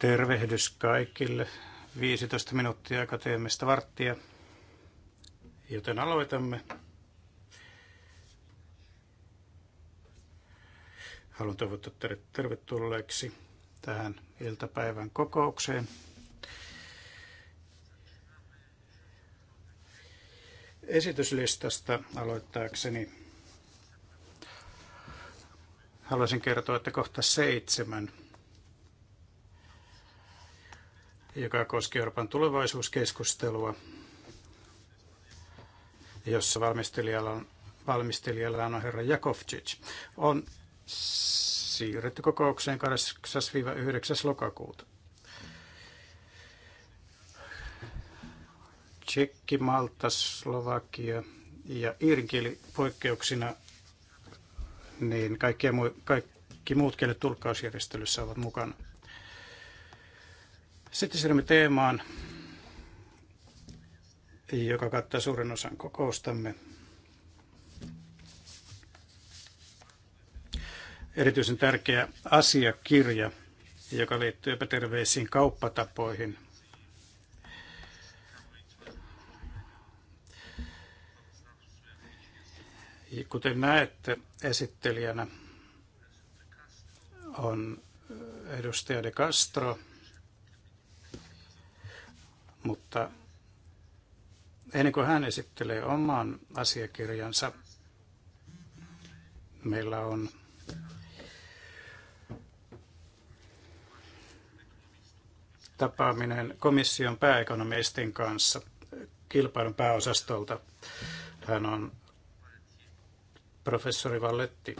Tervehdys kaikille. 15 minuuttia akateemista varttia, joten aloitamme. Haluan toivottaa teidät tervetulleeksi tähän iltapäivän kokoukseen. Esityslistasta aloittaakseni haluaisin kertoa, että kohta seitsemän – joka koski Euroopan tulevaisuuskeskustelua, jossa valmistelijalla on, valmistelijalla on herra Jakovcic, on siirretty kokoukseen 8-9. lokakuuta. Tsekki, Malta, Slovakia ja iirinkieli poikkeuksina, niin kaikki, kaikki muut kielet tulkkausjärjestelyssä ovat mukana. Sitten siirrymme teemaan, joka kattaa suuren osan kokoustamme. Erityisen tärkeä asiakirja, joka liittyy epäterveisiin kauppatapoihin. Kuten näette, esittelijänä on edustaja De Castro – mutta ennen kuin hän esittelee oman asiakirjansa, meillä on tapaaminen komission pääekonomistin kanssa kilpailun pääosastolta. Hän on professori Valletti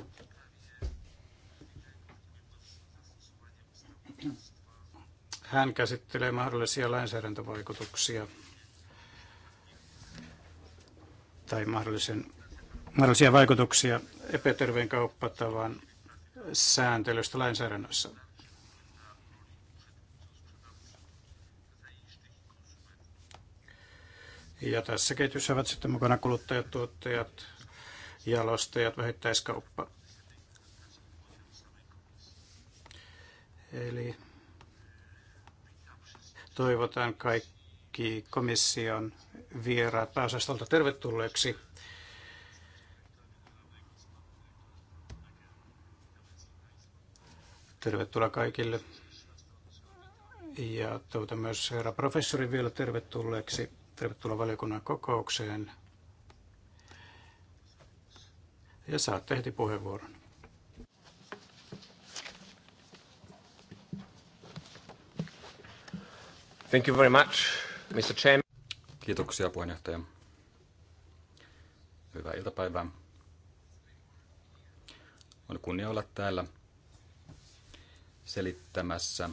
Hän käsittelee mahdollisia lainsäädäntövaikutuksia tai mahdollisen, mahdollisia vaikutuksia epäterveen kauppatavan sääntelystä lainsäädännössä. Ja tässä ketjussa ovat sitten mukana kuluttajat, tuottajat, jalostajat, vähittäiskauppa. Eli Toivotan kaikki komission vieraat pääosastolta tervetulleeksi. Tervetuloa kaikille. Ja toivotan myös herra professori vielä tervetulleeksi. Tervetuloa valiokunnan kokoukseen. Ja saatte heti puheenvuoron. Thank you very much, Mr. Chairman. Kiitoksia puheenjohtaja. Hyvää iltapäivää. On kunnia olla täällä selittämässä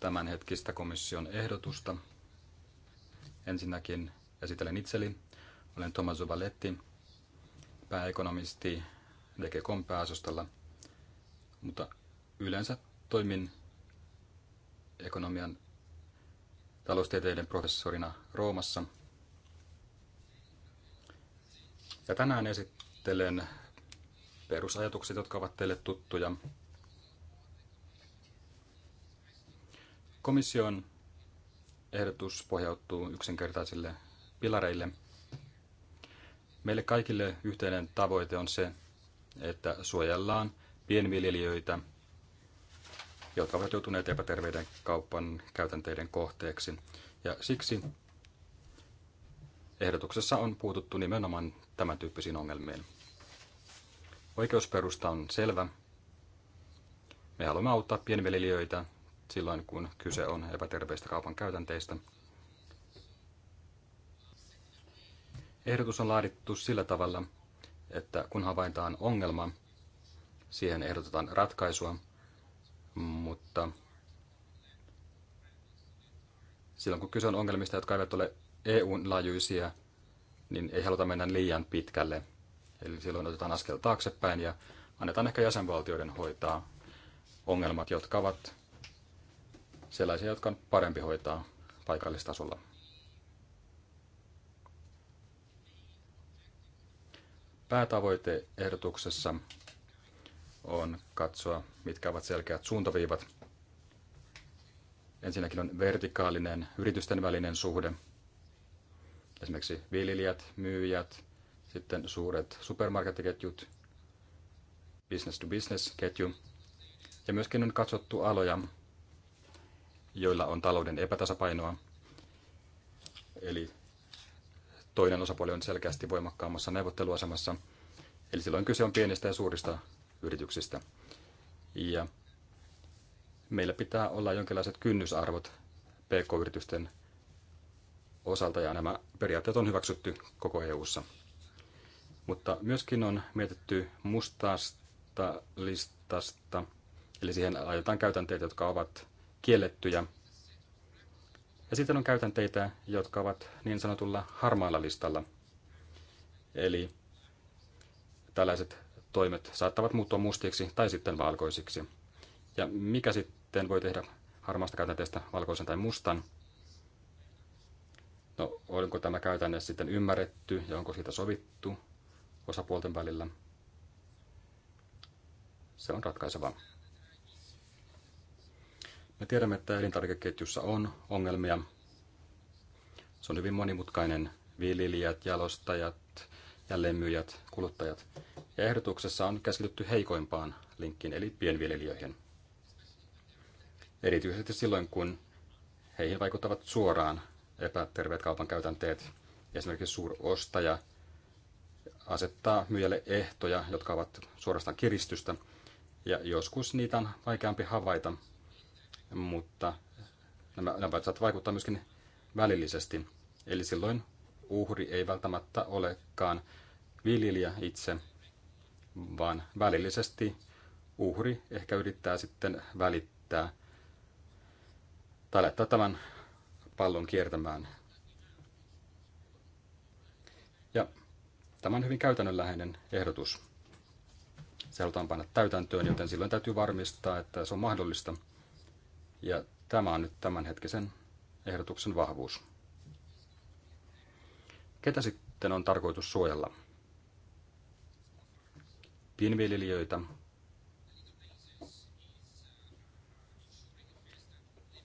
tämänhetkistä komission ehdotusta. Ensinnäkin esittelen itseni. Olen Tomaso Valetti, pääekonomisti DGCOM pääosastolla, mutta yleensä toimin ekonomian taloustieteiden professorina Roomassa. Ja tänään esittelen perusajatukset, jotka ovat teille tuttuja. Komission ehdotus pohjautuu yksinkertaisille pilareille. Meille kaikille yhteinen tavoite on se, että suojellaan pienviljelijöitä – jotka ovat joutuneet epäterveiden kaupan käytänteiden kohteeksi. Ja siksi ehdotuksessa on puututtu nimenomaan tämän tyyppisiin ongelmiin. Oikeusperusta on selvä. Me haluamme auttaa pienviljelijöitä silloin, kun kyse on epäterveistä kaupan käytänteistä. Ehdotus on laadittu sillä tavalla, että kun havaitaan ongelma, siihen ehdotetaan ratkaisua – mutta silloin kun kyse on ongelmista, jotka eivät ole eu laajuisia, niin ei haluta mennä liian pitkälle. Eli silloin otetaan askel taaksepäin ja annetaan ehkä jäsenvaltioiden hoitaa ongelmat, jotka ovat sellaisia, jotka on parempi hoitaa paikallistasolla. Päätavoite ehdotuksessa on katsoa, mitkä ovat selkeät suuntaviivat. Ensinnäkin on vertikaalinen yritysten välinen suhde. Esimerkiksi viljelijät, myyjät, sitten suuret supermarketiketjut, business to business ketju. Ja myöskin on katsottu aloja, joilla on talouden epätasapainoa. Eli toinen osapuoli on selkeästi voimakkaammassa neuvotteluasemassa. Eli silloin kyse on pienistä ja suurista yrityksistä. Ja meillä pitää olla jonkinlaiset kynnysarvot pk-yritysten osalta, ja nämä periaatteet on hyväksytty koko EU:ssa. Mutta myöskin on mietitty mustasta listasta, eli siihen laitetaan käytänteitä, jotka ovat kiellettyjä. Ja sitten on käytänteitä, jotka ovat niin sanotulla harmaalla listalla. Eli tällaiset toimet saattavat muuttua mustiksi tai sitten valkoisiksi. Ja mikä sitten voi tehdä harmaasta käytänteestä valkoisen tai mustan? No, onko tämä käytänne sitten ymmärretty ja onko siitä sovittu osapuolten välillä? Se on ratkaisevaa. Me tiedämme, että elintarvikeketjussa on ongelmia. Se on hyvin monimutkainen. Viljelijät, jalostajat, jälleenmyyjät, kuluttajat. Ja ehdotuksessa on käsitytty heikoimpaan linkkiin, eli pienviljelijöihin. Erityisesti silloin, kun heihin vaikuttavat suoraan epäterveet kaupan käytänteet. Esimerkiksi suurostaja asettaa myyjälle ehtoja, jotka ovat suorastaan kiristystä, ja joskus niitä on vaikeampi havaita, mutta nämä, nämä saattavat vaikuttaa myöskin välillisesti. Eli silloin uhri ei välttämättä olekaan viljelijä itse, vaan välillisesti uhri ehkä yrittää sitten välittää tai laittaa tämän pallon kiertämään. Ja tämä on hyvin käytännönläheinen ehdotus. Se halutaan panna täytäntöön, joten silloin täytyy varmistaa, että se on mahdollista. Ja tämä on nyt tämänhetkisen ehdotuksen vahvuus. Ketä sitten on tarkoitus suojella? pienviljelijöitä.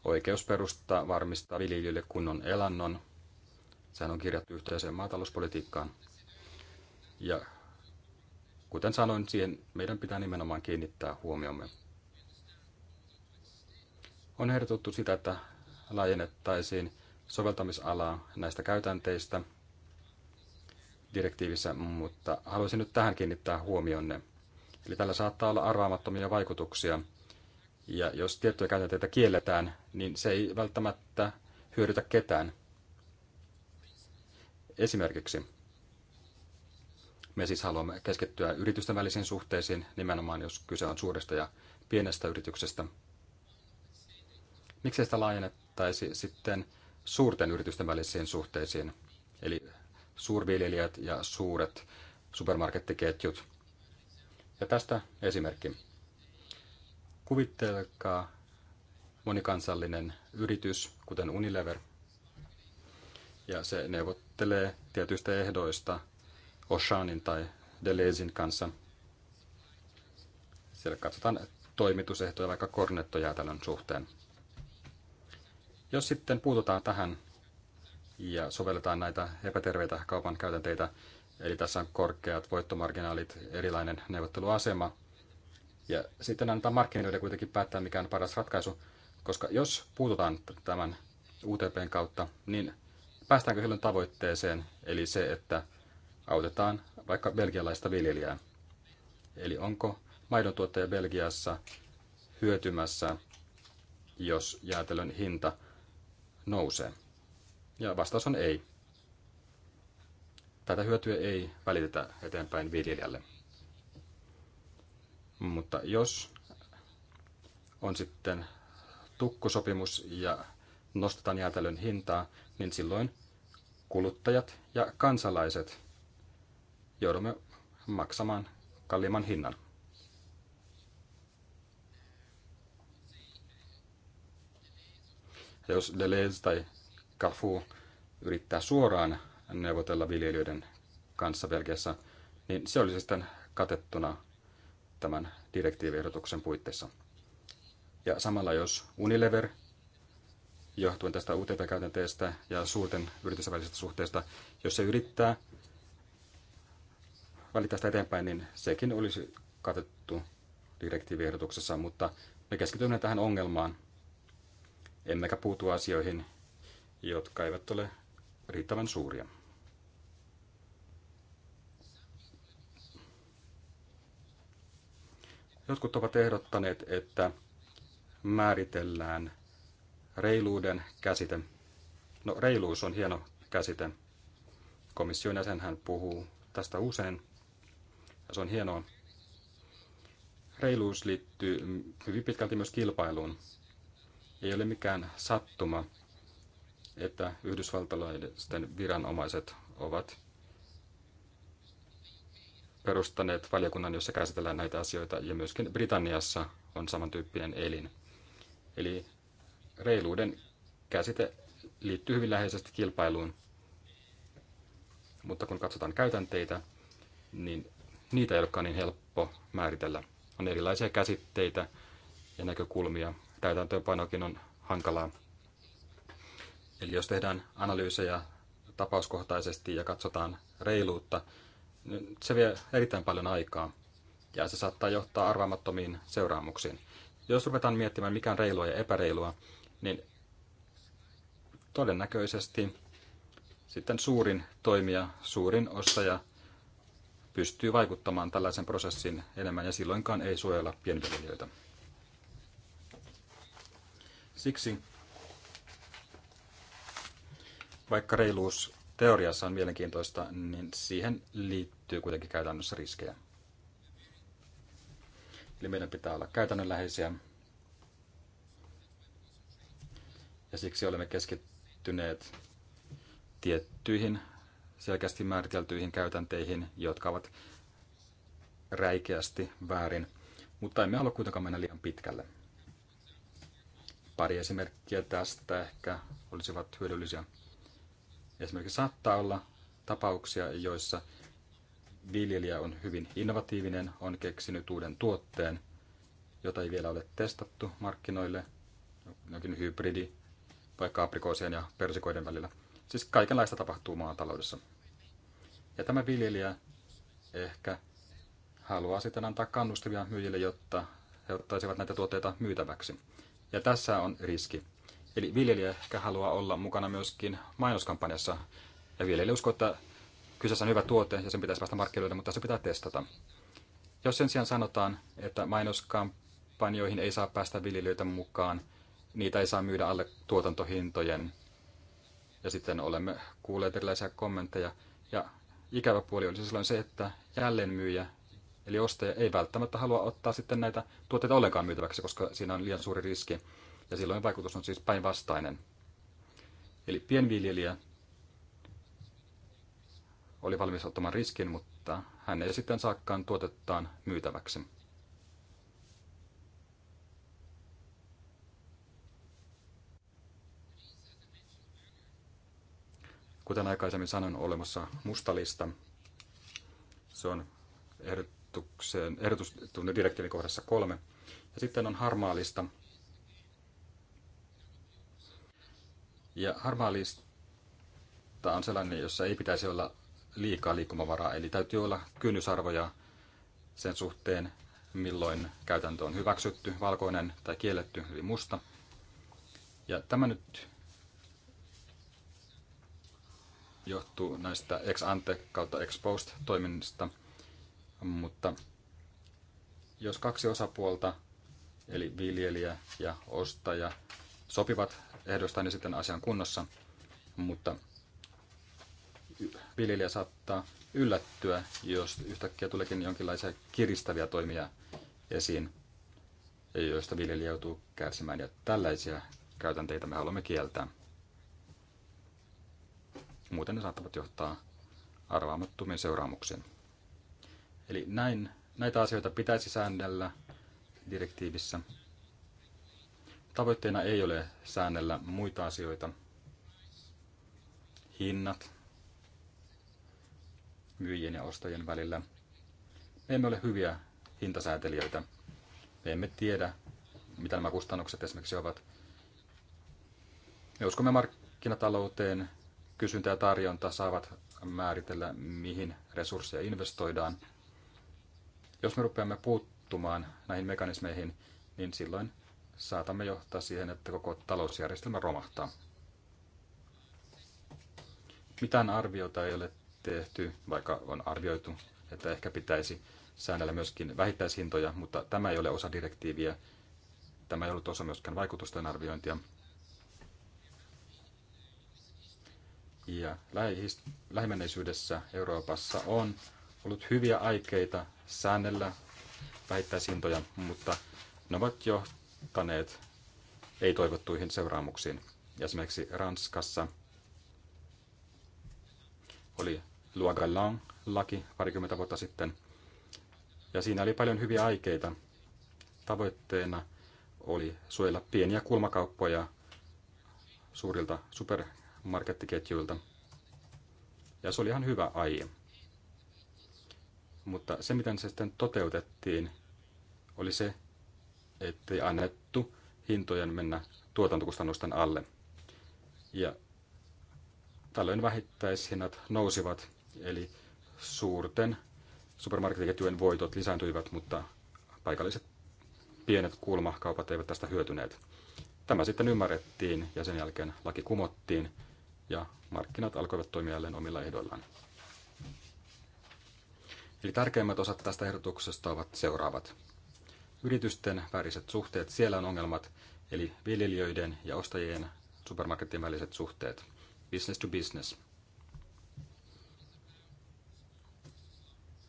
Oikeusperusta varmistaa viljelijöille kunnon elannon. Sehän on kirjattu yhteiseen maatalouspolitiikkaan. Ja kuten sanoin, siihen meidän pitää nimenomaan kiinnittää huomiomme. On ehdotettu sitä, että laajennettaisiin soveltamisalaa näistä käytänteistä – direktiivissä, mutta haluaisin nyt tähän kiinnittää huomionne. Eli tällä saattaa olla arvaamattomia vaikutuksia, ja jos tiettyjä käytänteitä kielletään, niin se ei välttämättä hyödytä ketään. Esimerkiksi me siis haluamme keskittyä yritysten välisiin suhteisiin, nimenomaan jos kyse on suuresta ja pienestä yrityksestä. Miksi sitä laajennettaisi sitten suurten yritysten välisiin suhteisiin, eli suurviljelijät ja suuret supermarkettiketjut. Ja tästä esimerkki. Kuvittelkaa monikansallinen yritys, kuten Unilever, ja se neuvottelee tietyistä ehdoista Oshanin tai Deleuzin kanssa. Siellä katsotaan toimitusehtoja vaikka kornettoja tämän suhteen. Jos sitten puututaan tähän ja sovelletaan näitä epäterveitä kaupan käytänteitä. Eli tässä on korkeat voittomarginaalit, erilainen neuvotteluasema. Ja sitten annetaan markkinoiden kuitenkin päättää, mikä on paras ratkaisu, koska jos puututaan tämän UTPn kautta, niin päästäänkö silloin tavoitteeseen, eli se, että autetaan vaikka belgialaista viljelijää. Eli onko tuottaja Belgiassa hyötymässä, jos jäätelön hinta nousee. Ja vastaus on ei. Tätä hyötyä ei välitetä eteenpäin viljelijälle. Mutta jos on sitten tukkusopimus ja nostetaan jäätelön hintaa, niin silloin kuluttajat ja kansalaiset joudumme maksamaan kalliimman hinnan. Ja jos Deleuze tai Kafu yrittää suoraan neuvotella viljelijöiden kanssa Belgiassa, niin se olisi sitten katettuna tämän direktiiviehdotuksen puitteissa. Ja samalla jos Unilever, johtuen tästä UTP-käytänteestä ja suurten yritysten välisestä suhteesta, jos se yrittää valita sitä eteenpäin, niin sekin olisi katettu direktiiviehdotuksessa, mutta me keskitymme tähän ongelmaan, emmekä puutu asioihin, jotka eivät ole riittävän suuria. Jotkut ovat ehdottaneet, että määritellään reiluuden käsite. No reiluus on hieno käsite. Komission jäsenhän puhuu tästä usein. Ja se on hienoa. Reiluus liittyy hyvin pitkälti myös kilpailuun. Ei ole mikään sattuma, että yhdysvaltalaisten viranomaiset ovat perustaneet valiokunnan, jossa käsitellään näitä asioita, ja myöskin Britanniassa on samantyyppinen elin. Eli reiluuden käsite liittyy hyvin läheisesti kilpailuun, mutta kun katsotaan käytänteitä, niin niitä ei olekaan niin helppo määritellä. On erilaisia käsitteitä ja näkökulmia. Täytäntöönpanokin on hankalaa. Eli jos tehdään analyysejä tapauskohtaisesti ja katsotaan reiluutta, niin se vie erittäin paljon aikaa ja se saattaa johtaa arvaamattomiin seuraamuksiin. Jos ruvetaan miettimään, mikä on reilua ja epäreilua, niin todennäköisesti sitten suurin toimija, suurin ostaja pystyy vaikuttamaan tällaisen prosessin enemmän ja silloinkaan ei suojella pienviljelijöitä. Siksi vaikka reiluus teoriassa on mielenkiintoista, niin siihen liittyy kuitenkin käytännössä riskejä. Eli meidän pitää olla käytännönläheisiä. Ja siksi olemme keskittyneet tiettyihin selkeästi määriteltyihin käytänteihin, jotka ovat räikeästi väärin, mutta emme halua kuitenkaan mennä liian pitkälle. Pari esimerkkiä tästä ehkä olisivat hyödyllisiä. Esimerkiksi saattaa olla tapauksia, joissa viljelijä on hyvin innovatiivinen, on keksinyt uuden tuotteen, jota ei vielä ole testattu markkinoille, jokin hybridi, vaikka aprikoosien ja persikoiden välillä. Siis kaikenlaista tapahtuu maataloudessa. Ja tämä viljelijä ehkä haluaa sitten antaa kannustavia myyjille, jotta he ottaisivat näitä tuotteita myytäväksi. Ja tässä on riski. Eli viljelijä ehkä haluaa olla mukana myöskin mainoskampanjassa. Ja viljelijä uskoo, että kyseessä on hyvä tuote ja sen pitäisi päästä markkinoille, mutta se pitää testata. Jos sen sijaan sanotaan, että mainoskampanjoihin ei saa päästä viljelijöitä mukaan, niitä ei saa myydä alle tuotantohintojen. Ja sitten olemme kuulleet erilaisia kommentteja. Ja ikävä puoli olisi silloin se, että jälleen myyjä, eli ostaja, ei välttämättä halua ottaa sitten näitä tuotteita ollenkaan myytäväksi, koska siinä on liian suuri riski. Ja silloin vaikutus on siis päinvastainen. Eli pienviljelijä oli valmis ottamaan riskin, mutta hän ei sitten saakkaan tuotettaan myytäväksi. Kuten aikaisemmin sanoin, olemassa mustalista. Se on ehdotuksen, ehdotustunne direktiivin kohdassa kolme. Ja sitten on harmaalista, Ja harmaa lista on sellainen, jossa ei pitäisi olla liikaa liikkumavaraa, eli täytyy olla kynnysarvoja sen suhteen, milloin käytäntö on hyväksytty, valkoinen tai kielletty, eli musta. Ja tämä nyt johtuu näistä ex ante kautta ex post toiminnasta, mutta jos kaksi osapuolta, eli viljelijä ja ostaja, sopivat ehdoistaan niin sitten asian kunnossa, mutta viljelijä saattaa yllättyä, jos yhtäkkiä tuleekin jonkinlaisia kiristäviä toimia esiin, joista viljelijä joutuu kärsimään. Ja tällaisia käytänteitä me haluamme kieltää. Muuten ne saattavat johtaa arvaamattomiin seuraamuksiin. Eli näin, näitä asioita pitäisi säännellä direktiivissä. Tavoitteena ei ole säännellä muita asioita. Hinnat myyjien ja ostajien välillä. Me emme ole hyviä hintasäätelijöitä. Me emme tiedä, mitä nämä kustannukset esimerkiksi ovat. Me uskomme markkinatalouteen. Kysyntä ja tarjonta saavat määritellä, mihin resursseja investoidaan. Jos me rupeamme puuttumaan näihin mekanismeihin, niin silloin saatamme johtaa siihen, että koko talousjärjestelmä romahtaa. Mitään arviota ei ole tehty, vaikka on arvioitu, että ehkä pitäisi säännellä myöskin vähittäishintoja, mutta tämä ei ole osa direktiiviä. Tämä ei ollut osa myöskään vaikutusten arviointia. Ja lähimenneisyydessä Euroopassa on ollut hyviä aikeita säännellä vähittäishintoja, mutta ne ovat johtaneet johtaneet ei-toivottuihin seuraamuksiin. Esimerkiksi Ranskassa oli Loi Gallant laki parikymmentä vuotta sitten, ja siinä oli paljon hyviä aikeita. Tavoitteena oli suojella pieniä kulmakauppoja suurilta supermarkettiketjuilta, ja se oli ihan hyvä aie. Mutta se, miten se sitten toteutettiin, oli se, ettei annettu hintojen mennä tuotantokustannusten alle. Ja tällöin vähittäishinnat nousivat, eli suurten supermarketiketjujen voitot lisääntyivät, mutta paikalliset pienet kulmakaupat eivät tästä hyötyneet. Tämä sitten ymmärrettiin ja sen jälkeen laki kumottiin ja markkinat alkoivat toimia jälleen omilla ehdoillaan. Eli tärkeimmät osat tästä ehdotuksesta ovat seuraavat yritysten väriset suhteet, siellä on ongelmat, eli viljelijöiden ja ostajien supermarketin väliset suhteet, business to business.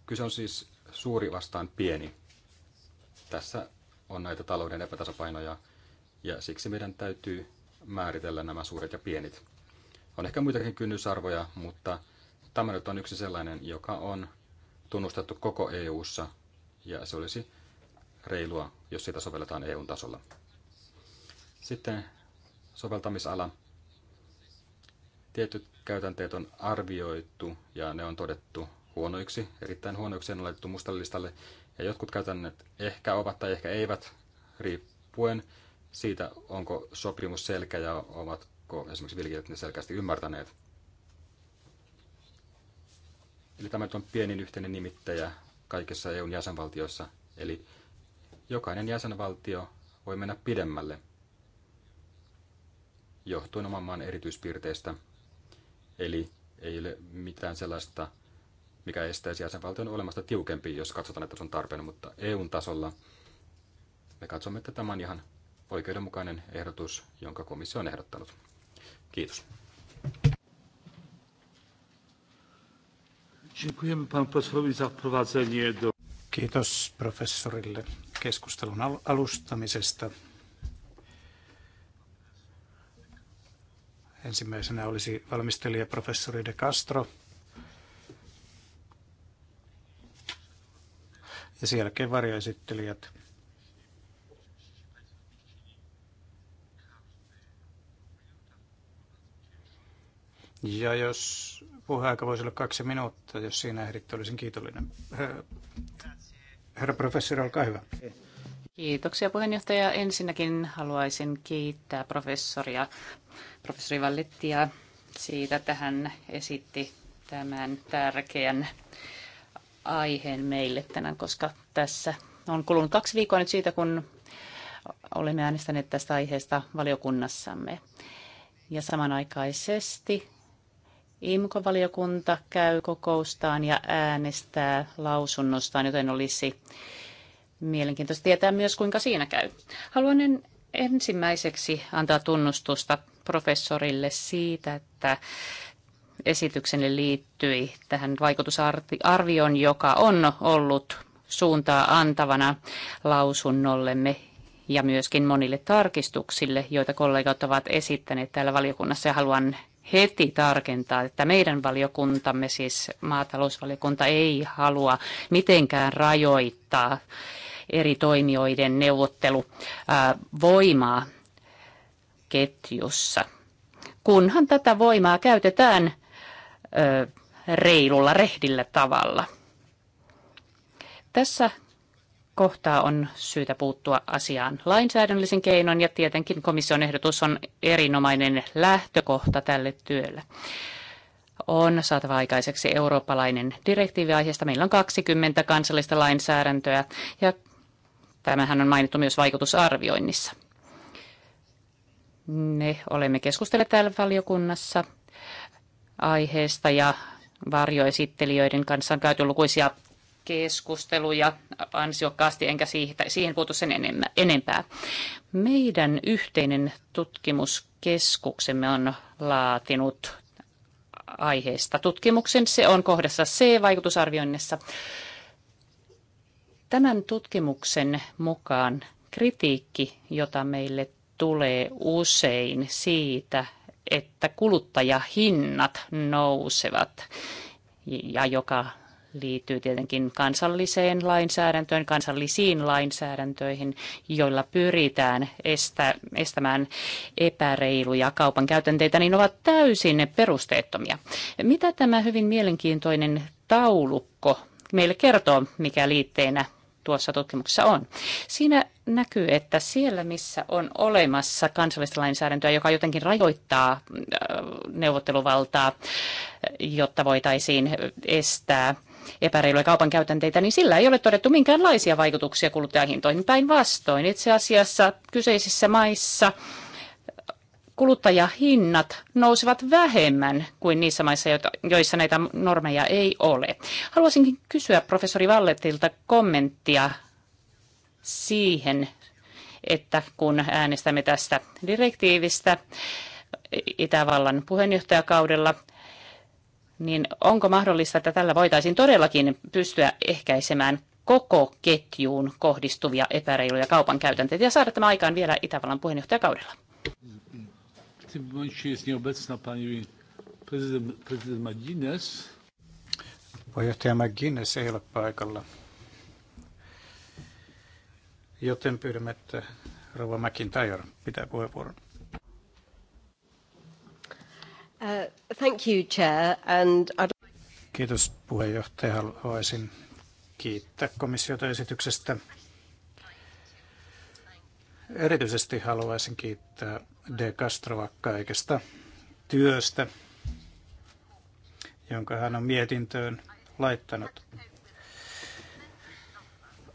Kyse on siis suuri vastaan pieni. Tässä on näitä talouden epätasapainoja ja siksi meidän täytyy määritellä nämä suuret ja pienit. On ehkä muitakin kynnysarvoja, mutta tämä nyt on yksi sellainen, joka on tunnustettu koko EU:ssa ja se olisi reilua, jos sitä sovelletaan eu tasolla. Sitten soveltamisala. Tietyt käytänteet on arvioitu ja ne on todettu huonoiksi, erittäin huonoiksi on laitettu mustalle listalle. Ja jotkut käytännöt ehkä ovat tai ehkä eivät, riippuen siitä, onko sopimus selkeä ja ovatko esimerkiksi viljelijät ne selkeästi ymmärtäneet. Eli tämä on pienin yhteinen nimittäjä kaikissa EUn jäsenvaltioissa, eli jokainen jäsenvaltio voi mennä pidemmälle johtuen oman maan erityispiirteistä. Eli ei ole mitään sellaista, mikä estäisi jäsenvaltion olemasta tiukempi, jos katsotaan, että se on tarpeen, mutta EUn tasolla me katsomme, että tämä on ihan oikeudenmukainen ehdotus, jonka komissio on ehdottanut. Kiitos. Kiitos professorille keskustelun alustamisesta. Ensimmäisenä olisi valmistelija professori De Castro. Ja sen jälkeen varjoesittelijät. Ja jos puheaika voisi olla kaksi minuuttia, jos siinä ehditte, olisin kiitollinen. Äh, Herra professori, olkaa hyvä. Kiitoksia puheenjohtaja. Ensinnäkin haluaisin kiittää professoria, professori Vallettia siitä, että hän esitti tämän tärkeän aiheen meille tänään, koska tässä on kulunut kaksi viikkoa nyt siitä, kun olemme äänestäneet tästä aiheesta valiokunnassamme. Ja samanaikaisesti imco valiokunta käy kokoustaan ja äänestää lausunnostaan, joten olisi mielenkiintoista tietää myös, kuinka siinä käy. Haluan ensimmäiseksi antaa tunnustusta professorille siitä, että esityksenne liittyi tähän vaikutusarvioon, joka on ollut suuntaa antavana lausunnollemme ja myöskin monille tarkistuksille, joita kollegat ovat esittäneet täällä valiokunnassa. Ja haluan heti tarkentaa, että meidän valiokuntamme, siis maatalousvaliokunta, ei halua mitenkään rajoittaa eri toimijoiden neuvotteluvoimaa ketjussa, kunhan tätä voimaa käytetään reilulla, rehdillä tavalla. Tässä kohtaa on syytä puuttua asiaan lainsäädännöllisen keinon ja tietenkin komission ehdotus on erinomainen lähtökohta tälle työlle. On saatava aikaiseksi eurooppalainen direktiivi aiheesta. Meillä on 20 kansallista lainsäädäntöä ja tämähän on mainittu myös vaikutusarvioinnissa. Ne olemme keskustelleet täällä valiokunnassa aiheesta ja varjoesittelijöiden kanssa on käyty lukuisia keskusteluja ansiokkaasti, enkä siihen puutu sen enempää. Meidän yhteinen tutkimuskeskuksemme on laatinut aiheesta tutkimuksen. Se on kohdassa C-vaikutusarvioinnissa. Tämän tutkimuksen mukaan kritiikki, jota meille tulee usein siitä, että kuluttajahinnat nousevat ja joka liittyy tietenkin kansalliseen lainsäädäntöön, kansallisiin lainsäädäntöihin, joilla pyritään estä, estämään epäreiluja kaupan käytänteitä, niin ovat täysin perusteettomia. Mitä tämä hyvin mielenkiintoinen taulukko meille kertoo, mikä liitteenä tuossa tutkimuksessa on. Siinä näkyy, että siellä missä on olemassa kansallista lainsäädäntöä, joka jotenkin rajoittaa äh, neuvotteluvaltaa, jotta voitaisiin estää epäreiluja kaupankäytänteitä, niin sillä ei ole todettu minkäänlaisia vaikutuksia kuluttajahintoihin. Päinvastoin itse asiassa kyseisissä maissa kuluttajahinnat nousevat vähemmän kuin niissä maissa, joissa näitä normeja ei ole. Haluaisinkin kysyä professori Valletilta kommenttia siihen, että kun äänestämme tästä direktiivistä Itävallan puheenjohtajakaudella, niin onko mahdollista, että tällä voitaisiin todellakin pystyä ehkäisemään koko ketjuun kohdistuvia epäreiluja kaupan käytänteitä ja saada tämä aikaan vielä Itävallan puheenjohtajakaudella? Puheenjohtaja McGuinness ei ole paikalla, joten pyydämme, että Rova McIntyre pitää puheenvuoron. Uh, thank you, Chair, and I'd... Kiitos puheenjohtaja. Haluaisin kiittää komissiota esityksestä. Erityisesti haluaisin kiittää De Castroa kaikesta työstä, jonka hän on mietintöön laittanut.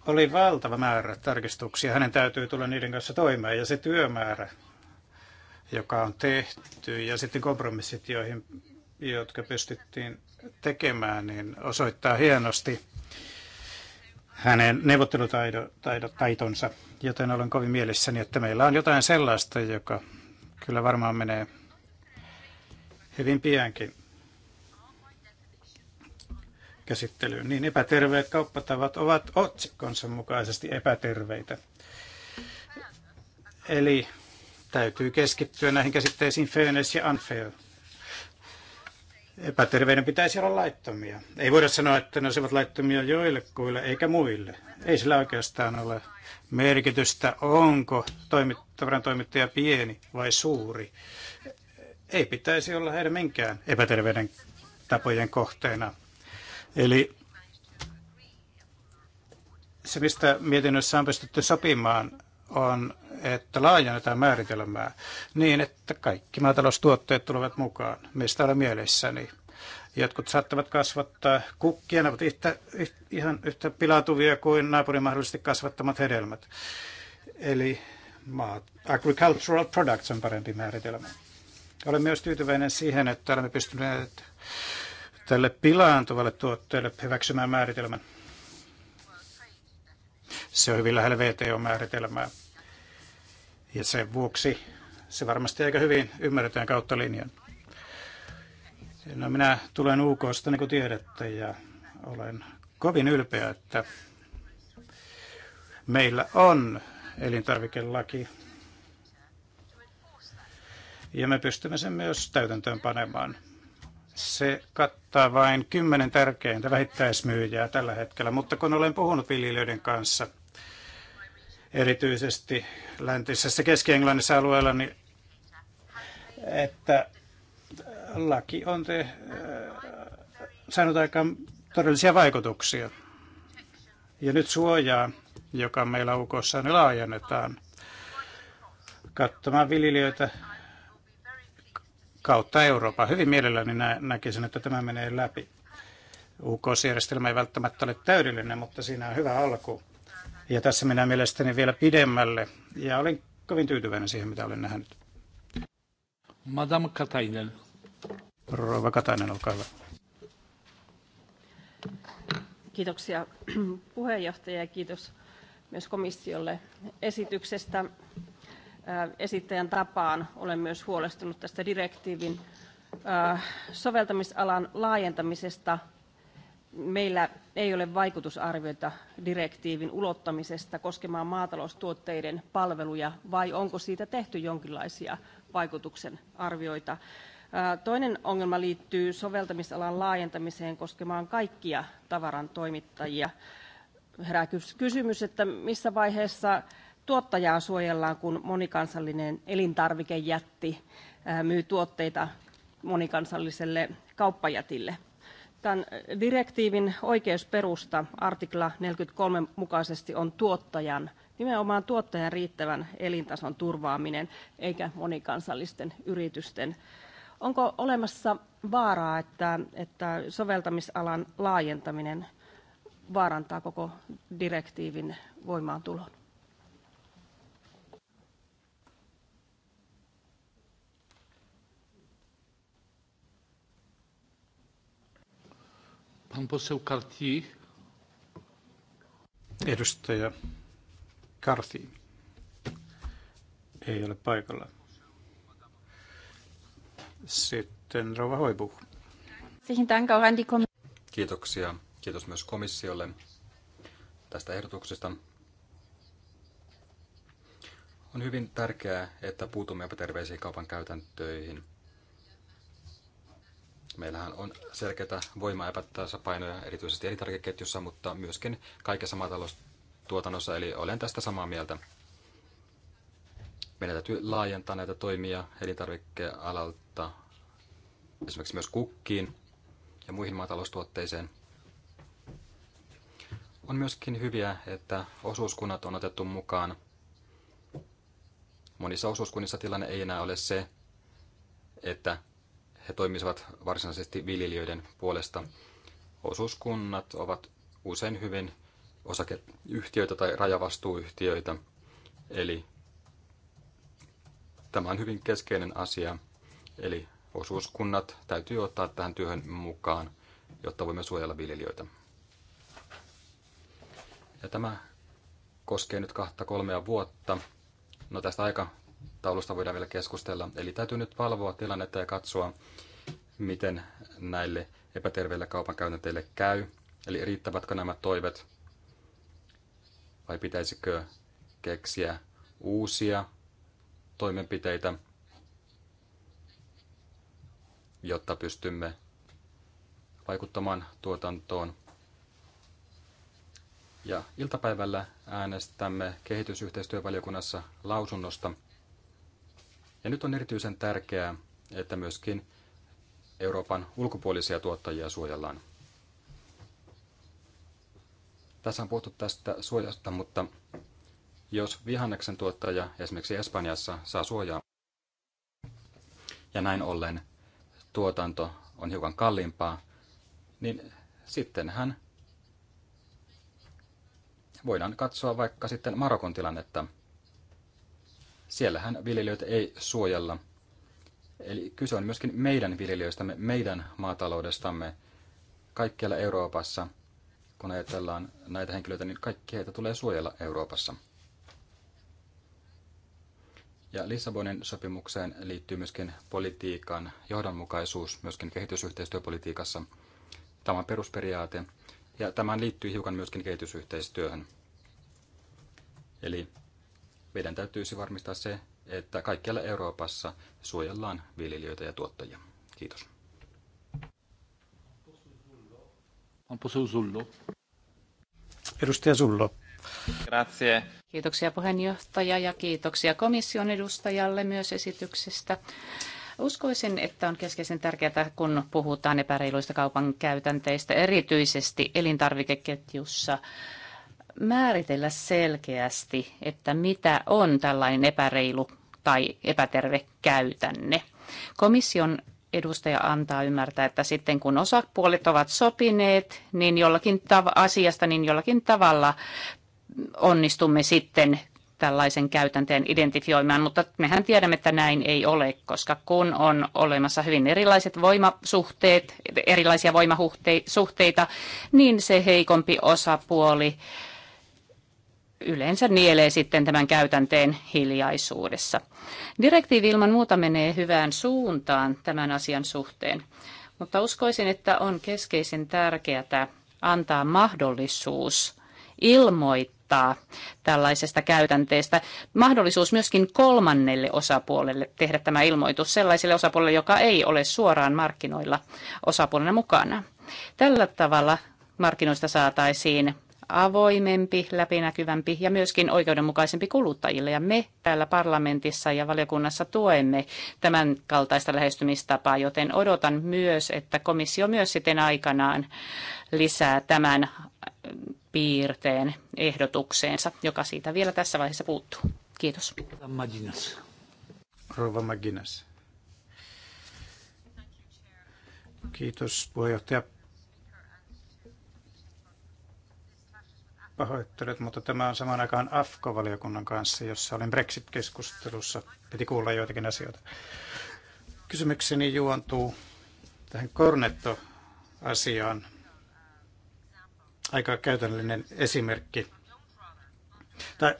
Oli valtava määrä tarkistuksia. Hänen täytyy tulla niiden kanssa toimeen ja se työmäärä, joka on tehty, ja sitten kompromissit, joihin, jotka pystyttiin tekemään, niin osoittaa hienosti hänen neuvottelutaitonsa, joten olen kovin mielissäni, että meillä on jotain sellaista, joka kyllä varmaan menee hyvin piankin käsittelyyn. Niin epäterveet kauppatavat ovat otsikkonsa mukaisesti epäterveitä. Eli Täytyy keskittyä näihin käsitteisiin fairness ja unfair. Epäterveiden pitäisi olla laittomia. Ei voida sanoa, että ne olisivat laittomia joillekuille eikä muille. Ei sillä oikeastaan ole merkitystä, onko tavaran toimittaja pieni vai suuri. Ei pitäisi olla heidän minkään epäterveiden tapojen kohteena. Eli se, mistä mietinnössä on pystytty sopimaan, on että laajennetaan määritelmää niin, että kaikki maataloustuotteet tulevat mukaan, mistä olen mielessäni. Jotkut saattavat kasvattaa kukkia, ne ovat yhtä, yhtä, ihan yhtä pilatuvia kuin naapurin mahdollisesti kasvattamat hedelmät. Eli maat, agricultural products on parempi määritelmä. Olen myös tyytyväinen siihen, että olemme pystyneet tälle pilaantuvalle tuotteelle hyväksymään määritelmän. Se on hyvin lähellä VTO-määritelmää. Ja sen vuoksi se varmasti aika hyvin ymmärretään kautta linjan. No minä tulen UKsta, niin kuin tiedätte, ja olen kovin ylpeä, että meillä on elintarvikelaki. Ja me pystymme sen myös täytäntöön panemaan. Se kattaa vain kymmenen tärkeintä vähittäismyyjää tällä hetkellä, mutta kun olen puhunut viljelijöiden kanssa – erityisesti läntisessä Keski-Englannissa alueella, niin että laki on te, äh, saanut aika todellisia vaikutuksia. Ja nyt suojaa, joka meillä UKssa on, niin laajennetaan katsomaan viljelijöitä kautta Euroopan. Hyvin mielelläni nä- näkisin, että tämä menee läpi. uk järjestelmä ei välttämättä ole täydellinen, mutta siinä on hyvä alku. Ja tässä mennään mielestäni vielä pidemmälle. Ja olen kovin tyytyväinen siihen, mitä olen nähnyt. Madame Katainen. Rouva Katainen, olkaa hyvä. Kiitoksia puheenjohtaja ja kiitos myös komissiolle esityksestä. Esittäjän tapaan olen myös huolestunut tästä direktiivin soveltamisalan laajentamisesta meillä ei ole vaikutusarvioita direktiivin ulottamisesta koskemaan maataloustuotteiden palveluja, vai onko siitä tehty jonkinlaisia vaikutuksen arvioita? Toinen ongelma liittyy soveltamisalan laajentamiseen koskemaan kaikkia tavarantoimittajia. Herää kysymys, että missä vaiheessa tuottajaa suojellaan, kun monikansallinen elintarvikejätti myy tuotteita monikansalliselle kauppajätille. Tämän direktiivin oikeusperusta artikla 43 mukaisesti on tuottajan, nimenomaan tuottajan riittävän elintason turvaaminen, eikä monikansallisten yritysten. Onko olemassa vaaraa, että, että soveltamisalan laajentaminen vaarantaa koko direktiivin voimaantulon? Pan poseł Cartier. Edustaja Cartier ei ole paikalla. Sitten Rova Hoibuch. Kiitoksia. Kiitos myös komissiolle tästä ehdotuksesta. On hyvin tärkeää, että puutumme epäterveisiin kaupan käytäntöihin – Meillähän on selkeitä voimaepätasapainoja erityisesti elintarvikeketjussa, mutta myöskin kaikessa maataloustuotannossa, eli olen tästä samaa mieltä. Meidän täytyy laajentaa näitä toimia elintarvikealalta esimerkiksi myös kukkiin ja muihin maataloustuotteisiin. On myöskin hyviä, että osuuskunnat on otettu mukaan. Monissa osuuskunnissa tilanne ei enää ole se, että he toimisivat varsinaisesti viljelijöiden puolesta. Osuuskunnat ovat usein hyvin osakeyhtiöitä tai rajavastuuyhtiöitä, eli tämä on hyvin keskeinen asia. Eli osuuskunnat täytyy ottaa tähän työhön mukaan, jotta voimme suojella viljelijöitä. Ja tämä koskee nyt kahta kolmea vuotta. No tästä aika taulusta voidaan vielä keskustella. Eli täytyy nyt valvoa tilannetta ja katsoa, miten näille epäterveille kaupankäytänteille käy. Eli riittävätkö nämä toivet vai pitäisikö keksiä uusia toimenpiteitä, jotta pystymme vaikuttamaan tuotantoon. Ja iltapäivällä äänestämme kehitysyhteistyövaliokunnassa lausunnosta – ja nyt on erityisen tärkeää, että myöskin Euroopan ulkopuolisia tuottajia suojellaan. Tässä on puhuttu tästä suojasta, mutta jos vihanneksen tuottaja esimerkiksi Espanjassa saa suojaa ja näin ollen tuotanto on hiukan kalliimpaa, niin sittenhän voidaan katsoa vaikka sitten Marokon tilannetta – siellähän viljelijöitä ei suojella. Eli kyse on myöskin meidän viljelijöistämme, meidän maataloudestamme kaikkialla Euroopassa. Kun ajatellaan näitä henkilöitä, niin kaikki heitä tulee suojella Euroopassa. Ja Lissabonin sopimukseen liittyy myöskin politiikan johdonmukaisuus, myöskin kehitysyhteistyöpolitiikassa. Tämä on perusperiaate, ja tämä liittyy hiukan myöskin kehitysyhteistyöhön. Eli meidän täytyisi varmistaa se, että kaikkialla Euroopassa suojellaan viljelijöitä ja tuottajia. Kiitos. Edustaja Zullo. Grazie. Kiitoksia puheenjohtaja ja kiitoksia komission edustajalle myös esityksestä. Uskoisin, että on keskeisen tärkeää, kun puhutaan epäreiluista kaupan käytänteistä, erityisesti elintarvikeketjussa määritellä selkeästi, että mitä on tällainen epäreilu tai epäterve käytänne. Komission edustaja antaa ymmärtää, että sitten kun osapuolet ovat sopineet niin jollakin tav- asiasta, niin jollakin tavalla onnistumme sitten tällaisen käytänteen identifioimaan, mutta mehän tiedämme, että näin ei ole, koska kun on olemassa hyvin erilaiset voimasuhteet, erilaisia voimasuhteita, niin se heikompi osapuoli yleensä nielee sitten tämän käytänteen hiljaisuudessa. Direktiivi ilman muuta menee hyvään suuntaan tämän asian suhteen, mutta uskoisin, että on keskeisen tärkeää antaa mahdollisuus ilmoittaa tällaisesta käytänteestä. Mahdollisuus myöskin kolmannelle osapuolelle tehdä tämä ilmoitus sellaiselle osapuolelle, joka ei ole suoraan markkinoilla osapuolena mukana. Tällä tavalla markkinoista saataisiin avoimempi, läpinäkyvämpi ja myöskin oikeudenmukaisempi kuluttajille. Ja me täällä parlamentissa ja valiokunnassa tuemme tämän kaltaista lähestymistapaa, joten odotan myös, että komissio myös sitten aikanaan lisää tämän piirteen ehdotukseensa, joka siitä vielä tässä vaiheessa puuttuu. Kiitos. Rova Maginas. Kiitos puheenjohtaja Pahoittelut, mutta tämä on samaan aikaan AFKO-valiokunnan kanssa, jossa olin Brexit-keskustelussa. Piti kuulla joitakin asioita. Kysymykseni juontuu tähän Cornetto-asiaan. Aika käytännöllinen esimerkki. Tai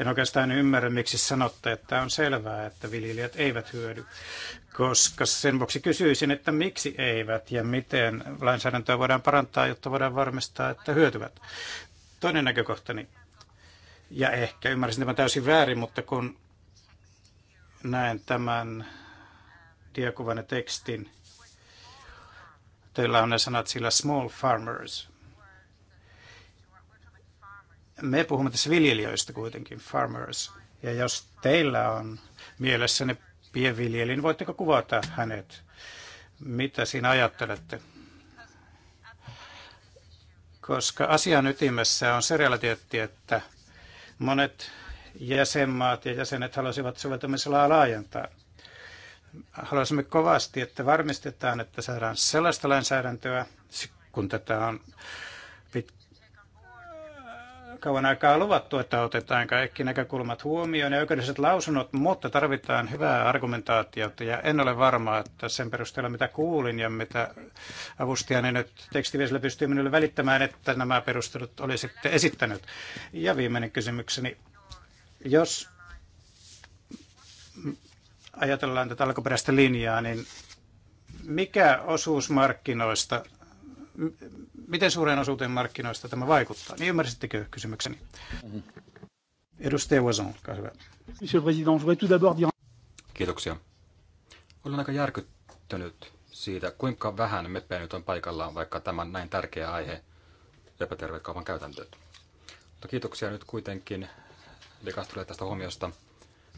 en oikeastaan ymmärrä, miksi sanotte, että on selvää, että viljelijät eivät hyödy, koska sen vuoksi kysyisin, että miksi eivät ja miten lainsäädäntöä voidaan parantaa, jotta voidaan varmistaa, että hyötyvät. Toinen näkökohtani, ja ehkä ymmärsin tämän täysin väärin, mutta kun näen tämän diakuvan ja tekstin, teillä on ne sanat sillä small farmers. Me puhumme tässä viljelijöistä kuitenkin, farmers. Ja jos teillä on mielessäni pienviljelijä, niin voitteko kuvata hänet? Mitä siinä ajattelette? koska asian ytimessä on se realiteetti, että monet jäsenmaat ja jäsenet haluaisivat soveltamisella laajentaa. Haluaisimme kovasti, että varmistetaan, että saadaan sellaista lainsäädäntöä, kun tätä on pit- kauan aikaa luvattu, että otetaan kaikki näkökulmat huomioon ja oikeudelliset lausunnot, mutta tarvitaan hyvää argumentaatiota. Ja en ole varma, että sen perusteella mitä kuulin ja mitä avustajani nyt tekstiviesillä pystyy minulle välittämään, että nämä perustelut olisitte esittänyt. Ja viimeinen kysymykseni. Jos ajatellaan tätä alkuperäistä linjaa, niin mikä osuus markkinoista miten suureen osuuteen markkinoista tämä vaikuttaa? Niin ymmärsittekö kysymykseni? Mm-hmm. Edustaja Wazon, olkaa hyvä. Monsieur le Président, je tout d'abord dire... Kiitoksia. Olen aika järkyttynyt siitä, kuinka vähän meppejä nyt on paikallaan, vaikka tämä on näin tärkeä aihe, epäterveet kaupan käytäntöt. Mutta kiitoksia nyt kuitenkin De Castrolle tästä huomiosta,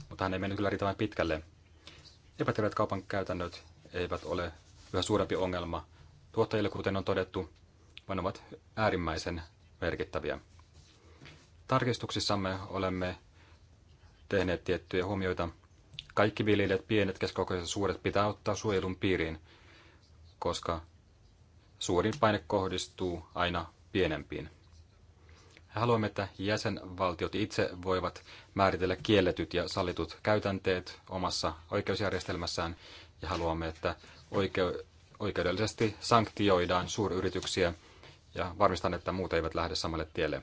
mutta hän ei mennyt kyllä riittävän pitkälle. Epäterveet kaupan käytännöt eivät ole yhä suurempi ongelma tuottajille, kuten on todettu, vaan ovat äärimmäisen merkittäviä. Tarkistuksissamme olemme tehneet tiettyjä huomioita. Kaikki viljelijät, pienet, keskokoiset ja suuret, pitää ottaa suojelun piiriin, koska suurin paine kohdistuu aina pienempiin. Haluamme, että jäsenvaltiot itse voivat määritellä kielletyt ja sallitut käytänteet omassa oikeusjärjestelmässään ja haluamme, että oikeus oikeudellisesti sanktioidaan suuryrityksiä ja varmistan, että muut eivät lähde samalle tielle.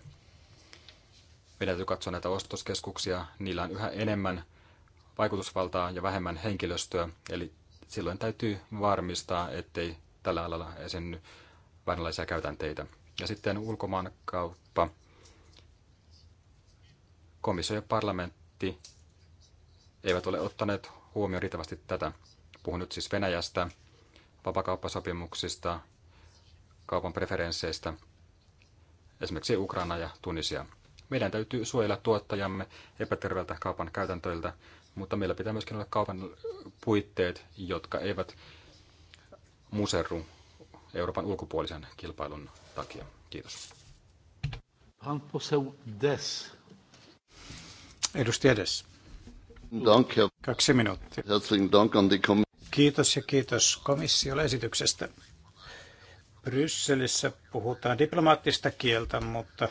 Meidän täytyy katsoa näitä ostoskeskuksia. Niillä on yhä enemmän vaikutusvaltaa ja vähemmän henkilöstöä, eli silloin täytyy varmistaa, ettei tällä alalla esiinny vääränlaisia käytänteitä. Ja sitten ulkomaankauppa. Komissio ja parlamentti eivät ole ottaneet huomioon riittävästi tätä. Puhun nyt siis Venäjästä, vapakauppasopimuksista, kaupan preferensseistä, esimerkiksi Ukraina ja Tunisia. Meidän täytyy suojella tuottajamme epäterveeltä kaupan käytäntöiltä, mutta meillä pitää myöskin olla kaupan puitteet, jotka eivät muserru Euroopan ulkopuolisen kilpailun takia. Kiitos. Edustaja Des. Kaksi minuuttia. Kiitos ja kiitos komissiolle esityksestä. Brysselissä puhutaan diplomaattista kieltä, mutta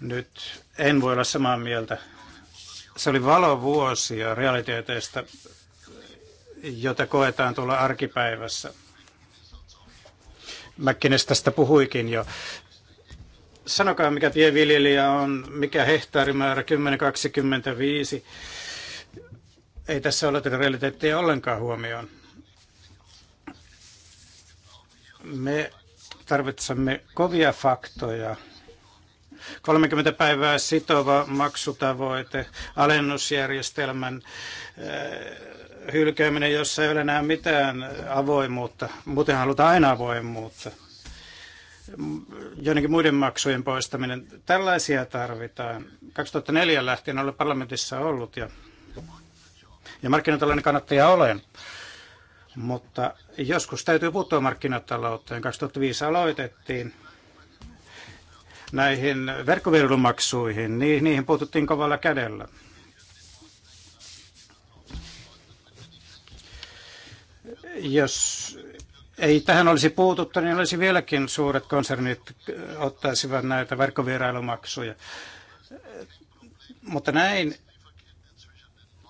nyt en voi olla samaa mieltä. Se oli valovuosia realiteeteista, jota koetaan tuolla arkipäivässä. Mäkkines tästä puhuikin jo. Sanokaa, mikä tieviljelijä on, mikä hehtaarimäärä 10, 25 ei tässä ole tätä realiteettia ollenkaan huomioon. Me tarvitsemme kovia faktoja. 30 päivää sitova maksutavoite, alennusjärjestelmän eh, hylkääminen, jossa ei ole enää mitään avoimuutta. Muuten halutaan aina avoimuutta. Joidenkin muiden maksujen poistaminen. Tällaisia tarvitaan. 2004 lähtien olen parlamentissa ollut ja ja markkinatalouden kannattaja olen. Mutta joskus täytyy puuttua markkinatalouteen. 2005 aloitettiin näihin verkkovirlumaksuihin, niihin puututtiin kovalla kädellä. Jos ei tähän olisi puututtu, niin olisi vieläkin suuret konsernit äh, ottaisivat näitä verkkovierailumaksuja. Mutta näin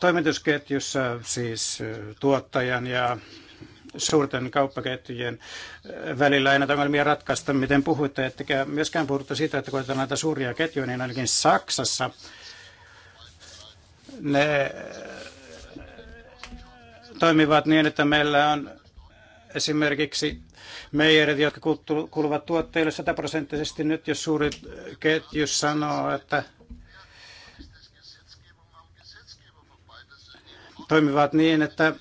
toimitusketjussa, siis tuottajan ja suurten kauppaketjujen välillä ei näitä ongelmia ratkaista, miten puhuitte, ettekä myöskään puhuttu siitä, että kun näitä suuria ketjuja, niin ainakin Saksassa ne toimivat niin, että meillä on esimerkiksi meijerit, jotka kuuluvat tuotteille sataprosenttisesti nyt, jos suuri ketju sanoo, että toimivat niin, että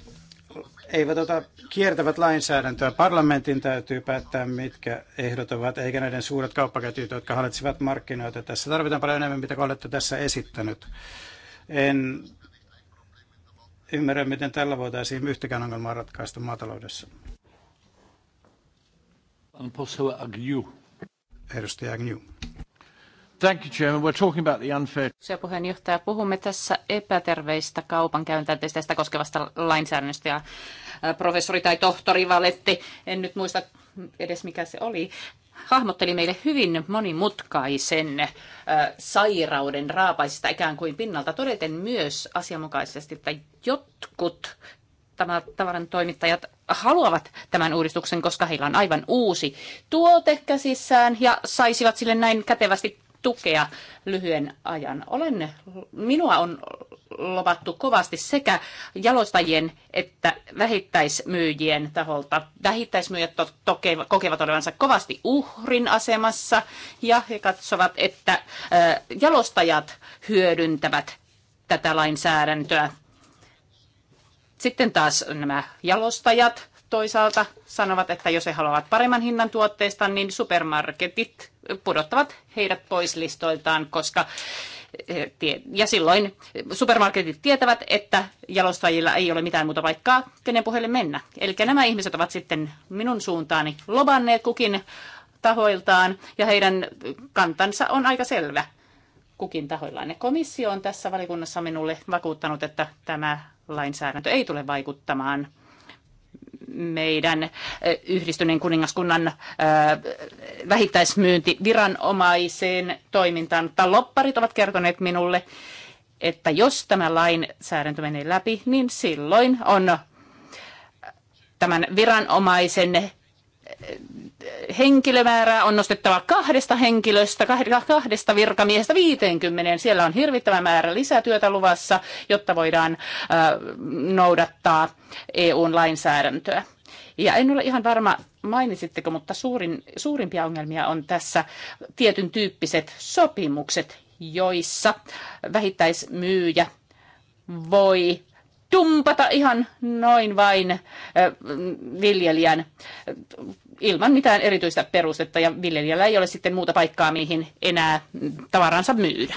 eivät ota, kiertävät lainsäädäntöä. Parlamentin täytyy päättää, mitkä ehdot ovat, eikä näiden suuret kauppaketjut, jotka hallitsivat markkinoita. Tässä tarvitaan paljon enemmän, mitä olette tässä esittänyt. En ymmärrä, miten tällä voitaisiin yhtäkään ongelmaa ratkaista maataloudessa. Edustaja Agnew. Thank you, Chairman. We're talking about the unfair... puheenjohtaja, puhumme tässä epäterveistä kaupankäyntäyteistä tästä koskevasta lainsäädännöstä ja professori tai tohtori Valetti, en nyt muista edes mikä se oli, hahmotteli meille hyvin monimutkaisen äh, sairauden raapaisista ikään kuin pinnalta todeten myös asianmukaisesti, että jotkut tavaran toimittajat haluavat tämän uudistuksen, koska heillä on aivan uusi tuote käsissään ja saisivat sille näin kätevästi tukea lyhyen ajan. Olen, minua on lovattu kovasti sekä jalostajien että vähittäismyyjien taholta. Vähittäismyyjät to- to- kokevat olevansa kovasti uhrin asemassa ja he katsovat, että jalostajat hyödyntävät tätä lainsäädäntöä. Sitten taas nämä jalostajat toisaalta sanovat, että jos he haluavat paremman hinnan tuotteista, niin supermarketit pudottavat heidät pois listoiltaan, koska eh, ja silloin supermarketit tietävät, että jalostajilla ei ole mitään muuta paikkaa, kenen puheelle mennä. Eli nämä ihmiset ovat sitten minun suuntaani lobanneet kukin tahoiltaan, ja heidän kantansa on aika selvä kukin tahoillaan. Ja komissio on tässä valikunnassa minulle vakuuttanut, että tämä lainsäädäntö ei tule vaikuttamaan meidän yhdistyneen kuningaskunnan vähittäismyynti viranomaiseen toimintaan. Mutta lopparit ovat kertoneet minulle, että jos tämä lainsäädäntö menee läpi, niin silloin on tämän viranomaisen henkilömäärää on nostettava kahdesta henkilöstä, kahdesta virkamiehestä 50. Siellä on hirvittävä määrä lisätyötä luvassa, jotta voidaan noudattaa EUn lainsäädäntöä. Ja en ole ihan varma, mainitsitteko, mutta suurin, suurimpia ongelmia on tässä tietyn tyyppiset sopimukset, joissa vähittäismyyjä voi dumpata ihan noin vain viljelijän ilman mitään erityistä perustetta ja viljelijällä ei ole sitten muuta paikkaa, mihin enää tavaransa myydä.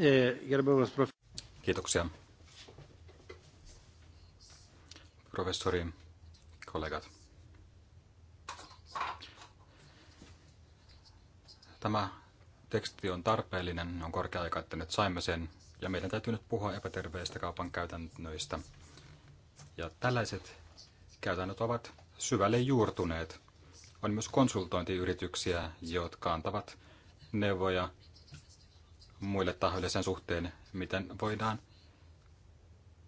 E, Kiitoksia. Professori, kollegat. Tämä teksti on tarpeellinen, on korkea aika, että nyt saimme sen, ja meidän täytyy nyt puhua epäterveistä kaupan käytännöistä. Ja tällaiset Käytännöt ovat syvälle juurtuneet. On myös konsultointiyrityksiä, jotka antavat neuvoja muille tahoille sen suhteen, miten voidaan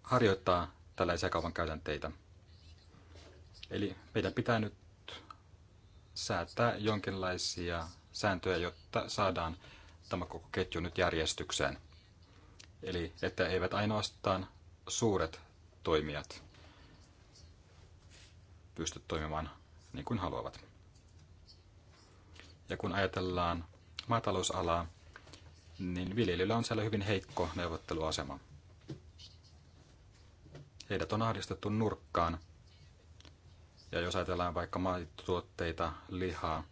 harjoittaa tällaisia käytänteitä. Eli meidän pitää nyt säätää jonkinlaisia sääntöjä, jotta saadaan tämä koko ketju nyt järjestykseen. Eli että eivät ainoastaan suuret toimijat pysty toimimaan niin kuin haluavat. Ja kun ajatellaan maatalousalaa, niin viljelijöillä on siellä hyvin heikko neuvotteluasema. Heidät on ahdistettu nurkkaan. Ja jos ajatellaan vaikka maitotuotteita, lihaa,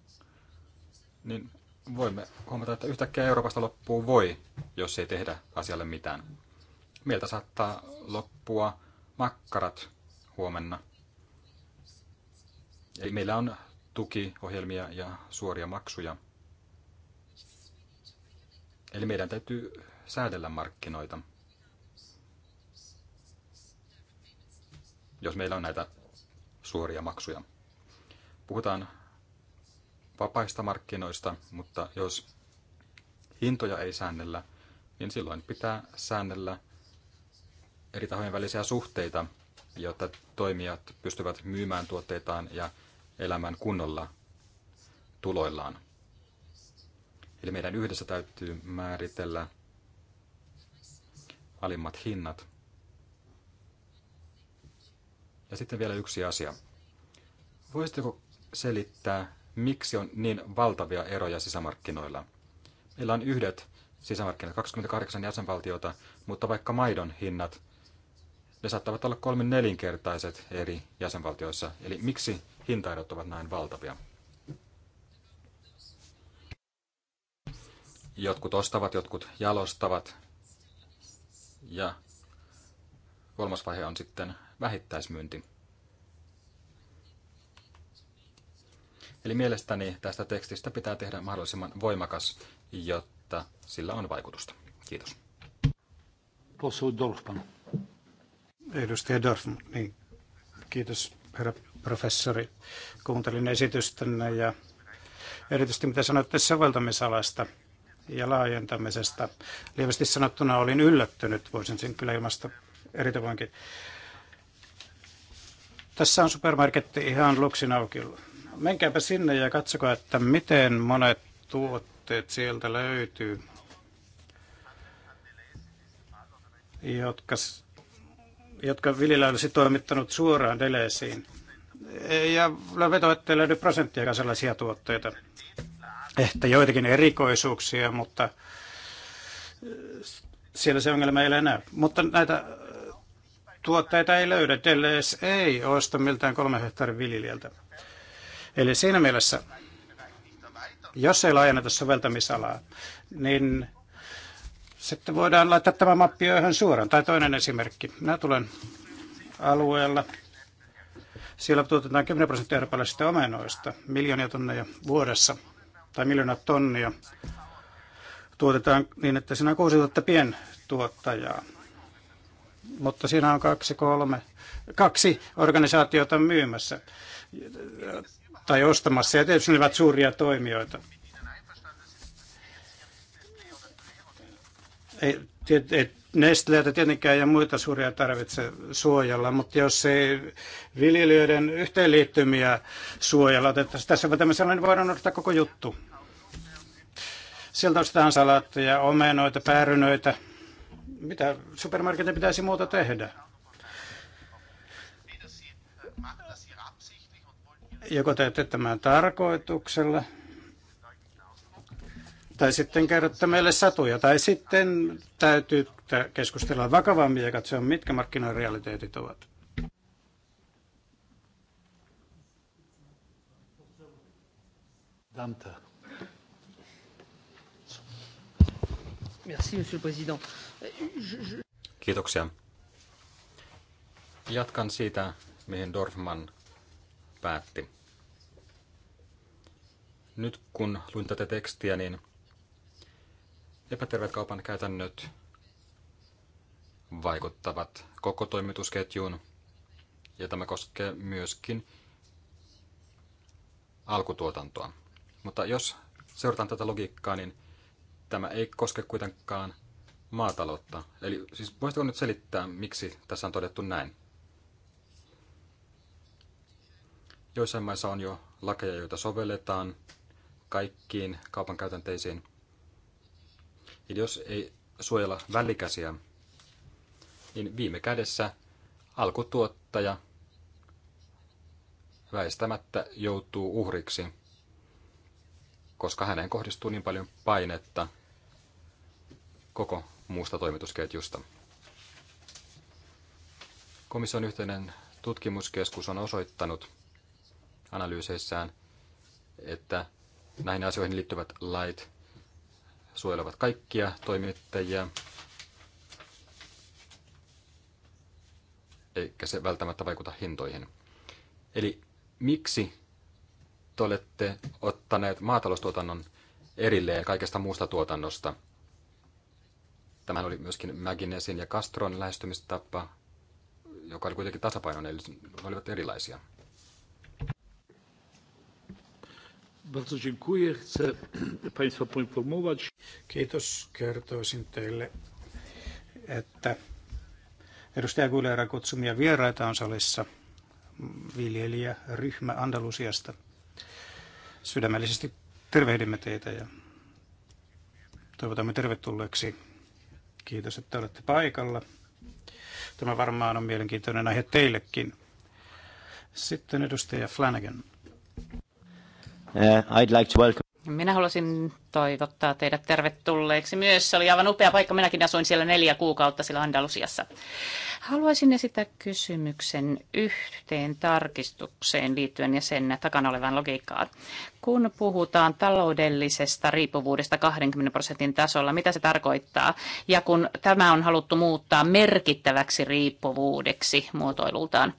niin voimme huomata, että yhtäkkiä Euroopasta loppuu voi, jos ei tehdä asialle mitään. Mieltä saattaa loppua makkarat huomenna Eli meillä on tukiohjelmia ja suoria maksuja. Eli meidän täytyy säädellä markkinoita. Jos meillä on näitä suoria maksuja. Puhutaan vapaista markkinoista, mutta jos hintoja ei säännellä, niin silloin pitää säännellä eri tahojen välisiä suhteita, jotta toimijat pystyvät myymään tuotteitaan ja elämän kunnolla tuloillaan. Eli meidän yhdessä täytyy määritellä alimmat hinnat. Ja sitten vielä yksi asia. Voisitteko selittää, miksi on niin valtavia eroja sisämarkkinoilla? Meillä on yhdet sisämarkkinat, 28 jäsenvaltiota, mutta vaikka maidon hinnat, ne saattavat olla kolmen nelinkertaiset eri jäsenvaltioissa. Eli miksi hintaerot ovat näin valtavia. Jotkut ostavat, jotkut jalostavat. Ja kolmas vaihe on sitten vähittäismyynti. Eli mielestäni tästä tekstistä pitää tehdä mahdollisimman voimakas, jotta sillä on vaikutusta. Kiitos. Possu Dorfman. Edustaja Dorfman, niin kiitos herra professori. Kuuntelin esitystänne ja erityisesti mitä sanoitte soveltamisalasta ja laajentamisesta. Lievästi sanottuna olin yllättynyt, voisin sen kyllä ilmaista eri tavoinkin. Tässä on supermarketti ihan luksin aukiolla. Menkääpä sinne ja katsokaa, että miten monet tuotteet sieltä löytyy, jotka, jotka viljelijä olisi toimittanut suoraan Deleesiin ja vetoavat, ettei löydy prosenttiakaan sellaisia tuotteita. Ehkä joitakin erikoisuuksia, mutta äh, siellä se ongelma ei ole enää. Mutta näitä äh, tuotteita ei löydä. Deleuze ei osta miltään kolme hehtaarin viljelijältä. Eli siinä mielessä, jos ei laajenneta soveltamisalaa, niin sitten voidaan laittaa tämä mappi ihan suoraan. Tai toinen esimerkki. Minä tulen alueella, siellä tuotetaan 10 prosenttia eurooppalaisista omenoista, miljoonia tonneja vuodessa, tai miljoonat tonnia. Tuotetaan niin, että siinä on 6000 pientuottajaa. Mutta siinä on kaksi, kolme, kaksi organisaatiota myymässä tai ostamassa, ja tietysti ne ovat suuria toimijoita. ei, Nestleitä tietenkään ja muita suuria tarvitse suojella, mutta jos ei viljelijöiden yhteenliittymiä suojella otettaisiin tässä tämmöisellä, niin voidaan ottaa koko juttu. Siltä ostetaan salaatteja, omenoita, päärynöitä. Mitä supermarketin pitäisi muuta tehdä? Joko teette tämän tarkoituksella – tai sitten kerrotte meille satuja. Tai sitten täytyy keskustella vakavammin ja katsoa, mitkä markkinarealiteetit ovat. Dante. Merci, monsieur le président. Kiitoksia. Jatkan siitä, mihin Dorfman päätti. Nyt kun luin tätä tekstiä, niin Epäterveet kaupan käytännöt vaikuttavat koko toimitusketjuun ja tämä koskee myöskin alkutuotantoa. Mutta jos seurataan tätä logiikkaa, niin tämä ei koske kuitenkaan maataloutta. Eli siis voisitko nyt selittää, miksi tässä on todettu näin? Joissain maissa on jo lakeja, joita sovelletaan kaikkiin kaupankäytänteisiin – ja jos ei suojella välikäsiä, niin viime kädessä alkutuottaja väistämättä joutuu uhriksi, koska häneen kohdistuu niin paljon painetta koko muusta toimitusketjusta. Komission yhteinen tutkimuskeskus on osoittanut analyyseissään, että näihin asioihin liittyvät lait suojelevat kaikkia toimittajia, eikä se välttämättä vaikuta hintoihin. Eli miksi te olette ottaneet maataloustuotannon erilleen kaikesta muusta tuotannosta? Tämä oli myöskin Mäkinesin ja Castron lähestymistapa, joka oli kuitenkin tasapainoinen, eli ne olivat erilaisia. Bardzo dziękuję. Chcę Państwa poinformować. Kiitos. Kertoisin teille, että edustaja Gulera kutsumia vieraita on salissa viljelijäryhmä Andalusiasta. Sydämellisesti tervehdimme teitä ja toivotamme tervetulleeksi. Kiitos, että olette paikalla. Tämä varmaan on mielenkiintoinen aihe teillekin. Sitten edustaja Flanagan. Uh, I'd like to welcome... Minä haluaisin toivottaa teidät tervetulleeksi myös. Se oli aivan upea paikka. Minäkin asuin siellä neljä kuukautta siellä Andalusiassa. Haluaisin esittää kysymyksen yhteen tarkistukseen liittyen ja sen takana olevan logiikkaan. Kun puhutaan taloudellisesta riippuvuudesta 20 prosentin tasolla, mitä se tarkoittaa? Ja kun tämä on haluttu muuttaa merkittäväksi riippuvuudeksi muotoilultaan,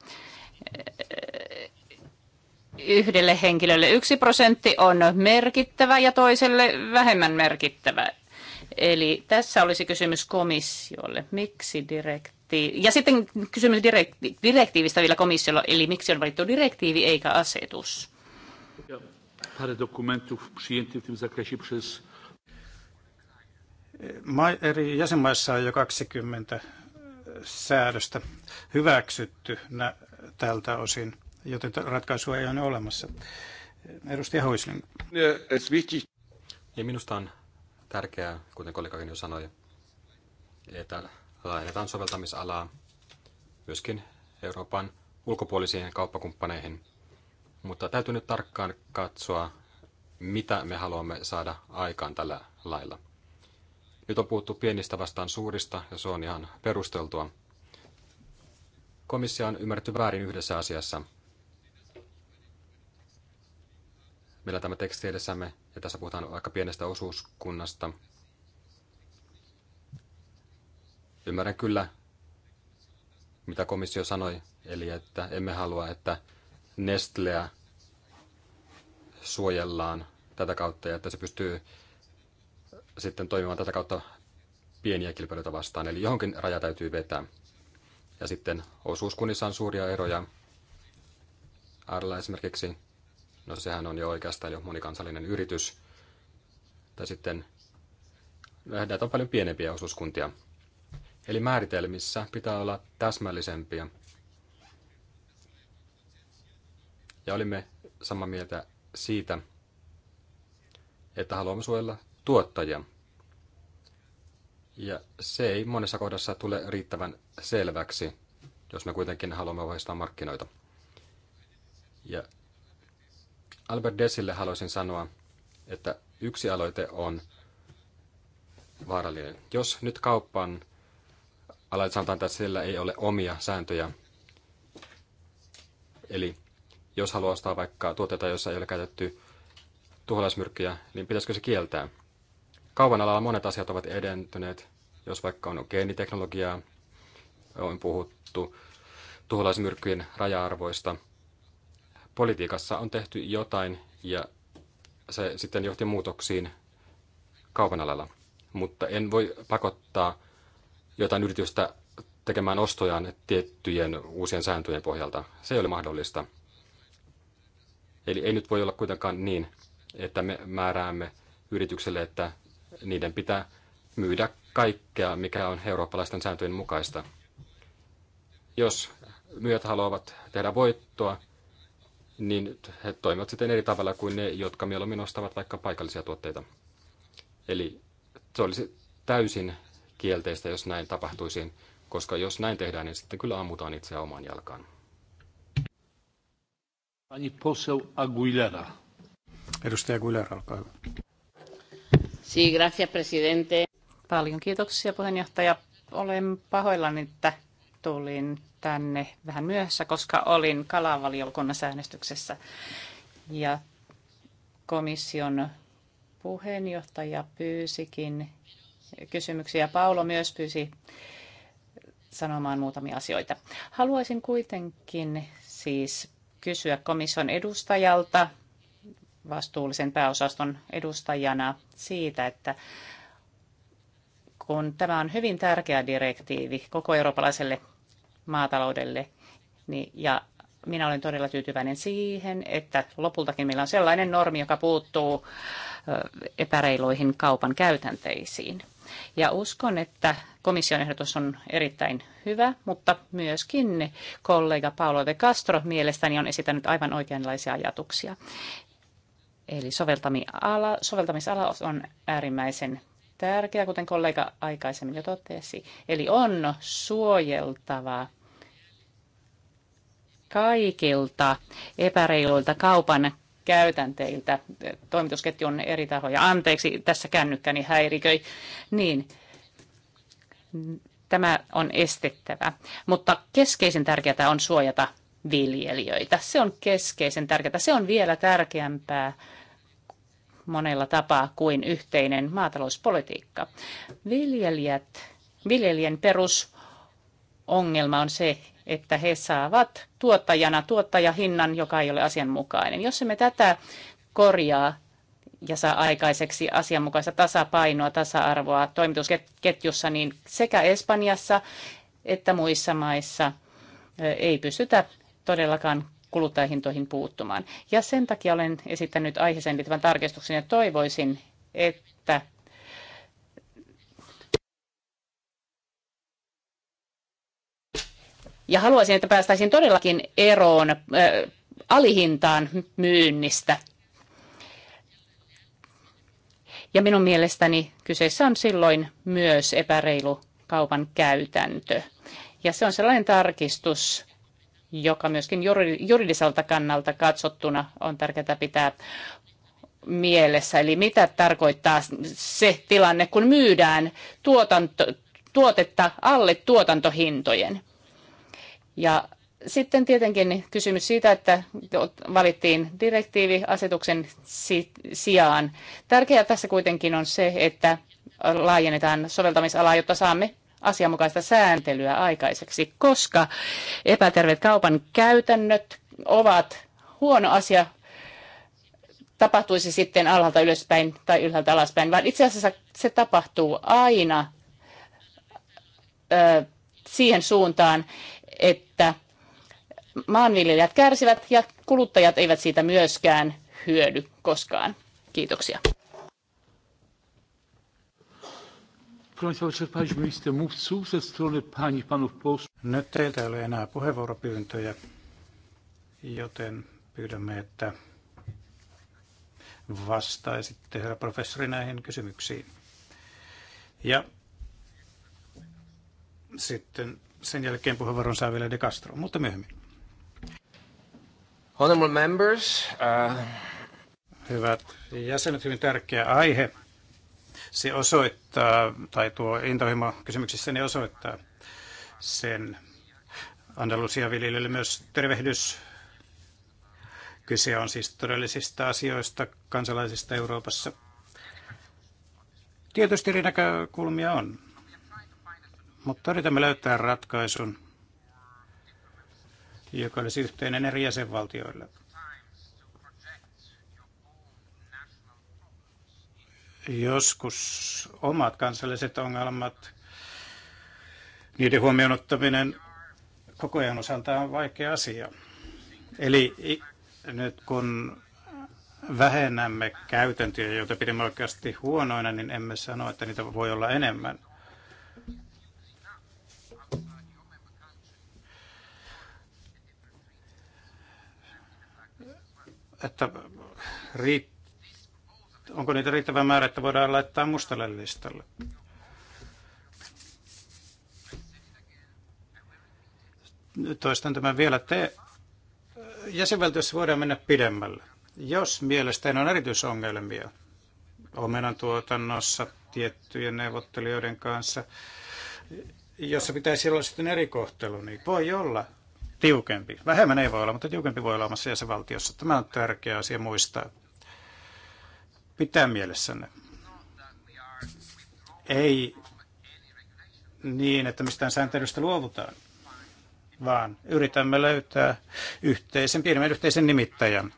yhdelle henkilölle yksi prosentti on merkittävä ja toiselle vähemmän merkittävä. Eli tässä olisi kysymys komissiolle. Miksi direktiivi? Ja sitten kysymys direkti- direktiivistä vielä komissiolla, eli miksi on valittu direktiivi eikä asetus? Parę dokumentów przyjętych w tym zakresie przez... Eri jäsenmaissa on jo 20 säädöstä hyväksytty tältä osin joten ratkaisua ei ole olemassa. Edustaja Hoisling. Ja minusta on tärkeää, kuten kollegakin jo sanoi, että laajennetaan soveltamisalaa myöskin Euroopan ulkopuolisiin kauppakumppaneihin. Mutta täytyy nyt tarkkaan katsoa, mitä me haluamme saada aikaan tällä lailla. Nyt on puhuttu pienistä vastaan suurista, ja se on ihan perusteltua. Komissio on ymmärretty väärin yhdessä asiassa – Meillä tämä teksti edessämme, ja tässä puhutaan aika pienestä osuuskunnasta. Ymmärrän kyllä, mitä komissio sanoi, eli että emme halua, että Nestleä suojellaan tätä kautta ja että se pystyy sitten toimimaan tätä kautta pieniä kilpailijoita vastaan. Eli johonkin raja täytyy vetää. Ja sitten osuuskunnissa on suuria eroja. Arla esimerkiksi No sehän on jo oikeastaan jo monikansallinen yritys. Tai sitten nähdään, on paljon pienempiä osuuskuntia. Eli määritelmissä pitää olla täsmällisempiä. Ja olimme samaa mieltä siitä, että haluamme suojella tuottajia. Ja se ei monessa kohdassa tule riittävän selväksi, jos me kuitenkin haluamme vahvistaa markkinoita. Ja Albert Desille haluaisin sanoa, että yksi aloite on vaarallinen. Jos nyt kauppaan aloite sanotaan, että sillä ei ole omia sääntöjä, eli jos haluaa ostaa vaikka tuotteita, jossa ei ole käytetty tuholaismyrkkyjä, niin pitäisikö se kieltää? Kaupan alalla monet asiat ovat edentyneet, jos vaikka on geeniteknologiaa, on puhuttu tuholaismyrkkyjen raja-arvoista – politiikassa on tehty jotain ja se sitten johti muutoksiin kaupan alalla. Mutta en voi pakottaa jotain yritystä tekemään ostojaan tiettyjen uusien sääntöjen pohjalta. Se ei ole mahdollista. Eli ei nyt voi olla kuitenkaan niin, että me määräämme yritykselle, että niiden pitää myydä kaikkea, mikä on eurooppalaisten sääntöjen mukaista. Jos myyjät haluavat tehdä voittoa, niin he toimivat sitten eri tavalla kuin ne, jotka mieluummin ostavat vaikka paikallisia tuotteita. Eli se olisi täysin kielteistä, jos näin tapahtuisi, koska jos näin tehdään, niin sitten kyllä ammutaan itseä omaan jalkaan. Pani poseu Aguilera. Edustaja Aguilera, olkaa hyvä. Sí, gracias, presidente. Paljon kiitoksia, puheenjohtaja. Olen pahoillani, että tulin tänne vähän myöhässä, koska olin kalavaliokunnan säännöstyksessä. Ja komission puheenjohtaja pyysikin kysymyksiä. Paulo myös pyysi sanomaan muutamia asioita. Haluaisin kuitenkin siis kysyä komission edustajalta, vastuullisen pääosaston edustajana siitä, että kun tämä on hyvin tärkeä direktiivi koko eurooppalaiselle maataloudelle. niin Ja minä olen todella tyytyväinen siihen, että lopultakin meillä on sellainen normi, joka puuttuu epäreiluihin kaupan käytänteisiin. Ja uskon, että komission ehdotus on erittäin hyvä, mutta myöskin kollega Paolo de Castro mielestäni on esittänyt aivan oikeanlaisia ajatuksia. Eli soveltamisala, soveltamisala on äärimmäisen tärkeä, kuten kollega aikaisemmin jo totesi. Eli on suojeltava kaikilta epäreiluilta kaupan käytänteiltä. on eri tahoja. Anteeksi, tässä kännykkäni häiriköi. Niin, tämä on estettävä. Mutta keskeisen tärkeää on suojata viljelijöitä. Se on keskeisen tärkeää. Se on vielä tärkeämpää monella tapaa kuin yhteinen maatalouspolitiikka. Viljelijät, viljelijän perusongelma on se, että he saavat tuottajana tuottajahinnan, joka ei ole asianmukainen. Jos emme tätä korjaa ja saa aikaiseksi asianmukaista tasapainoa, tasa-arvoa toimitusketjussa, niin sekä Espanjassa että muissa maissa ei pystytä todellakaan kuluttajahintoihin puuttumaan. Ja sen takia olen esittänyt aiheeseen liittyvän tarkistuksen ja toivoisin, että Ja haluaisin, että päästäisiin todellakin eroon äh, alihintaan myynnistä. Ja minun mielestäni kyseessä on silloin myös epäreilu kaupan käytäntö. Ja se on sellainen tarkistus, joka myöskin juridiselta kannalta katsottuna on tärkeää pitää mielessä. Eli mitä tarkoittaa se tilanne, kun myydään tuotanto, tuotetta alle tuotantohintojen. Ja sitten tietenkin kysymys siitä, että valittiin direktiivi asetuksen sijaan. Tärkeää tässä kuitenkin on se, että laajennetaan soveltamisalaa, jotta saamme asianmukaista sääntelyä aikaiseksi, koska epäterveet kaupan käytännöt ovat huono asia, tapahtuisi sitten alhaalta ylöspäin tai ylhäältä alaspäin, vaan itse asiassa se tapahtuu aina ö, siihen suuntaan, että maanviljelijät kärsivät ja kuluttajat eivät siitä myöskään hyödy koskaan. Kiitoksia. Nyt teiltä ei ole enää puheenvuoropyyntöjä, joten pyydämme, että vastaisitte herra professori näihin kysymyksiin. Ja sitten sen jälkeen puheenvuoron saa vielä De Castro, mutta myöhemmin. Honorable members, uh... Hyvät jäsenet, hyvin tärkeä aihe. Se osoittaa, tai tuo intohimo kysymyksissä ne osoittaa sen Andalusia viljelijöille myös tervehdys. Kyse on siis todellisista asioista kansalaisista Euroopassa. Tietysti eri näkökulmia on. Mutta yritämme löytää ratkaisun, joka olisi yhteinen eri jäsenvaltioille. Joskus omat kansalliset ongelmat, niiden huomioon ottaminen koko ajan osalta on vaikea asia. Eli nyt kun vähennämme käytäntöjä, joita pidemme oikeasti huonoina, niin emme sano, että niitä voi olla enemmän. että riit- onko niitä riittävä määrä, että voidaan laittaa mustalle listalle? Toistan tämän vielä. Te jäsenvaltiossa voidaan mennä pidemmälle. Jos mielestäni on erityisongelmia omenan tuotannossa tiettyjen neuvottelijoiden kanssa, jossa pitäisi olla sitten eri kohtelu, niin voi olla, tiukempi. Vähemmän ei voi olla, mutta tiukempi voi olla omassa jäsenvaltiossa. Tämä on tärkeä asia muistaa. Pitää mielessänne. Ei niin, että mistään sääntelystä luovutaan, vaan yritämme löytää yhteisen, pienemmän yhteisen nimittäjän.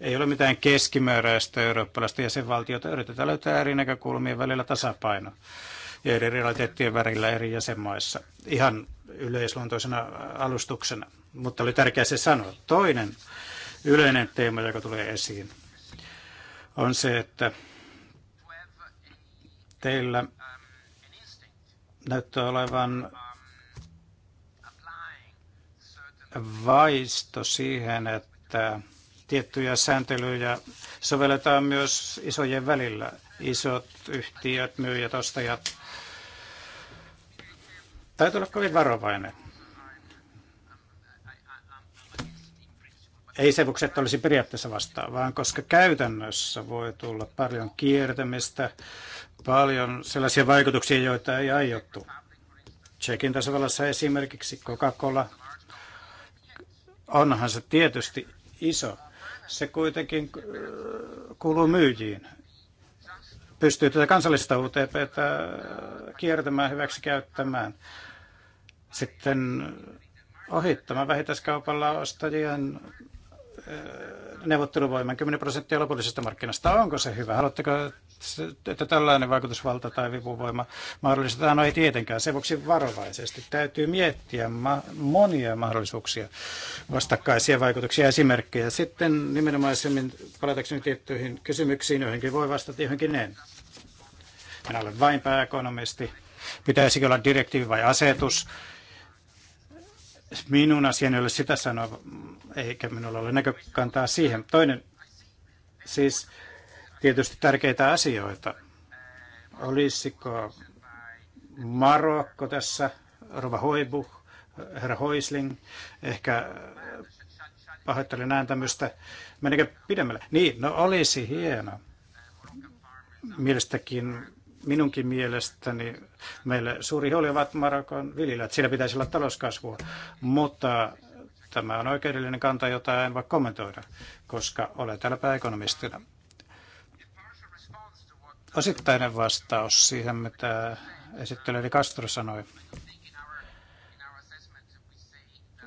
Ei ole mitään keskimääräistä eurooppalaista jäsenvaltiota, yritetään löytää eri näkökulmien välillä tasapaino ja eri realiteettien värillä eri jäsenmaissa. Ihan yleisluontoisena alustuksena, mutta oli tärkeää se sanoa. Toinen yleinen teema, joka tulee esiin, on se, että teillä näyttää olevan vaisto siihen, että tiettyjä sääntelyjä sovelletaan myös isojen välillä isot yhtiöt, myyjät, ostajat. Täytyy olla kovin varovainen. Ei se vuoksi, että olisi periaatteessa vastaan, vaan koska käytännössä voi tulla paljon kiertämistä, paljon sellaisia vaikutuksia, joita ei aiottu. Tsekin tasavallassa esimerkiksi Coca-Cola, onhan se tietysti iso. Se kuitenkin äh, kuuluu myyjiin pystyy tätä kansallista UTPtä kiertämään hyväksi käyttämään. Sitten ohittamaan vähittäiskaupalla ostajien eh, neuvotteluvoiman 10 prosenttia lopullisesta markkinasta. Onko se hyvä? Haluatteko että tällainen vaikutusvalta tai vipuvoima mahdollistetaan, no ei tietenkään, se vuoksi varovaisesti. Täytyy miettiä ma- monia mahdollisuuksia, vastakkaisia vaikutuksia esimerkkejä. Sitten nimenomaisemmin palatakseni tiettyihin kysymyksiin, joihinkin voi vastata, joihinkin en. Minä olen vain pääekonomisti. Pitäisikö olla direktiivi vai asetus? Minun asiani ei ole sitä sanoa, eikä minulla ole näkökantaa siihen. Toinen, siis tietysti tärkeitä asioita. Olisiko Marokko tässä, Rova Hoibu, herra Hoisling, ehkä pahoittelen tämmöistä, Menikö pidemmälle? Niin, no olisi hieno. Mielestäkin, minunkin mielestäni, meille suuri huoli ovat Marokon viljelijät. Siellä pitäisi olla talouskasvua, mutta tämä on oikeudellinen kanta, jota en voi kommentoida, koska olen täällä pääekonomistina osittainen vastaus siihen, mitä esittelijä Castro sanoi.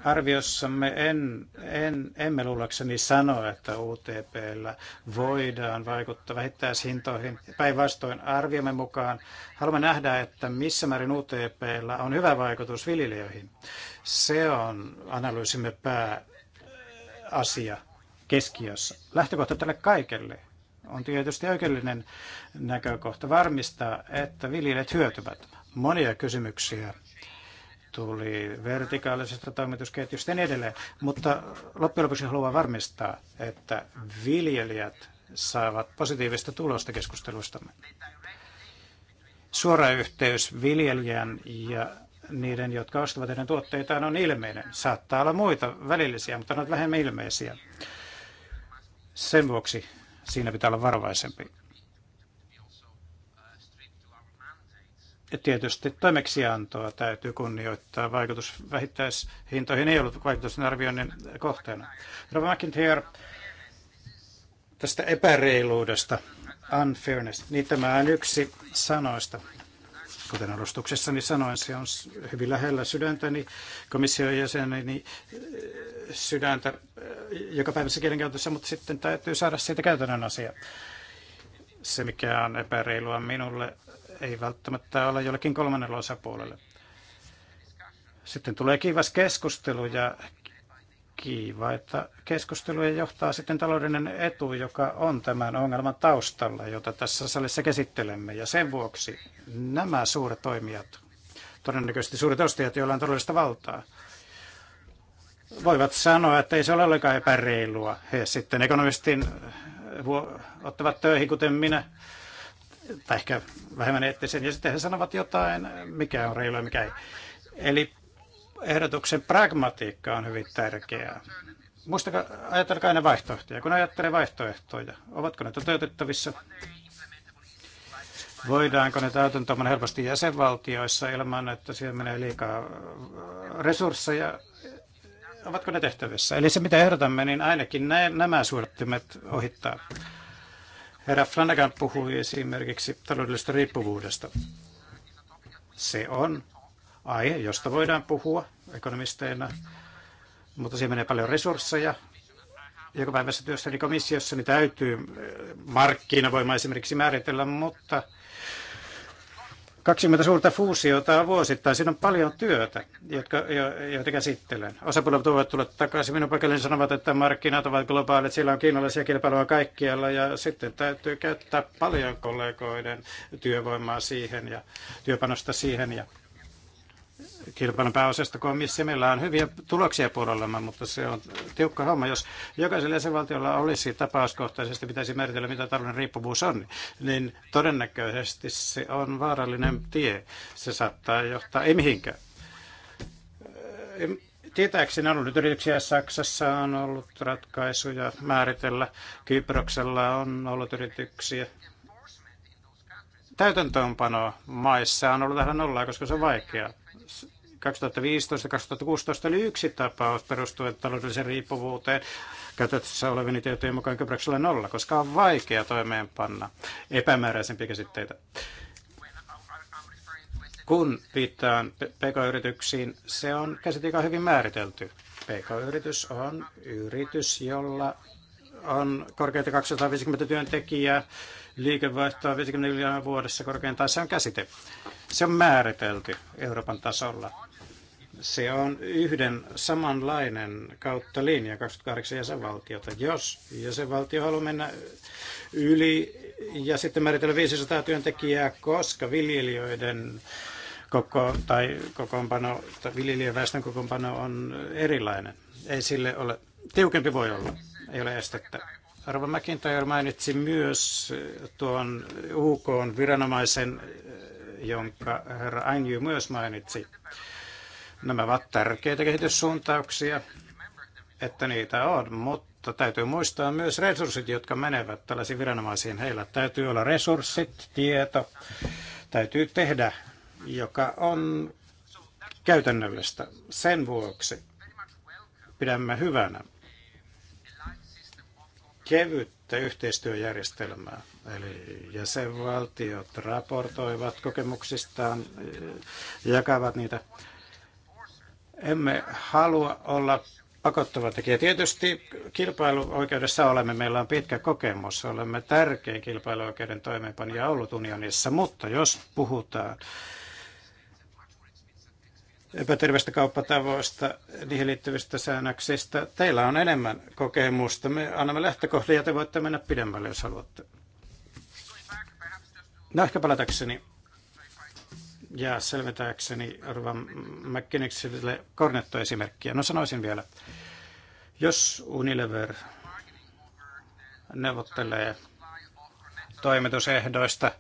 Arviossamme en, en, emme luulakseni sano, että UTPllä voidaan vaikuttaa vähittäishintoihin. Päinvastoin arviomme mukaan haluamme nähdä, että missä määrin UTPllä on hyvä vaikutus viljelijöihin. Se on analyysimme pääasia keskiössä. Lähtökohta tälle kaikelle on tietysti oikeudellinen näkökohta varmistaa, että viljelijät hyötyvät. Monia kysymyksiä tuli vertikaalisesta toimitusketjusta ja niin edelleen, mutta loppujen lopuksi haluan varmistaa, että viljelijät saavat positiivista tulosta keskustelustamme. Suora yhteys viljelijän ja niiden, jotka ostavat heidän tuotteitaan, on ilmeinen. Saattaa olla muita välillisiä, mutta ne ovat vähemmän ilmeisiä. Sen vuoksi siinä pitää olla varovaisempi. Ja tietysti toimeksiantoa täytyy kunnioittaa. Vaikutus vähittäishintoihin ei ollut vaikutusten arvioinnin kohteena. Rova McIntyre, tästä epäreiluudesta, unfairness, niin tämä on yksi sanoista, Kuten alustuksessani sanoin, se on hyvin lähellä sydäntäni, komission jäseneni eh, sydäntä eh, joka päivässä kielenkäytössä, mutta sitten täytyy saada siitä käytännön asia. Se, mikä on epäreilua minulle, ei välttämättä ole jollekin kolmannella osapuolelle. Sitten tulee kiivas keskustelu ja kiva, että keskusteluja johtaa sitten taloudellinen etu, joka on tämän ongelman taustalla, jota tässä salissa käsittelemme. Ja sen vuoksi nämä suuret toimijat, todennäköisesti suuret ostajat, joilla on todellista valtaa, voivat sanoa, että ei se ole ollenkaan epäreilua. He sitten ekonomistin eh, ottavat töihin, kuten minä, tai ehkä vähemmän eettisen, ja sitten he sanovat jotain, mikä on reilua ja mikä ei. Eli ehdotuksen pragmatiikka on hyvin tärkeää. Muistakaa, ajatelkaa aina vaihtoehtoja. Kun ajattelee vaihtoehtoja, ovatko ne toteutettavissa? Voidaanko ne täytäntöön helposti jäsenvaltioissa ilman, että siihen menee liikaa äh, resursseja? Ovatko ne tehtävissä? Eli se, mitä ehdotamme, niin ainakin nämä suodattimet ohittaa. Herra Flanagan puhui esimerkiksi taloudellisesta riippuvuudesta. Se on aihe, josta voidaan puhua ekonomisteina, mutta siihen menee paljon resursseja. Joka päivässä työssäni komissiossa niin täytyy eh, markkinavoima esimerkiksi määritellä, mutta 20 suurta fuusiota vuosittain. Siinä on paljon työtä, jotka, jo, joita käsittelen. Osapuolet voivat tulla takaisin. Minun paikalleni sanovat, että markkinat ovat globaalit. Siellä on kiinalaisia kilpailua kaikkialla ja sitten täytyy käyttää paljon kollegoiden työvoimaa siihen ja työpanosta siihen. Ja kilpailun pääosasta komissimilla on hyviä tuloksia puolella, mutta se on tiukka homma. Jos jokaisella jäsenvaltiolla olisi tapauskohtaisesti, pitäisi määritellä, mitä talouden riippuvuus on, niin todennäköisesti se on vaarallinen tie. Se saattaa johtaa ei mihinkään. Tietääkseni on ollut yrityksiä Saksassa, on ollut ratkaisuja määritellä. Kyproksella on ollut yrityksiä täytäntöönpano maissa on ollut vähän nollaa, koska se on vaikeaa. 2015-2016 oli yksi tapaus perustuen taloudelliseen riippuvuuteen käytössä olevien tietojen mukaan Kyproksella nolla, koska on vaikea toimeenpanna epämääräisempiä käsitteitä. Kun viittaan PK-yrityksiin, se on käsite, joka on hyvin määritelty. PK-yritys on yritys, jolla on korkeita 250 työntekijää, liikevaihtoa 50 miljoonaa vuodessa korkeintaan. Se on käsite. Se on määritelty Euroopan tasolla se on yhden samanlainen kautta linja 28 jäsenvaltiota. Jos jäsenvaltio haluaa mennä yli ja sitten määritellä 500 työntekijää, koska viljelijöiden koko, tai kokoonpano, tai viljelijäväestön kokoonpano on erilainen. Ei sille ole, tiukempi voi olla, ei ole estettä. Arvo McIntyre mainitsi myös tuon UK viranomaisen, jonka herra Ainju myös mainitsi Nämä ovat tärkeitä kehityssuuntauksia, että niitä on, mutta täytyy muistaa myös resurssit, jotka menevät tällaisiin viranomaisiin. Heillä täytyy olla resurssit, tieto, täytyy tehdä, joka on käytännöllistä. Sen vuoksi pidämme hyvänä kevyttä yhteistyöjärjestelmää. Eli jäsenvaltiot raportoivat kokemuksistaan, jakavat niitä emme halua olla pakottava tekijä. Tietysti kilpailuoikeudessa olemme, meillä on pitkä kokemus, olemme tärkein kilpailuoikeuden toimeenpanija ollut unionissa, mutta jos puhutaan epäterveistä kauppatavoista, niihin liittyvistä säännöksistä. Teillä on enemmän kokemusta. Me annamme lähtökohdia ja te voitte mennä pidemmälle, jos haluatte. No ehkä palatakseni ja selventääkseni Arvan McKinneyksille kornettoesimerkkiä. esimerkkiä No sanoisin vielä, jos Unilever neuvottelee toimitusehdoista,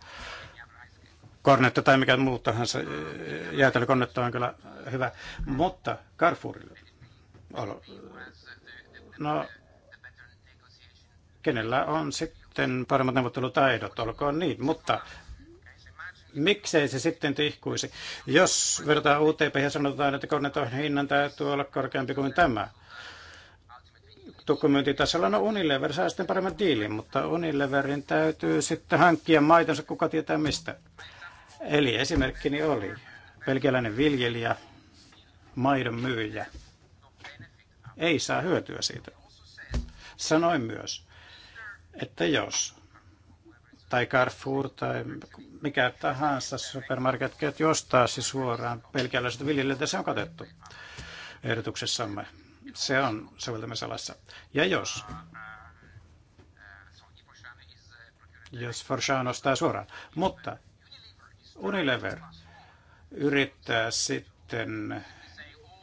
kornetta tai mikä muu tahansa, jäätelö on kyllä hyvä, mutta Carrefourille, no kenellä on sitten paremmat neuvottelutaidot, olkoon niin, mutta miksei se sitten tihkuisi? Jos vertaa UTP ja sanotaan, että konetoin hinnan täytyy olla korkeampi kuin tämä. Tukkumyyntitasolla no Unilever saa sitten paremmin diilin, mutta Unileverin täytyy sitten hankkia maitonsa kuka tietää mistä. Eli esimerkkini oli pelkäläinen viljelijä, maidon myyjä. Ei saa hyötyä siitä. Sanoin myös, että jos tai Carrefour tai mikä tahansa supermarketketju ostaa se siis suoraan belgialaisilta viljelijöiltä, se on katettu ehdotuksessamme. Se on soveltamisalassa. Ja jos jos Forshan ostaa suoraan. Mutta Unilever yrittää sitten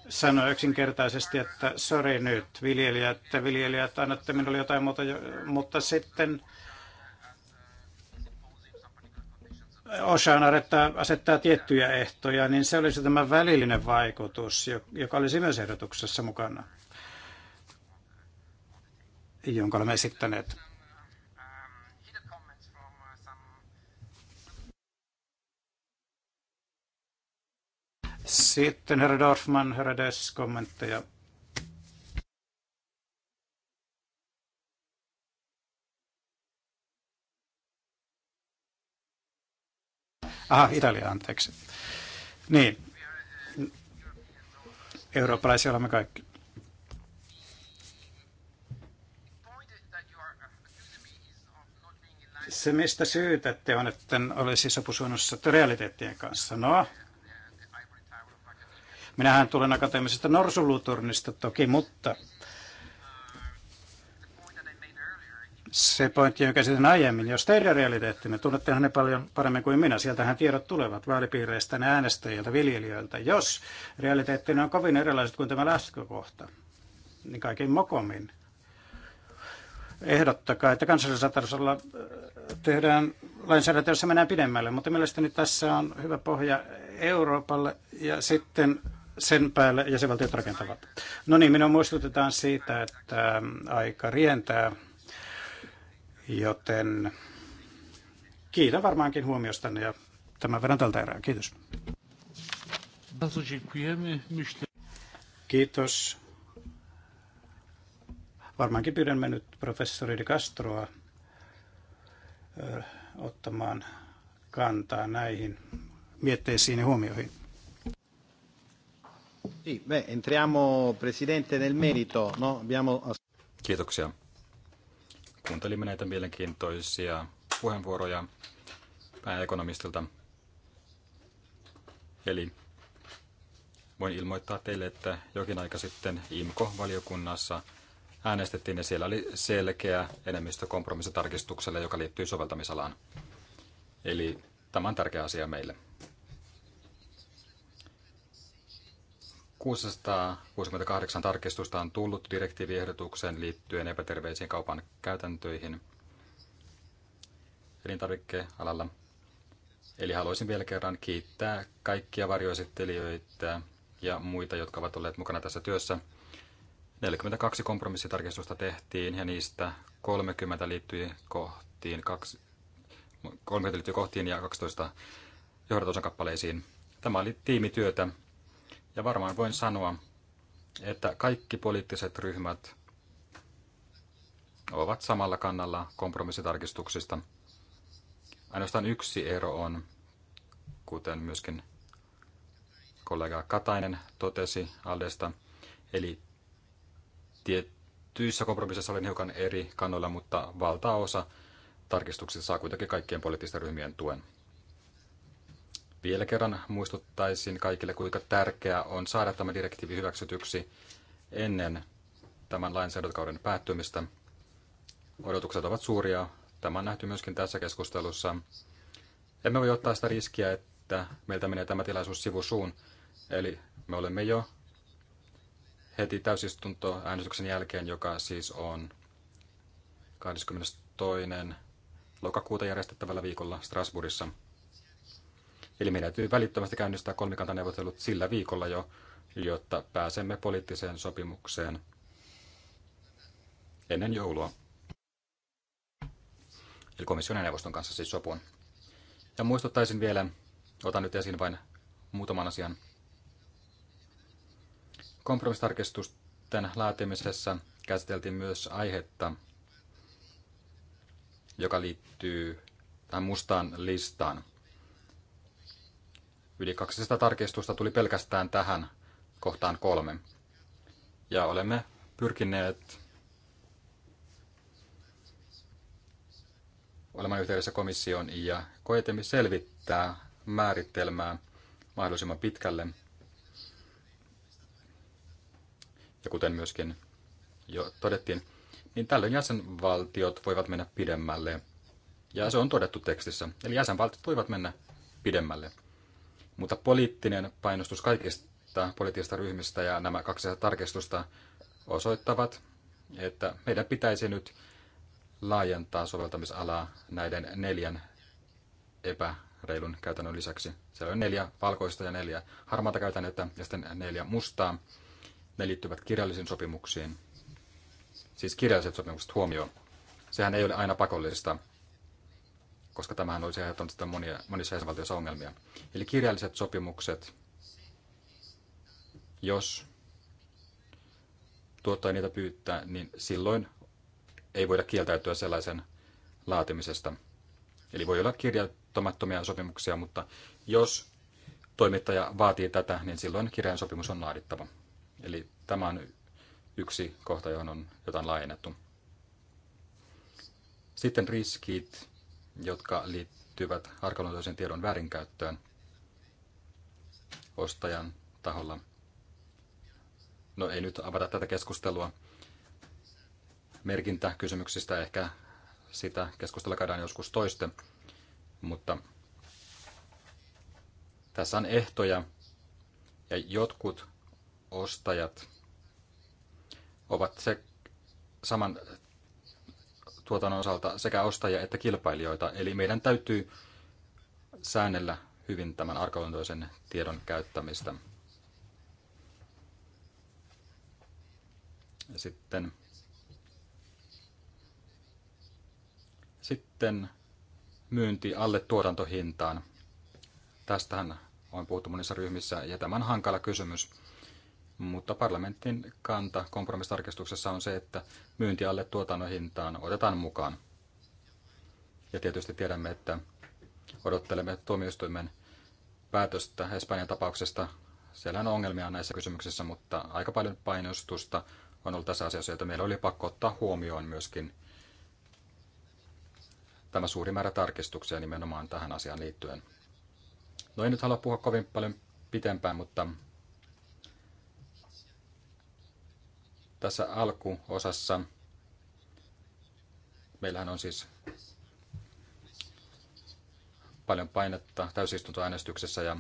sanoa yksinkertaisesti, että sorry nyt viljelijät, viljelijät, annatte minulle jotain muuta, mutta sitten osaan asettaa, asettaa tiettyjä ehtoja, niin se olisi tämä välillinen vaikutus, joka olisi myös ehdotuksessa mukana, jonka olemme esittäneet. Sitten herra Dorfman, herra Dess kommentteja. Aha, Italia, anteeksi. Niin, eurooppalaisia olemme kaikki. Se, mistä syytätte, on, että olisi sopusuunnassa realiteettien kanssa. No, minähän tulen akateemisesta norsuluturnista, toki, mutta se pointti, joka sitten aiemmin, jos teidän realiteettinne, tunnettehan ne paljon paremmin kuin minä, sieltähän tiedot tulevat vaalipiireistä, ne äänestäjiltä, viljelijöiltä. Jos realiteettinne on kovin erilaiset kuin tämä lähtökohta, niin kaikin mokomin ehdottakaa, että kansallisella tasolla äh, tehdään lainsäädäntö, jossa mennään pidemmälle, mutta mielestäni tässä on hyvä pohja Euroopalle ja sitten sen päälle ja se rakentavat. No niin, minun muistutetaan siitä, että aika rientää. Joten kiitän varmaankin huomiostanne ja tämän verran tältä erää. Kiitos. Kiitos. Varmaankin pyydämme nyt professori De Castroa ottamaan kantaa näihin mietteisiin ja huomioihin. No? Kiitoksia kuuntelimme näitä mielenkiintoisia puheenvuoroja pääekonomistilta. Eli voin ilmoittaa teille, että jokin aika sitten IMKO-valiokunnassa äänestettiin ja siellä oli selkeä enemmistö kompromissitarkistukselle, joka liittyy soveltamisalaan. Eli tämä on tärkeä asia meille. 668 tarkistusta on tullut direktiiviehdotukseen liittyen epäterveisiin kaupan käytäntöihin elintarvikkealalla. Eli haluaisin vielä kerran kiittää kaikkia varjoesittelijöitä ja muita, jotka ovat olleet mukana tässä työssä. 42 kompromissitarkistusta tehtiin ja niistä 30 liittyi kohtiin, 2, 30 liittyi kohtiin ja 12 johdatusan kappaleisiin. Tämä oli tiimityötä ja varmaan voin sanoa, että kaikki poliittiset ryhmät ovat samalla kannalla kompromissitarkistuksista. Ainoastaan yksi ero on, kuten myöskin kollega Katainen totesi Aldesta, eli tiettyissä kompromisseissa olen hiukan eri kannoilla, mutta valtaosa tarkistuksista saa kuitenkin kaikkien poliittisten ryhmien tuen. Vielä kerran muistuttaisin kaikille, kuinka tärkeää on saada tämä direktiivi hyväksytyksi ennen tämän lainsäädäntökauden päättymistä. Odotukset ovat suuria. Tämä on nähty myöskin tässä keskustelussa. Emme voi ottaa sitä riskiä, että meiltä menee tämä tilaisuus sivusuun. Eli me olemme jo heti äänestyksen jälkeen, joka siis on 22. lokakuuta järjestettävällä viikolla Strasbourgissa – Eli meidän täytyy välittömästi käynnistää kolmikantaneuvottelut sillä viikolla jo, jotta pääsemme poliittiseen sopimukseen ennen joulua. Eli komission ja neuvoston kanssa siis sopuun. Ja muistuttaisin vielä, otan nyt esiin vain muutaman asian. Kompromistarkistusten laatimisessa käsiteltiin myös aihetta, joka liittyy tähän mustaan listaan. Yli 200 tarkistusta tuli pelkästään tähän kohtaan kolme. Ja olemme pyrkineet olemaan yhteydessä komissioon ja koetemme selvittää määritelmää mahdollisimman pitkälle. Ja kuten myöskin jo todettiin, niin tällöin jäsenvaltiot voivat mennä pidemmälle. Ja se on todettu tekstissä. Eli jäsenvaltiot voivat mennä pidemmälle. Mutta poliittinen painostus kaikista poliittisista ryhmistä ja nämä kaksi tarkistusta osoittavat, että meidän pitäisi nyt laajentaa soveltamisalaa näiden neljän epäreilun käytännön lisäksi. Siellä on neljä valkoista ja neljä harmaata käytännettä ja sitten neljä mustaa. Ne liittyvät kirjallisiin sopimuksiin, siis kirjalliset sopimukset huomioon. Sehän ei ole aina pakollista koska tämähän olisi aiheuttanut sitä monia, monissa jäsenvaltioissa ongelmia. Eli kirjalliset sopimukset, jos tuottaja niitä pyytää, niin silloin ei voida kieltäytyä sellaisen laatimisesta. Eli voi olla kirjattomattomia sopimuksia, mutta jos toimittaja vaatii tätä, niin silloin kirjan sopimus on laadittava. Eli tämä on yksi kohta, johon on jotain laajennettu. Sitten riskit jotka liittyvät arkaluontoisen tiedon väärinkäyttöön ostajan taholla. No ei nyt avata tätä keskustelua merkintäkysymyksistä, ehkä sitä keskustella käydään joskus toiste, mutta tässä on ehtoja ja jotkut ostajat ovat se saman tuotannon osalta sekä ostajia että kilpailijoita. Eli meidän täytyy säännellä hyvin tämän arkaluontoisen tiedon käyttämistä. Ja sitten, sitten myynti alle tuotantohintaan. Tästähän on puhuttu monissa ryhmissä ja tämä on hankala kysymys mutta parlamentin kanta kompromissitarkistuksessa on se, että myynti alle tuotannon hintaan otetaan mukaan. Ja tietysti tiedämme, että odottelemme tuomioistuimen päätöstä Espanjan tapauksesta. Siellä on ongelmia näissä kysymyksissä, mutta aika paljon painostusta on ollut tässä asiassa, että meillä oli pakko ottaa huomioon myöskin tämä suuri määrä tarkistuksia nimenomaan tähän asiaan liittyen. No en nyt halua puhua kovin paljon pitempään, mutta tässä alkuosassa meillähän on siis paljon painetta täysistuntoäänestyksessä ja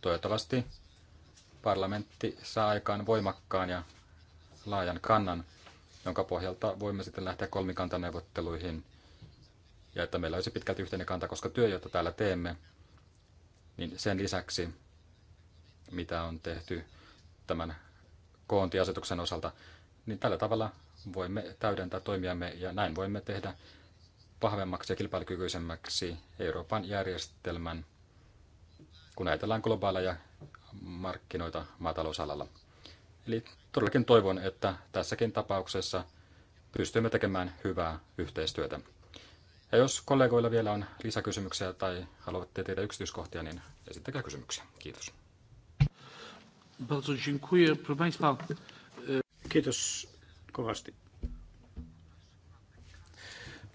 toivottavasti parlamentti saa aikaan voimakkaan ja laajan kannan, jonka pohjalta voimme sitten lähteä kolmikantaneuvotteluihin ja että meillä olisi pitkälti yhteinen kanta, koska työ, jota täällä teemme, niin sen lisäksi, mitä on tehty tämän koontiasetuksen osalta, niin tällä tavalla voimme täydentää toimiamme ja näin voimme tehdä vahvemmaksi ja kilpailukykyisemmäksi Euroopan järjestelmän, kun ajatellaan globaaleja markkinoita maatalousalalla. Eli todellakin toivon, että tässäkin tapauksessa pystymme tekemään hyvää yhteistyötä. Ja jos kollegoilla vielä on lisäkysymyksiä tai haluatte tehdä yksityiskohtia, niin esittäkää kysymyksiä. Kiitos. Bardzo dziękuję. Proszę Państwa. E, kovasti.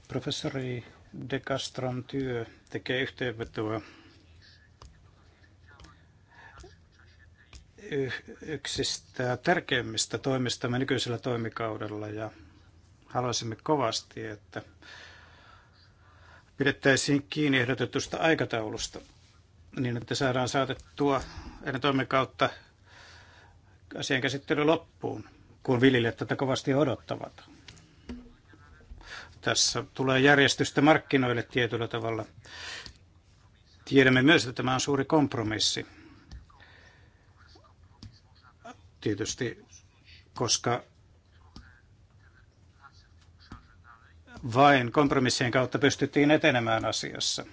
Professori De Castron työ tekee yhteenvetoa yksistä tärkeimmistä me nykyisellä toimikaudella ja haluaisimme kovasti, että pidettäisiin kiinni ehdotetusta aikataulusta niin, että saadaan saatettua ennen toimikautta asian käsittely loppuun, kun viljelijät tätä kovasti odottavat. Tässä tulee järjestystä markkinoille tietyllä tavalla. Tiedämme myös, että tämä on suuri kompromissi. Tietysti, koska vain kompromissien kautta pystyttiin etenemään asiassa.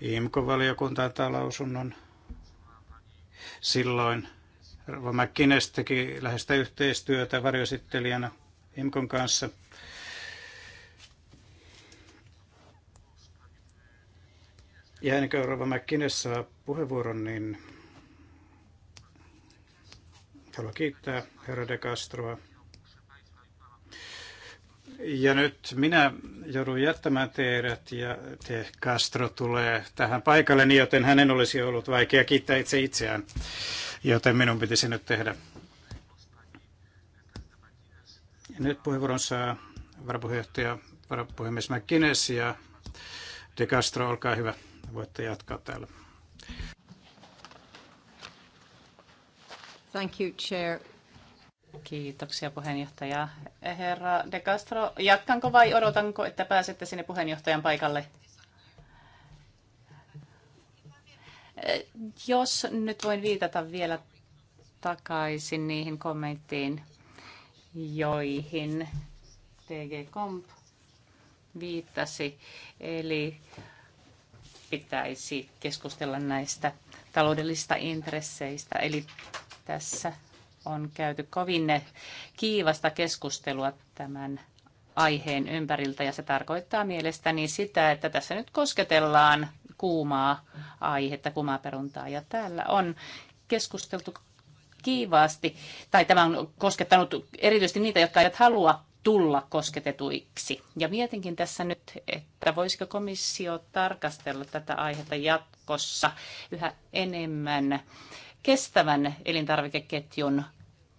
IMKO-valiokunta antaa lausunnon silloin Rova McKinnes teki läheistä yhteistyötä varjosittelijana IMKON kanssa. Ja ennen kuin Rova McKinnes saa puheenvuoron, niin haluan kiittää herra de Castroa. Ja nyt minä joudun jättämään teidät ja te Castro tulee tähän paikalle, niin joten hänen olisi ollut vaikea kiittää itse itseään joten minun se nyt tehdä. Nyt puheenvuoron saa varapuheenjohtaja, varapuhemies McGuinness ja De Castro, olkaa hyvä. Voitte jatkaa täällä. Thank you, Chair. Kiitoksia puheenjohtaja. Herra De Castro, jatkanko vai odotanko, että pääsette sinne puheenjohtajan paikalle? Jos nyt voin viitata vielä takaisin niihin kommenttiin, joihin TG Comp viittasi. Eli pitäisi keskustella näistä taloudellisista intresseistä. Eli tässä on käyty kovin kiivasta keskustelua tämän aiheen ympäriltä ja se tarkoittaa mielestäni sitä, että tässä nyt kosketellaan kuumaa aihetta, kuumaa peruntaa. Ja täällä on keskusteltu kiivaasti, tai tämä on koskettanut erityisesti niitä, jotka eivät halua tulla kosketetuiksi. Ja mietinkin tässä nyt, että voisiko komissio tarkastella tätä aihetta jatkossa yhä enemmän kestävän elintarvikeketjun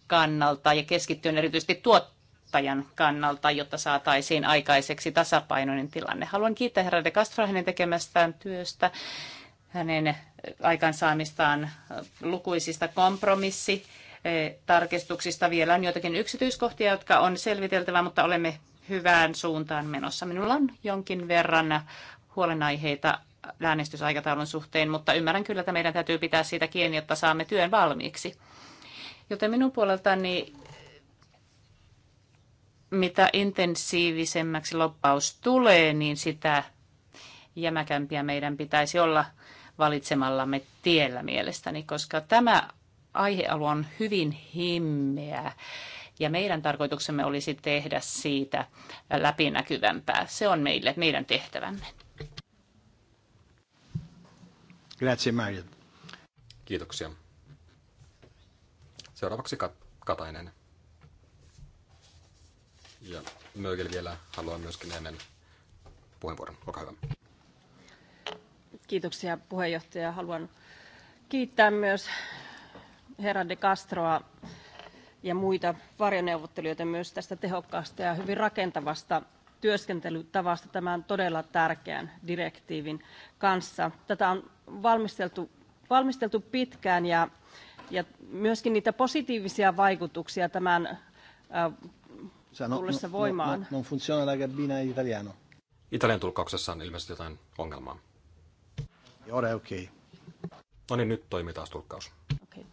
kannalta ja keskittyen erityisesti tuot, kuluttajan kannalta, jotta saataisiin aikaiseksi tasapainoinen tilanne. Haluan kiittää herra de Castro hänen tekemästään työstä, hänen aikansaamistaan lukuisista kompromissi tarkistuksista. Vielä on joitakin yksityiskohtia, jotka on selviteltävä, mutta olemme hyvään suuntaan menossa. Minulla on jonkin verran huolenaiheita äänestysaikataulun suhteen, mutta ymmärrän kyllä, että meidän täytyy pitää siitä kiinni, jotta saamme työn valmiiksi. Joten minun puoleltani mitä intensiivisemmäksi loppaus tulee, niin sitä jämäkämpiä meidän pitäisi olla valitsemallamme tiellä mielestäni, koska tämä aihealue on hyvin himmeä ja meidän tarkoituksemme olisi tehdä siitä läpinäkyvämpää. Se on meille meidän tehtävämme. Grazie Marian. Kiitoksia. Seuraavaksi Katainen. Ja Mögel vielä haluaa myöskin ennen puheenvuoron. Olkaa hyvä. Kiitoksia puheenjohtaja. Haluan kiittää myös herra de Castroa ja muita varjoneuvottelijoita myös tästä tehokkaasta ja hyvin rakentavasta työskentelytavasta tämän todella tärkeän direktiivin kanssa. Tätä on valmisteltu, valmisteltu pitkään ja, ja myöskin niitä positiivisia vaikutuksia tämän äh, No, tullessa no, no, voimaan. No, no, non funziona la cabina italiano. Italian tulkauksessa on ilmeisesti jotain ongelmaa. Joo, okei. Okay. No niin, nyt toimii taas tulkkaus. Okay.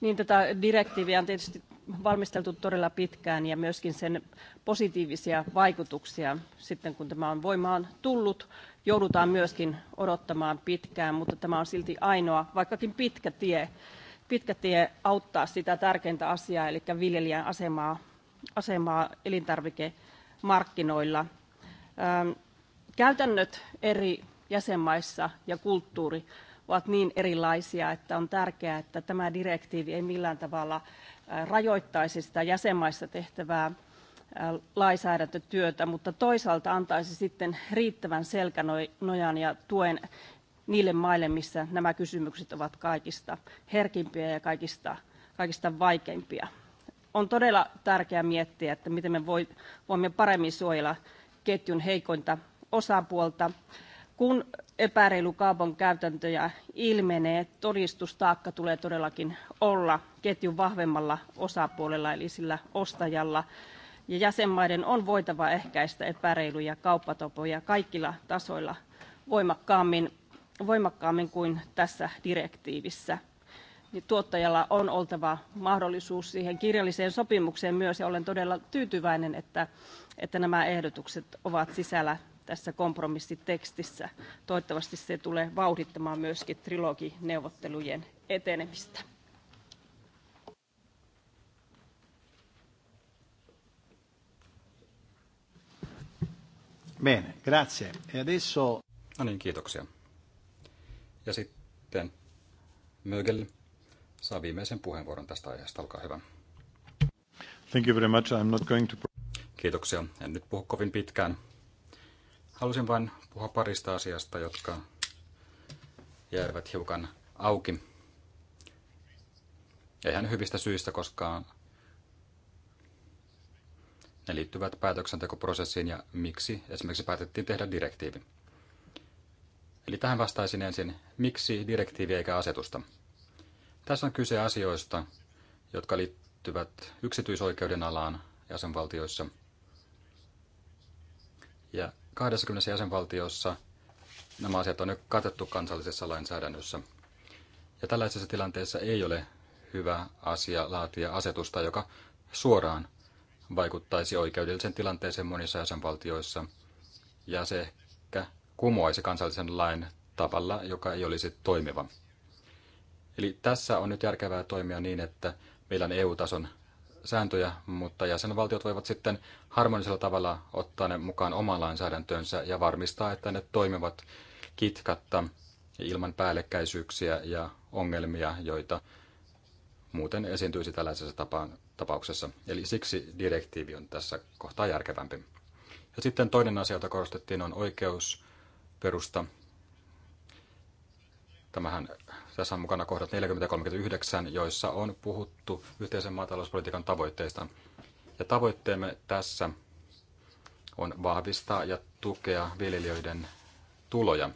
Niin tätä direktiiviä on tietysti valmisteltu todella pitkään ja myöskin sen positiivisia vaikutuksia sitten kun tämä on voimaan tullut, joudutaan myöskin odottamaan pitkään, mutta tämä on silti ainoa, vaikkakin pitkä tie pitkä tie auttaa sitä tärkeintä asiaa, eli viljelijän asemaa, asemaa elintarvikemarkkinoilla. Käytännöt eri jäsenmaissa ja kulttuuri ovat niin erilaisia, että on tärkeää, että tämä direktiivi ei millään tavalla rajoittaisi sitä jäsenmaissa tehtävää lainsäädäntötyötä, mutta toisaalta antaisi sitten riittävän selkänojan ja tuen niille maille, missä nämä kysymykset ovat kaikista herkimpiä ja kaikista, kaikista vaikeimpia. On todella tärkeää miettiä, että miten me voimme paremmin suojella ketjun heikointa osapuolta. Kun epäreilu kaupan käytäntöjä ilmenee, todistustaakka tulee todellakin olla ketjun vahvemmalla osapuolella, eli sillä ostajalla. Ja jäsenmaiden on voitava ehkäistä epäreiluja kauppatapoja kaikilla tasoilla voimakkaammin voimakkaammin kuin tässä direktiivissä. Niin tuottajalla on oltava mahdollisuus siihen kirjalliseen sopimukseen myös, ja olen todella tyytyväinen, että, että nämä ehdotukset ovat sisällä tässä kompromissitekstissä. Toivottavasti se tulee vauhdittamaan myöskin trilogineuvottelujen etenemistä. Bene, grazie. E adesso... No niin, kiitoksia. Ja sitten Mögel saa viimeisen puheenvuoron tästä aiheesta. Olkaa hyvä. Thank you very much. I'm not going to... Kiitoksia. En nyt puhu kovin pitkään. Halusin vain puhua parista asiasta, jotka jäävät hiukan auki. Eihän hyvistä syistä, koska ne liittyvät päätöksentekoprosessiin ja miksi esimerkiksi päätettiin tehdä direktiivi. Eli tähän vastaisin ensin, miksi direktiivi eikä asetusta? Tässä on kyse asioista, jotka liittyvät yksityisoikeuden alaan jäsenvaltioissa. Ja 20 jäsenvaltiossa nämä asiat on jo katettu kansallisessa lainsäädännössä. Ja tällaisessa tilanteessa ei ole hyvä asia laatia asetusta, joka suoraan vaikuttaisi oikeudelliseen tilanteeseen monissa jäsenvaltioissa. Ja se ehkä kumoaisi kansallisen lain tavalla, joka ei olisi toimiva. Eli tässä on nyt järkevää toimia niin, että meillä on EU-tason sääntöjä, mutta jäsenvaltiot voivat sitten harmonisella tavalla ottaa ne mukaan omaan lainsäädäntöönsä ja varmistaa, että ne toimivat kitkatta ilman päällekkäisyyksiä ja ongelmia, joita muuten esiintyisi tällaisessa tapaan, tapauksessa. Eli siksi direktiivi on tässä kohtaa järkevämpi. Ja sitten toinen asia, jota korostettiin, on oikeus perusta. Tämähän, tässä on mukana kohdat 40-39, joissa on puhuttu yhteisen maatalouspolitiikan tavoitteista. Ja tavoitteemme tässä on vahvistaa ja tukea viljelijöiden tuloja.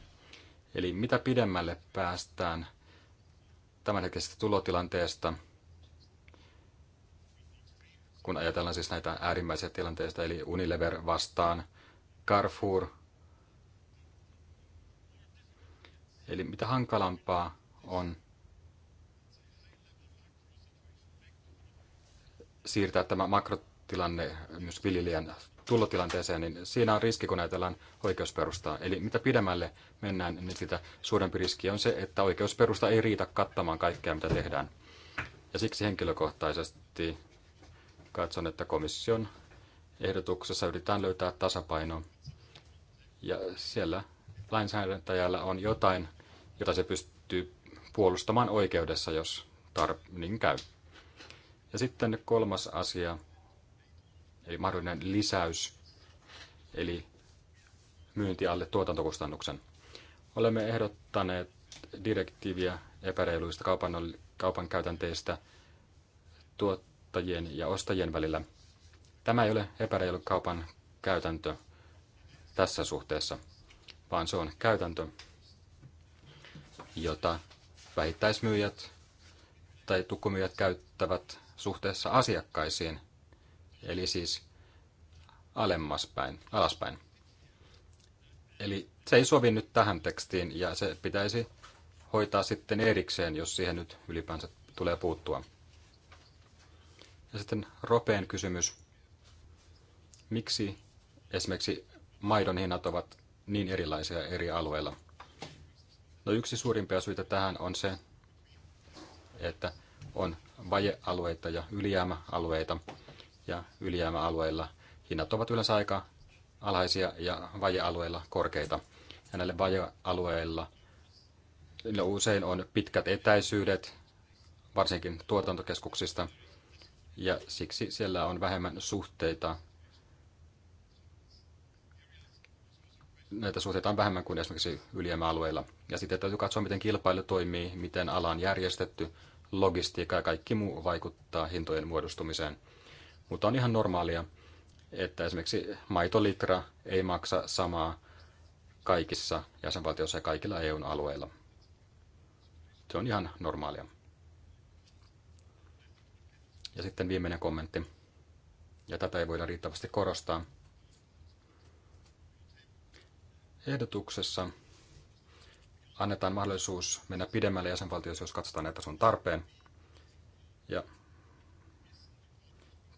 Eli mitä pidemmälle päästään tämänhetkisestä tulotilanteesta, kun ajatellaan siis näitä äärimmäisiä tilanteita, eli Unilever vastaan Carrefour – Eli mitä hankalampaa on siirtää tämä makrotilanne myös viljelijän tulotilanteeseen, niin siinä on riski, kun ajatellaan oikeusperustaa. Eli mitä pidemmälle mennään, niin sitä suurempi riski on se, että oikeusperusta ei riitä kattamaan kaikkea, mitä tehdään. Ja siksi henkilökohtaisesti katson, että komission ehdotuksessa yritetään löytää tasapaino. Ja siellä lainsäädäntäjällä on jotain, jota se pystyy puolustamaan oikeudessa, jos tar- niin käy. Ja sitten kolmas asia, eli mahdollinen lisäys, eli myynti alle tuotantokustannuksen. Olemme ehdottaneet direktiiviä epäreiluista kaupan, kaupan käytänteistä tuottajien ja ostajien välillä. Tämä ei ole epäreilu kaupan käytäntö tässä suhteessa – vaan se on käytäntö, jota vähittäismyyjät tai tukkumyyjät käyttävät suhteessa asiakkaisiin, eli siis alemmaspäin, alaspäin. Eli se ei sovi nyt tähän tekstiin ja se pitäisi hoitaa sitten erikseen, jos siihen nyt ylipäänsä tulee puuttua. Ja sitten Ropeen kysymys. Miksi esimerkiksi maidon hinnat ovat niin erilaisia eri alueilla. No yksi suurimpia syitä tähän on se, että on vajealueita ja ylijäämäalueita. Ja ylijäämäalueilla hinnat ovat yleensä aika alhaisia ja vajealueilla korkeita. Ja näille vajealueilla no usein on pitkät etäisyydet, varsinkin tuotantokeskuksista, ja siksi siellä on vähemmän suhteita näitä suhteita on vähemmän kuin esimerkiksi ylijäämäalueilla. Ja sitten täytyy katsoa, miten kilpailu toimii, miten ala on järjestetty, logistiikka ja kaikki muu vaikuttaa hintojen muodostumiseen. Mutta on ihan normaalia, että esimerkiksi maitolitra ei maksa samaa kaikissa jäsenvaltioissa ja kaikilla EUn alueilla. Se on ihan normaalia. Ja sitten viimeinen kommentti, ja tätä ei voida riittävästi korostaa – ehdotuksessa annetaan mahdollisuus mennä pidemmälle jäsenvaltioissa, jos katsotaan, että se on tarpeen. Ja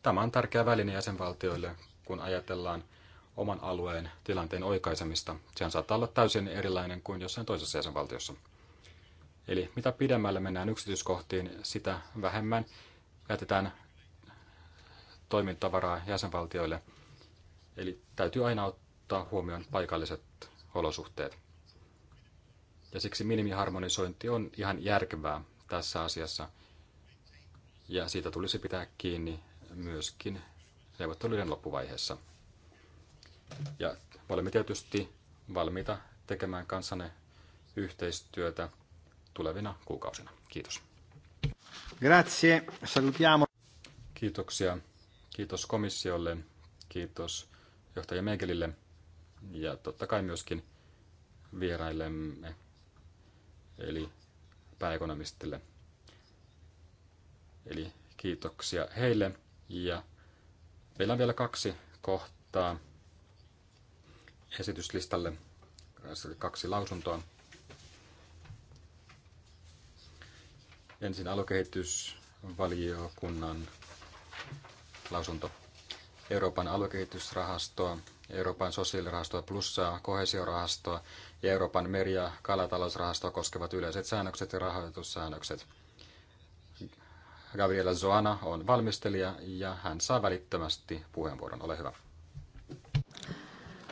tämä on tärkeä väline jäsenvaltioille, kun ajatellaan oman alueen tilanteen oikaisemista. Sehän saattaa olla täysin erilainen kuin jossain toisessa jäsenvaltiossa. Eli mitä pidemmälle mennään yksityiskohtiin, sitä vähemmän jätetään toimintavaraa jäsenvaltioille. Eli täytyy aina ottaa huomioon paikalliset olosuhteet. Ja siksi minimiharmonisointi on ihan järkevää tässä asiassa. Ja siitä tulisi pitää kiinni myöskin neuvotteluiden loppuvaiheessa. Ja olemme tietysti valmiita tekemään kanssanne yhteistyötä tulevina kuukausina. Kiitos. Grazie. Salutiamo. Kiitoksia. Kiitos komissiolle. Kiitos johtaja Mekelille ja totta kai myöskin vieraillemme, eli pääekonomistille. Eli kiitoksia heille. Ja meillä on vielä kaksi kohtaa esityslistalle, kaksi lausuntoa. Ensin aluekehitysvaliokunnan lausunto Euroopan aluekehitysrahastoa Euroopan sosiaalirahastoa plussaa, kohesiorahastoa ja Euroopan meri- ja kalatalousrahastoa koskevat yleiset säännökset ja rahoitussäännökset. Gabriela Zoana on valmistelija ja hän saa välittömästi puheenvuoron. Ole hyvä.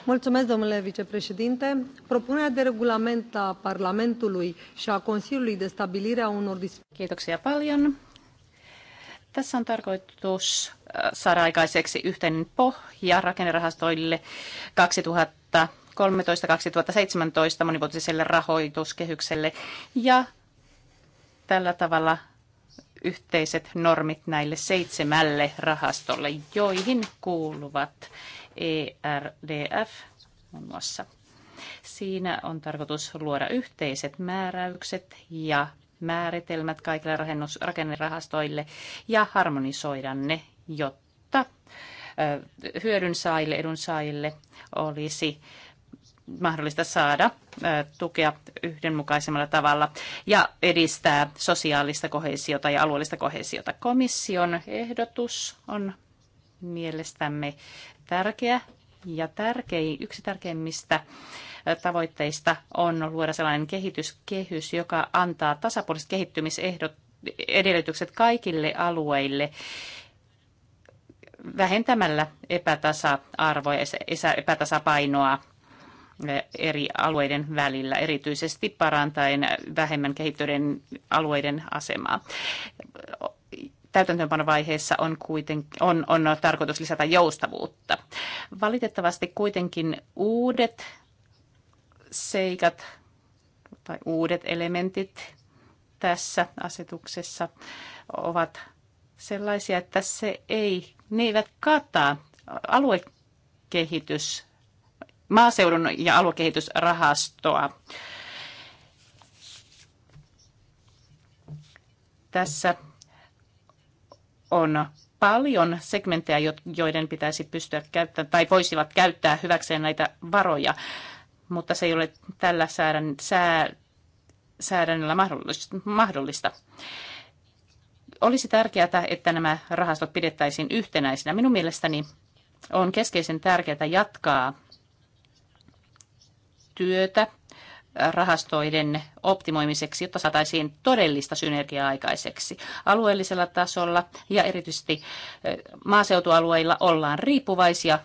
Mulțumesc, domnule vicepreședinte. Propunerea de regulament a Parlamentului și a Consiliului de stabilire a unor... Kiitoksia paljon. Tässä on tarkoitus äh, saada aikaiseksi yhteinen pohja rakennerahastoille 2013-2017 monivuotiselle rahoituskehykselle ja tällä tavalla yhteiset normit näille seitsemälle rahastolle, joihin kuuluvat ERDF muun muassa. Siinä on tarkoitus luoda yhteiset määräykset ja määritelmät kaikille rakennerahastoille ja harmonisoida ne, jotta hyödyn saajille, edun saajille olisi mahdollista saada tukea yhdenmukaisemmalla tavalla ja edistää sosiaalista kohesiota ja alueellista kohesiota. Komission ehdotus on mielestämme tärkeä ja tärkein, yksi tärkeimmistä tavoitteista on luoda sellainen kehityskehys, joka antaa tasapuoliset kehittymisehdot edellytykset kaikille alueille vähentämällä epätasa-arvoa ja epätasapainoa eh, eri alueiden välillä, erityisesti parantaen vähemmän kehittyneiden alueiden asemaa. Täytäntöönpanovaiheessa on, kuiten, on, on tarkoitus lisätä joustavuutta. Valitettavasti kuitenkin uudet seikat tai uudet elementit tässä asetuksessa ovat sellaisia, että se ei, ne eivät kata aluekehitys, maaseudun ja aluekehitysrahastoa. Tässä on paljon segmenttejä, joiden pitäisi pystyä käyttämään tai voisivat käyttää hyväkseen näitä varoja mutta se ei ole tällä säädän, sää, säädännöllä mahdollista. Olisi tärkeää, että nämä rahastot pidettäisiin yhtenäisinä. Minun mielestäni on keskeisen tärkeää jatkaa työtä rahastoiden optimoimiseksi, jotta saataisiin todellista synergiaa aikaiseksi. Alueellisella tasolla ja erityisesti eh, maaseutualueilla ollaan riippuvaisia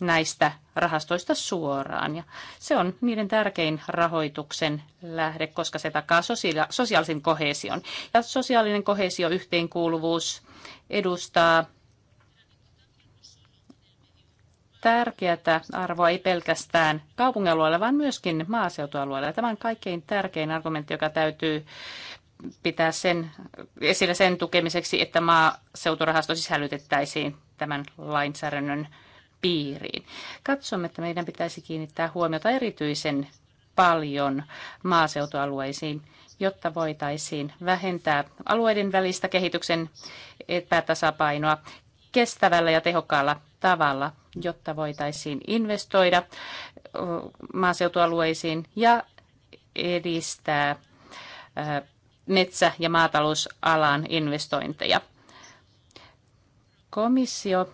näistä rahastoista suoraan. Ja se on niiden tärkein rahoituksen lähde, koska se takaa sosia- sosiaalisen kohesion. Ja sosiaalinen kohesio, yhteenkuuluvuus edustaa tärkeätä arvoa ei pelkästään kaupungialueella, vaan myöskin maaseutualueella. Tämä on kaikkein tärkein argumentti, joka täytyy pitää sen, esillä sen tukemiseksi, että maaseuturahasto sisällytettäisiin tämän lainsäädännön piiriin. Katsomme, että meidän pitäisi kiinnittää huomiota erityisen paljon maaseutualueisiin, jotta voitaisiin vähentää alueiden välistä kehityksen epätasapainoa kestävällä ja tehokkaalla tavalla, jotta voitaisiin investoida maaseutualueisiin ja edistää metsä- ja maatalousalan investointeja. Komissio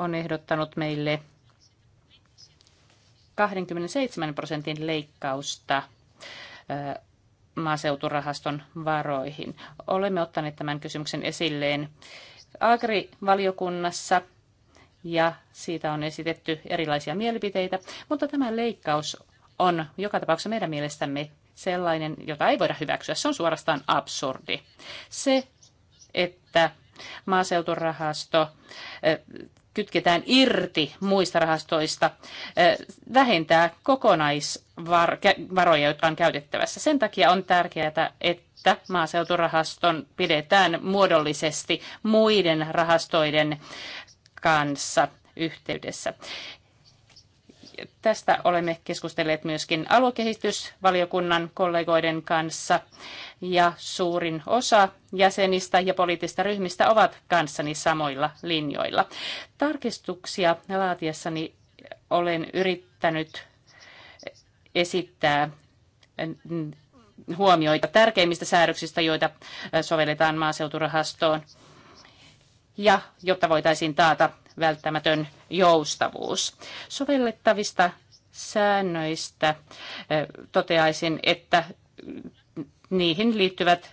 on ehdottanut meille 27 prosentin leikkausta maaseuturahaston varoihin. Olemme ottaneet tämän kysymyksen esilleen Agrivaliokunnassa ja siitä on esitetty erilaisia mielipiteitä, mutta tämä leikkaus on joka tapauksessa meidän mielestämme sellainen, jota ei voida hyväksyä. Se on suorastaan absurdi. Se, että maaseuturahasto kytketään irti muista rahastoista, vähentää kokonaisvaroja, jotka on käytettävässä. Sen takia on tärkeää, että maaseuturahaston pidetään muodollisesti muiden rahastoiden kanssa yhteydessä tästä olemme keskustelleet myöskin aluekehitysvaliokunnan kollegoiden kanssa ja suurin osa jäsenistä ja poliittista ryhmistä ovat kanssani samoilla linjoilla. Tarkistuksia laatiessani olen yrittänyt esittää huomioita tärkeimmistä säädöksistä, joita sovelletaan maaseuturahastoon, ja jotta voitaisiin taata välttämätön joustavuus. Sovellettavista säännöistä toteaisin, että niihin liittyvät,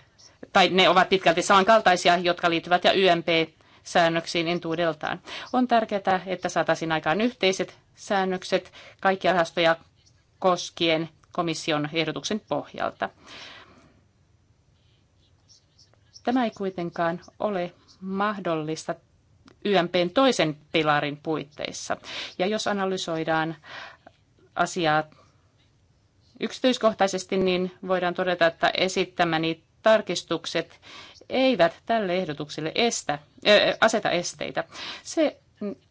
tai ne ovat pitkälti samankaltaisia, jotka liittyvät ja YMP-säännöksiin entuudeltaan. On tärkeää, että saataisiin aikaan yhteiset säännökset kaikkia rahastoja koskien komission ehdotuksen pohjalta. Tämä ei kuitenkaan ole mahdollista YMPn toisen pilarin puitteissa. Ja jos analysoidaan asiaa yksityiskohtaisesti, niin voidaan todeta, että esittämäni tarkistukset eivät tälle ehdotukselle estä, äh, aseta esteitä. Se,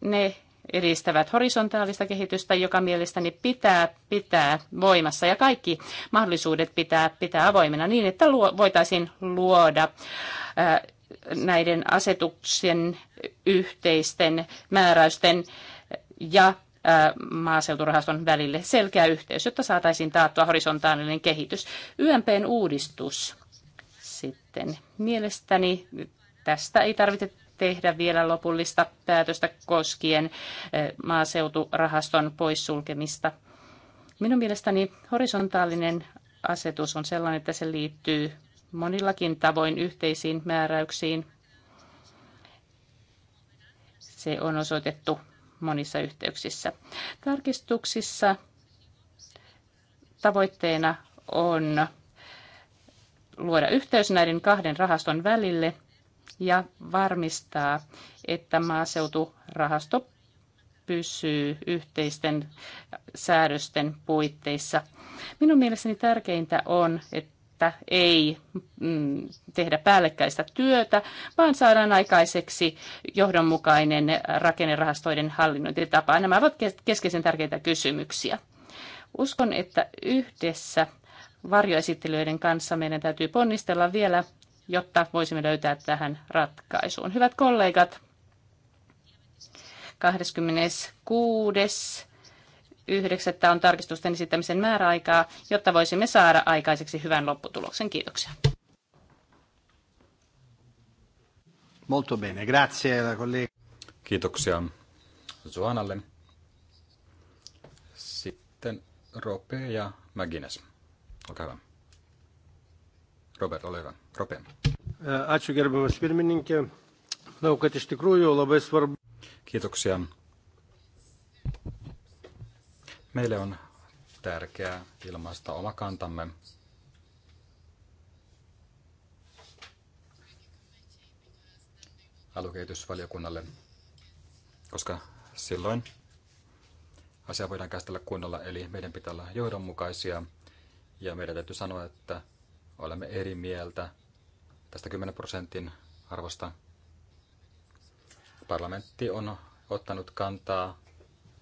ne edistävät horisontaalista kehitystä, joka mielestäni pitää pitää voimassa ja kaikki mahdollisuudet pitää pitää avoimena niin, että luo, voitaisiin luoda äh, näiden asetuksen yhteisten määräysten ja maaseuturahaston välille selkeä yhteys, jotta saataisiin taattua horisontaalinen kehitys. YMPn uudistus sitten. Mielestäni tästä ei tarvitse tehdä vielä lopullista päätöstä koskien maaseuturahaston poissulkemista. Minun mielestäni horisontaalinen asetus on sellainen, että se liittyy monillakin tavoin yhteisiin määräyksiin. Se on osoitettu monissa yhteyksissä. Tarkistuksissa tavoitteena on luoda yhteys näiden kahden rahaston välille ja varmistaa, että maaseuturahasto pysyy yhteisten säädösten puitteissa. Minun mielestäni tärkeintä on, että että ei mm, tehdä päällekkäistä työtä, vaan saadaan aikaiseksi johdonmukainen rakennerahastoiden hallinnointitapa. Nämä ovat keskeisen tärkeitä kysymyksiä. Uskon, että yhdessä varjoesittelyiden kanssa meidän täytyy ponnistella vielä, jotta voisimme löytää tähän ratkaisuun. Hyvät kollegat, 26. 9. on tarkistusten esittämisen määräaikaa, jotta voisimme saada aikaiseksi hyvän lopputuloksen. Kiitoksia. Molto bene, grazie la collega. Kiitoksia Joanalle. Sitten Rope ja Magines. Olkaa hyvä. Robert, ole hyvä. Rope. Ačiū gerbiamas pirmininkė. Manau, kad iš tikrųjų labai svarbu. Kiitoksia Meille on tärkeää ilmaista oma kantamme. alukehitysvaliokunnalle, koska silloin asia voidaan käsitellä kunnolla, eli meidän pitää olla johdonmukaisia ja meidän täytyy sanoa, että olemme eri mieltä tästä 10 prosentin arvosta. Parlamentti on ottanut kantaa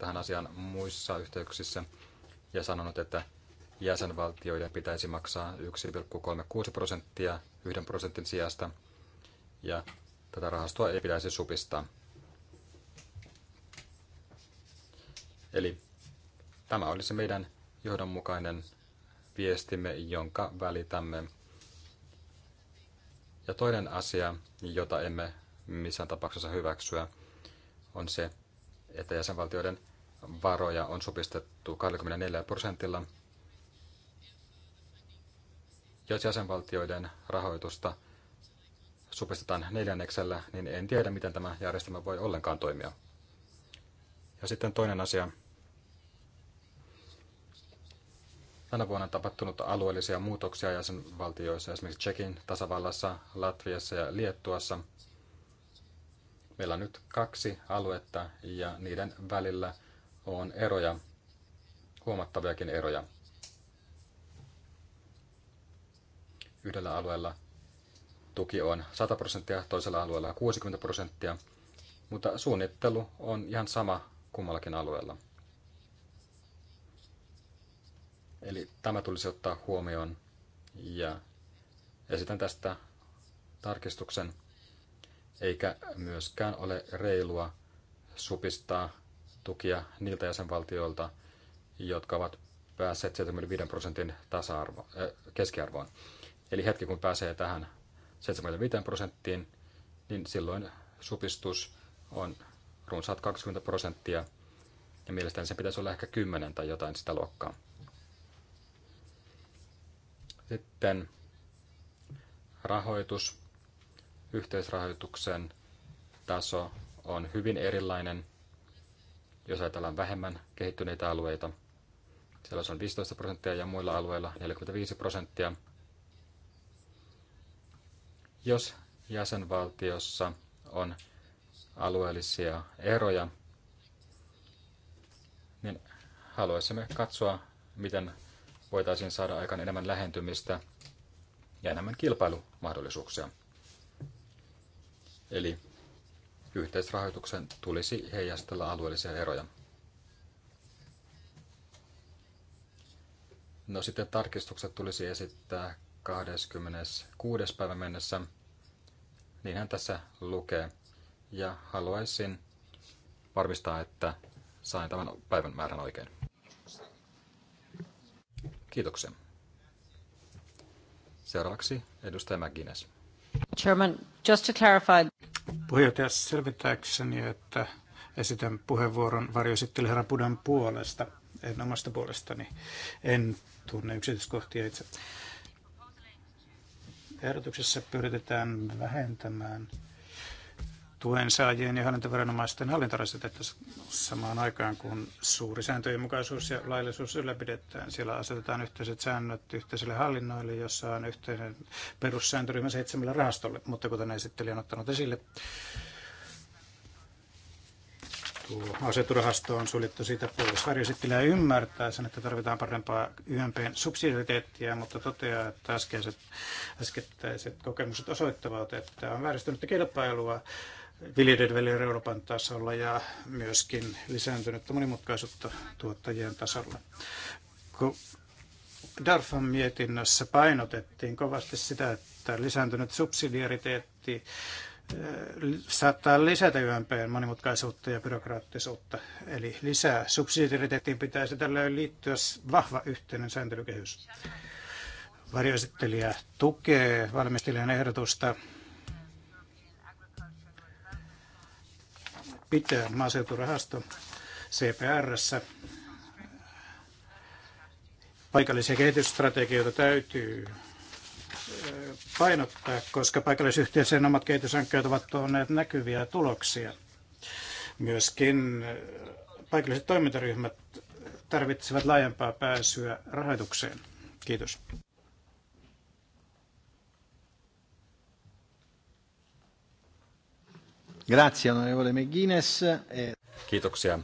tähän asiaan muissa yhteyksissä ja sanonut, että jäsenvaltioiden pitäisi maksaa 1,36 prosenttia yhden prosentin sijasta, ja tätä rahastoa ei pitäisi supistaa. Eli tämä olisi meidän johdonmukainen viestimme, jonka välitämme. Ja toinen asia, jota emme missään tapauksessa hyväksyä, on se, että jäsenvaltioiden varoja on supistettu 24 prosentilla. Jos jäsenvaltioiden rahoitusta supistetaan neljänneksellä, niin en tiedä, miten tämä järjestelmä voi ollenkaan toimia. Ja sitten toinen asia. Tänä vuonna on tapahtunut alueellisia muutoksia jäsenvaltioissa, esimerkiksi Tsekin tasavallassa, Latviassa ja Liettuassa. Meillä on nyt kaksi aluetta ja niiden välillä on eroja, huomattaviakin eroja. Yhdellä alueella tuki on 100 prosenttia, toisella alueella 60 prosenttia, mutta suunnittelu on ihan sama kummallakin alueella. Eli tämä tulisi ottaa huomioon ja esitän tästä tarkistuksen, eikä myöskään ole reilua supistaa tukia niiltä jäsenvaltioilta, jotka ovat päässeet 75 prosentin tasa-arvo, äh, keskiarvoon. Eli hetki kun pääsee tähän 75 prosenttiin, niin silloin supistus on runsaat 20 prosenttia, ja mielestäni sen pitäisi olla ehkä 10 tai jotain sitä luokkaa. Sitten rahoitus, yhteisrahoituksen taso on hyvin erilainen – jos ajatellaan vähemmän kehittyneitä alueita, siellä se on 15 prosenttia ja muilla alueilla 45 prosenttia. Jos jäsenvaltiossa on alueellisia eroja, niin haluaisimme katsoa, miten voitaisiin saada aikaan enemmän lähentymistä ja enemmän kilpailumahdollisuuksia. Eli yhteisrahoituksen tulisi heijastella alueellisia eroja. No sitten tarkistukset tulisi esittää 26. päivä mennessä. Niinhän tässä lukee. Ja haluaisin varmistaa, että sain tämän päivän määrän oikein. Kiitoksia. Seuraavaksi edustaja McGuinness. Chairman, just to clarify. Puheenjohtaja, selvittääkseni, että esitän puheenvuoron varjoesittely herra Pudan puolesta, en omasta puolestani. En tunne yksityiskohtia itse. Ehdotuksessa pyritetään vähentämään Tuen saajien ja hallintoviranomaisten hallintorasitetta samaan aikaan, kun suuri sääntöjen mukaisuus ja laillisuus ylläpidetään. Siellä asetetaan yhteiset säännöt yhteisille hallinnoille, jossa on yhteinen perussääntöryhmä seitsemällä rahastolle, mutta kuten esittelijä on ottanut esille, tuo asetturahasto on suljettu siitä pois. Varjosittelijä ymmärtää sen, että tarvitaan parempaa YMPn subsidiariteettia, mutta toteaa, että äskeiset, äskettäiset kokemukset osoittavat, että on vääristynyttä kilpailua viljelijöiden välillä Euroopan tasolla ja myöskin lisääntynyttä monimutkaisuutta tuottajien tasolla. Kun Darfan mietinnössä painotettiin kovasti sitä, että lisääntynyt subsidiariteetti eh, saattaa lisätä YMPn monimutkaisuutta ja byrokraattisuutta. Eli lisää subsidiariteettiin pitäisi tällöin liittyä vahva yhteinen sääntelykehys. Varjoesittelijä tukee valmistelijan ehdotusta pitää maaseuturahasto CPRssä. Paikallisia kehitysstrategioita täytyy eh, painottaa, koska paikallisyhteisöjen omat kehityshankkeet ovat tuoneet näkyviä tuloksia. Myöskin eh, paikalliset toimintaryhmät tarvitsevat laajempaa pääsyä rahoitukseen. Kiitos. Grazie, onorevole McGuinness. E- Kiitoksia.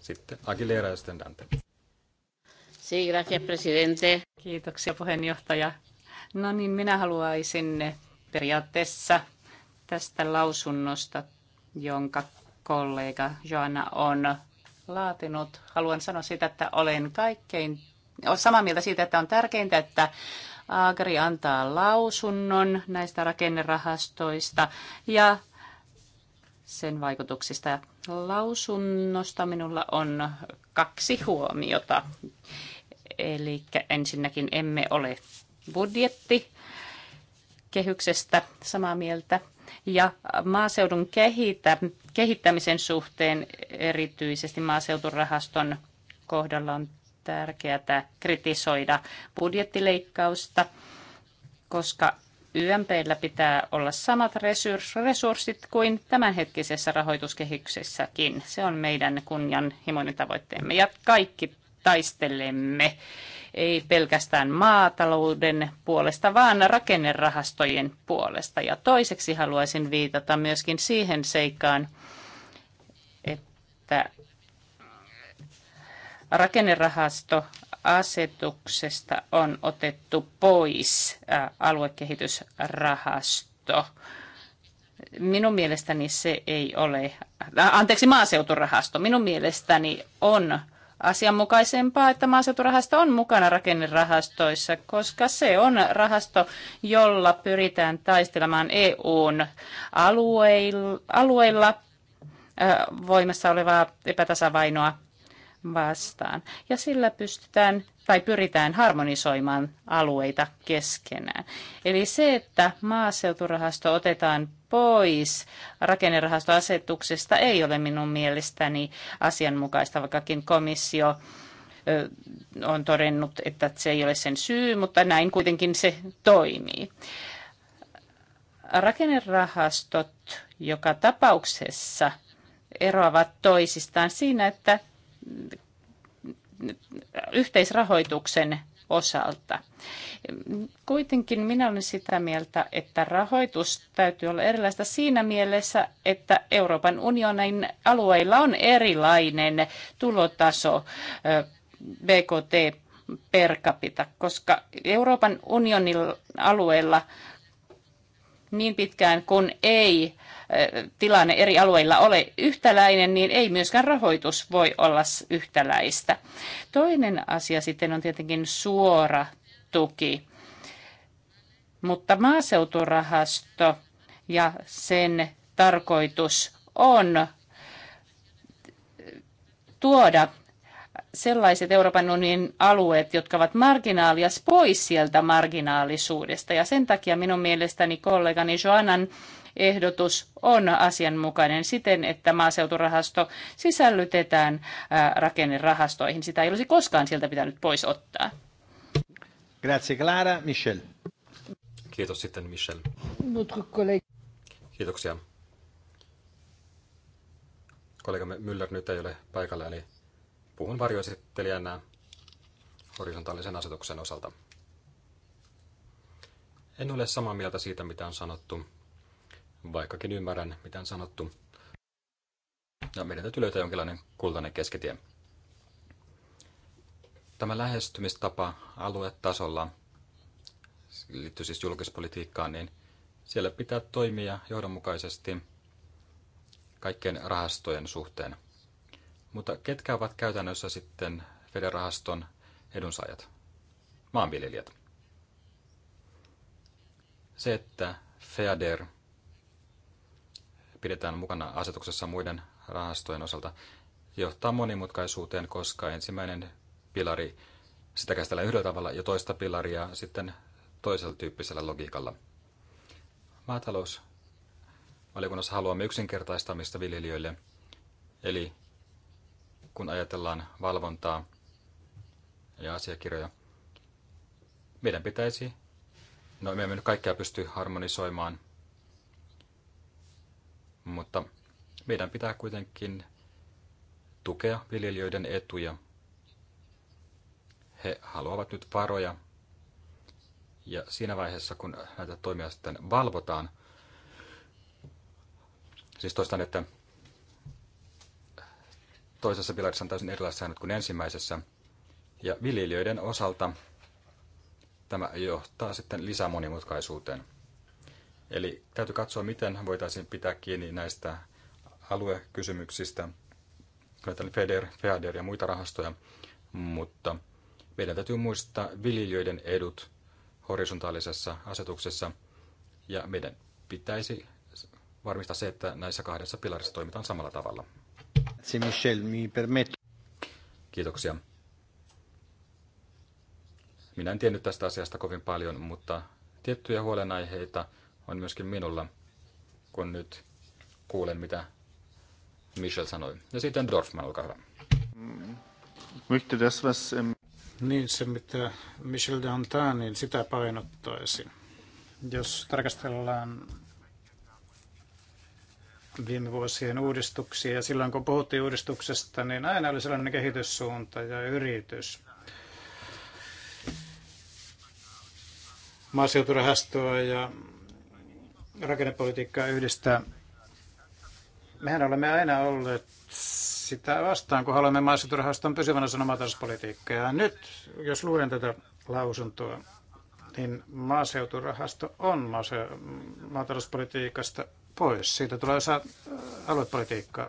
Sitten Aguilera ja sitten Dante. presidente. Kiitoksia, puheenjohtaja. No niin, minä haluaisin periaatteessa tästä lausunnosta, jonka kollega Joanna on laatinut. Haluan sanoa sitä, että olen kaikkein olen samaa mieltä siitä, että on tärkeintä, että Agri antaa lausunnon näistä rakennerahastoista ja sen vaikutuksista. Lausunnosta minulla on kaksi huomiota. Eli ensinnäkin emme ole budjetti kehyksestä samaa mieltä ja maaseudun kehitä, kehittämisen suhteen erityisesti maaseuturahaston kohdalla on tärkeää kritisoida budjettileikkausta, koska YMPllä pitää olla samat resurssit kuin tämänhetkisessä rahoituskehyksessäkin. Se on meidän kunnianhimoinen tavoitteemme ja kaikki taistelemme ei pelkästään maatalouden puolesta, vaan rakennerahastojen puolesta. Ja toiseksi haluaisin viitata myöskin siihen seikkaan, että rakennerahasto asetuksesta on otettu pois aluekehitysrahasto. Minun mielestäni se ei ole, anteeksi maaseuturahasto, minun mielestäni on asianmukaisempaa, että maaseuturahasto on mukana rakennerahastoissa, koska se on rahasto, jolla pyritään taistelemaan EUn alueilla, alueilla voimassa olevaa epätasavainoa vastaan. Ja sillä pystytään tai pyritään harmonisoimaan alueita keskenään. Eli se, että maaseuturahasto otetaan pois rakennerahastoasetuksesta ei ole minun mielestäni asianmukaista, vaikkakin komissio on todennut, että se ei ole sen syy, mutta näin kuitenkin se toimii. Rakennerahastot joka tapauksessa eroavat toisistaan siinä, että yhteisrahoituksen osalta. Kuitenkin minä olen sitä mieltä, että rahoitus täytyy olla erilaista siinä mielessä, että Euroopan unionin alueilla on erilainen tulotaso BKT per capita, koska Euroopan unionin alueella niin pitkään kun ei tilanne eri alueilla ole yhtäläinen, niin ei myöskään rahoitus voi olla yhtäläistä. Toinen asia sitten on tietenkin suora tuki. Mutta maaseuturahasto ja sen tarkoitus on tuoda sellaiset Euroopan unionin alueet, jotka ovat marginaalias pois sieltä marginaalisuudesta. Ja sen takia minun mielestäni kollegani Joannan ehdotus on asianmukainen siten, että maaseuturahasto sisällytetään rakennerahastoihin. Sitä ei olisi koskaan sieltä pitänyt pois ottaa. Grazie Clara. Michel. Kiitos sitten Michel. Kiitoksia. Kollegamme Müller nyt ei ole paikalla, eli puhun varjoesittelijänä horisontaalisen asetuksen osalta. En ole samaa mieltä siitä, mitä on sanottu vaikkakin ymmärrän, mitä on sanottu. Ja meidän täytyy löytää jonkinlainen kultainen keskitie. Tämä lähestymistapa aluetasolla liittyy siis julkispolitiikkaan, niin siellä pitää toimia johdonmukaisesti kaikkien rahastojen suhteen. Mutta ketkä ovat käytännössä sitten federahaston edunsaajat? Maanviljelijät. Se, että FEADER – pidetään mukana asetuksessa muiden rahastojen osalta, johtaa monimutkaisuuteen, koska ensimmäinen pilari, sitä käsitellään yhdellä tavalla ja toista pilaria sitten toisella tyyppisellä logiikalla. Maatalous valiokunnassa haluamme yksinkertaistamista viljelijöille, eli kun ajatellaan valvontaa ja asiakirjoja, meidän pitäisi, no me emme nyt kaikkea pysty harmonisoimaan, mutta meidän pitää kuitenkin tukea viljelijöiden etuja. He haluavat nyt varoja. Ja siinä vaiheessa, kun näitä toimia sitten valvotaan, siis toistan, että toisessa pilarissa on täysin erilaiset säännöt kuin ensimmäisessä. Ja viljelijöiden osalta tämä johtaa sitten lisämonimutkaisuuteen. Eli täytyy katsoa, miten voitaisiin pitää kiinni näistä aluekysymyksistä, ajatellaan FEDER, FEADER ja muita rahastoja, mutta meidän täytyy muistaa viljelijöiden edut horisontaalisessa asetuksessa ja meidän pitäisi varmistaa se, että näissä kahdessa pilarissa toimitaan samalla tavalla. Kiitoksia. Minä en tiennyt tästä asiasta kovin paljon, mutta tiettyjä huolenaiheita – on myöskin minulla, kun nyt kuulen, mitä Michel sanoi. Ja sitten Dorfman, olkaa hyvä. Mm. Niin, se mitä Michel de antaa, niin sitä painottaisin. Jos tarkastellaan viime vuosien uudistuksia, ja silloin kun puhuttiin uudistuksesta, niin aina oli sellainen kehityssuunta ja yritys. Maaseuturahastoa ja rakennepolitiikkaa yhdistää. Mehän olemme aina olleet sitä vastaan, kun haluamme maaseuturahaston pysyvän osan omatalouspolitiikkaa. nyt, jos luen tätä lausuntoa, niin maaseuturahasto on maase- maatalouspolitiikasta pois. Siitä tulee osa äh, aluepolitiikkaa.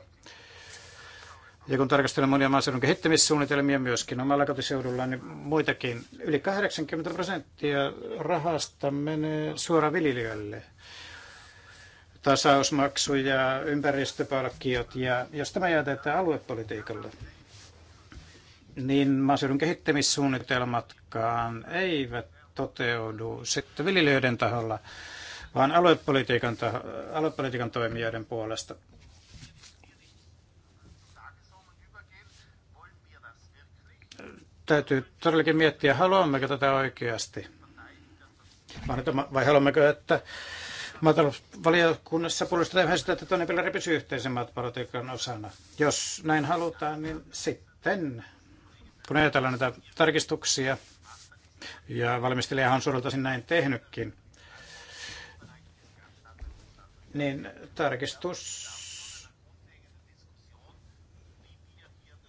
Ja kun tarkastelen monia maaseudun kehittämissuunnitelmia myöskin omalla kotiseudulla, niin muitakin, yli 80 prosenttia rahasta menee suoraan viljelijöille tasausmaksu ja ympäristöpalkkiot. Ja jos tämä jätetään aluepolitiikalle, niin maaseudun kehittämissuunnitelmatkaan eivät toteudu sitten viljelijöiden taholla, vaan aluepolitiikan, taho, aluepolitiikan toimijoiden puolesta. Täytyy todellakin miettiä, haluammeko tätä oikeasti. Vai haluammeko, että Maatalousvaliokunnassa puolustetaan yhdessä, että toinen pilari pysyy yhteisen maatalouspolitiikan osana. Jos näin halutaan, niin sitten kun ajatellaan näitä tarkistuksia, ja valmistelijahan on suureltaisin näin tehnytkin, niin tarkistus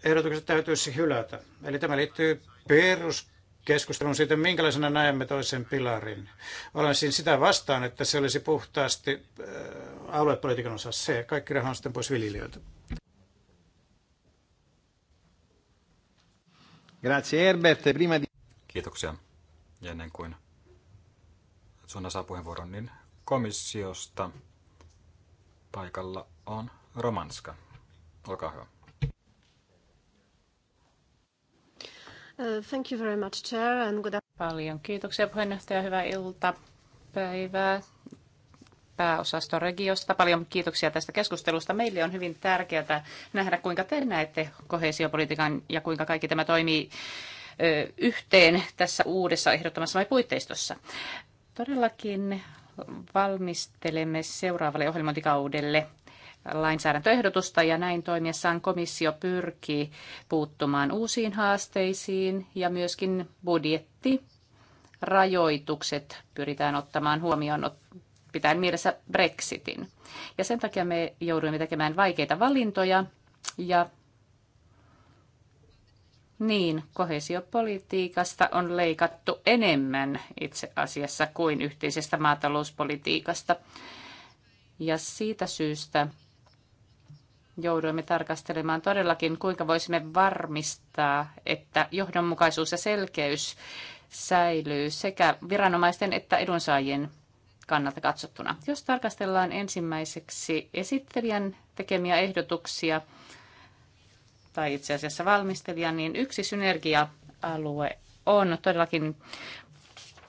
ehdotukset täytyisi hylätä. Eli tämä liittyy perus keskustelun siitä, minkälaisena näemme toisen pilarin. Olen siinä sitä vastaan, että se olisi puhtaasti äh, aluepolitiikan osa se. Kaikki raha on sitten pois viljelijöiltä. Grazie Herbert. Prima di... Kiitoksia. Ja ennen kuin Suona saa puheenvuoron, niin komissiosta paikalla on Romanska. Olkaa hyvä. Uh, thank you very much, Chair, and good Paljon kiitoksia puheenjohtaja. Hyvää iltapäivää pääosasto Regiosta. Paljon kiitoksia tästä keskustelusta. Meille on hyvin tärkeää nähdä, kuinka te näette kohesiopolitiikan ja kuinka kaikki tämä toimii uh, yhteen tässä uudessa ehdottomassa puitteistossa. Todellakin valmistelemme seuraavalle ohjelmointikaudelle lainsäädäntöehdotusta ja näin toimiessaan komissio pyrkii puuttumaan uusiin haasteisiin ja myöskin budjetti rajoitukset pyritään ottamaan huomioon pitäen mielessä Brexitin. Ja sen takia me jouduimme tekemään vaikeita valintoja ja niin, kohesiopolitiikasta on leikattu enemmän itse asiassa kuin yhteisestä maatalouspolitiikasta. Ja siitä syystä jouduimme tarkastelemaan todellakin, kuinka voisimme varmistaa, että johdonmukaisuus ja selkeys säilyy sekä viranomaisten että edunsaajien kannalta katsottuna. Jos tarkastellaan ensimmäiseksi esittelijän tekemiä ehdotuksia, tai itse asiassa valmistelijan, niin yksi synergia-alue on todellakin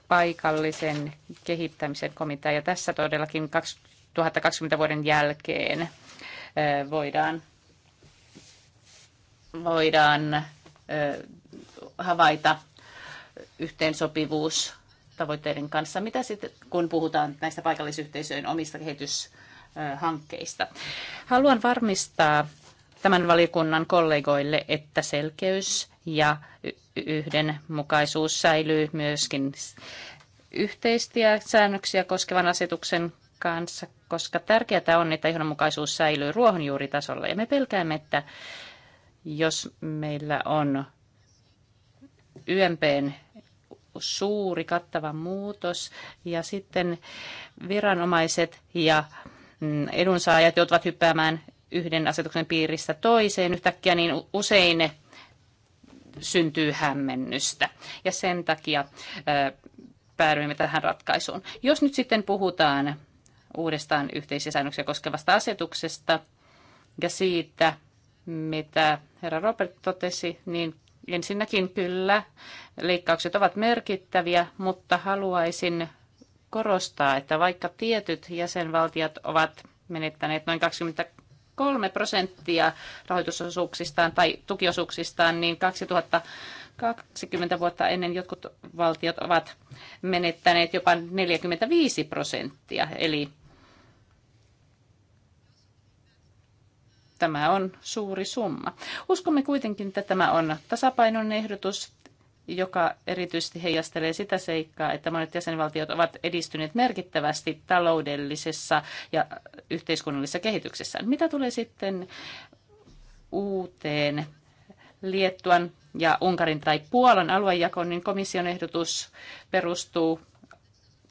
paikallisen kehittämisen komitea, ja tässä todellakin 2020 vuoden jälkeen voidaan, voidaan havaita yhteensopivuus tavoitteiden kanssa. Mitä sitten, kun puhutaan näistä paikallisyhteisöjen omista kehityshankkeista? Haluan varmistaa tämän valiokunnan kollegoille, että selkeys ja yhdenmukaisuus säilyy myöskin yhteistiä säännöksiä koskevan asetuksen kanssa, koska tärkeää on, että johdonmukaisuus säilyy ruohonjuuritasolla. Ja me pelkäämme, että jos meillä on YMPn suuri kattava muutos ja sitten viranomaiset ja mm, edunsaajat joutuvat hyppäämään yhden asetuksen piiristä toiseen yhtäkkiä, niin usein syntyy hämmennystä. Ja sen takia päädyimme tähän ratkaisuun. Jos nyt sitten puhutaan uudestaan yhteisiä säännöksiä koskevasta asetuksesta ja siitä, mitä herra Robert totesi, niin ensinnäkin kyllä leikkaukset ovat merkittäviä, mutta haluaisin korostaa, että vaikka tietyt jäsenvaltiot ovat menettäneet noin 23 prosenttia rahoitusosuuksistaan tai tukiosuuksistaan, niin 2020 vuotta ennen jotkut valtiot ovat menettäneet jopa 45 prosenttia. Eli Tämä on suuri summa. Uskomme kuitenkin, että tämä on tasapainon ehdotus, joka erityisesti heijastelee sitä seikkaa, että monet jäsenvaltiot ovat edistyneet merkittävästi taloudellisessa ja yhteiskunnallisessa kehityksessä. Mitä tulee sitten uuteen Liettuan ja Unkarin tai Puolan aluejakoon, niin komission ehdotus perustuu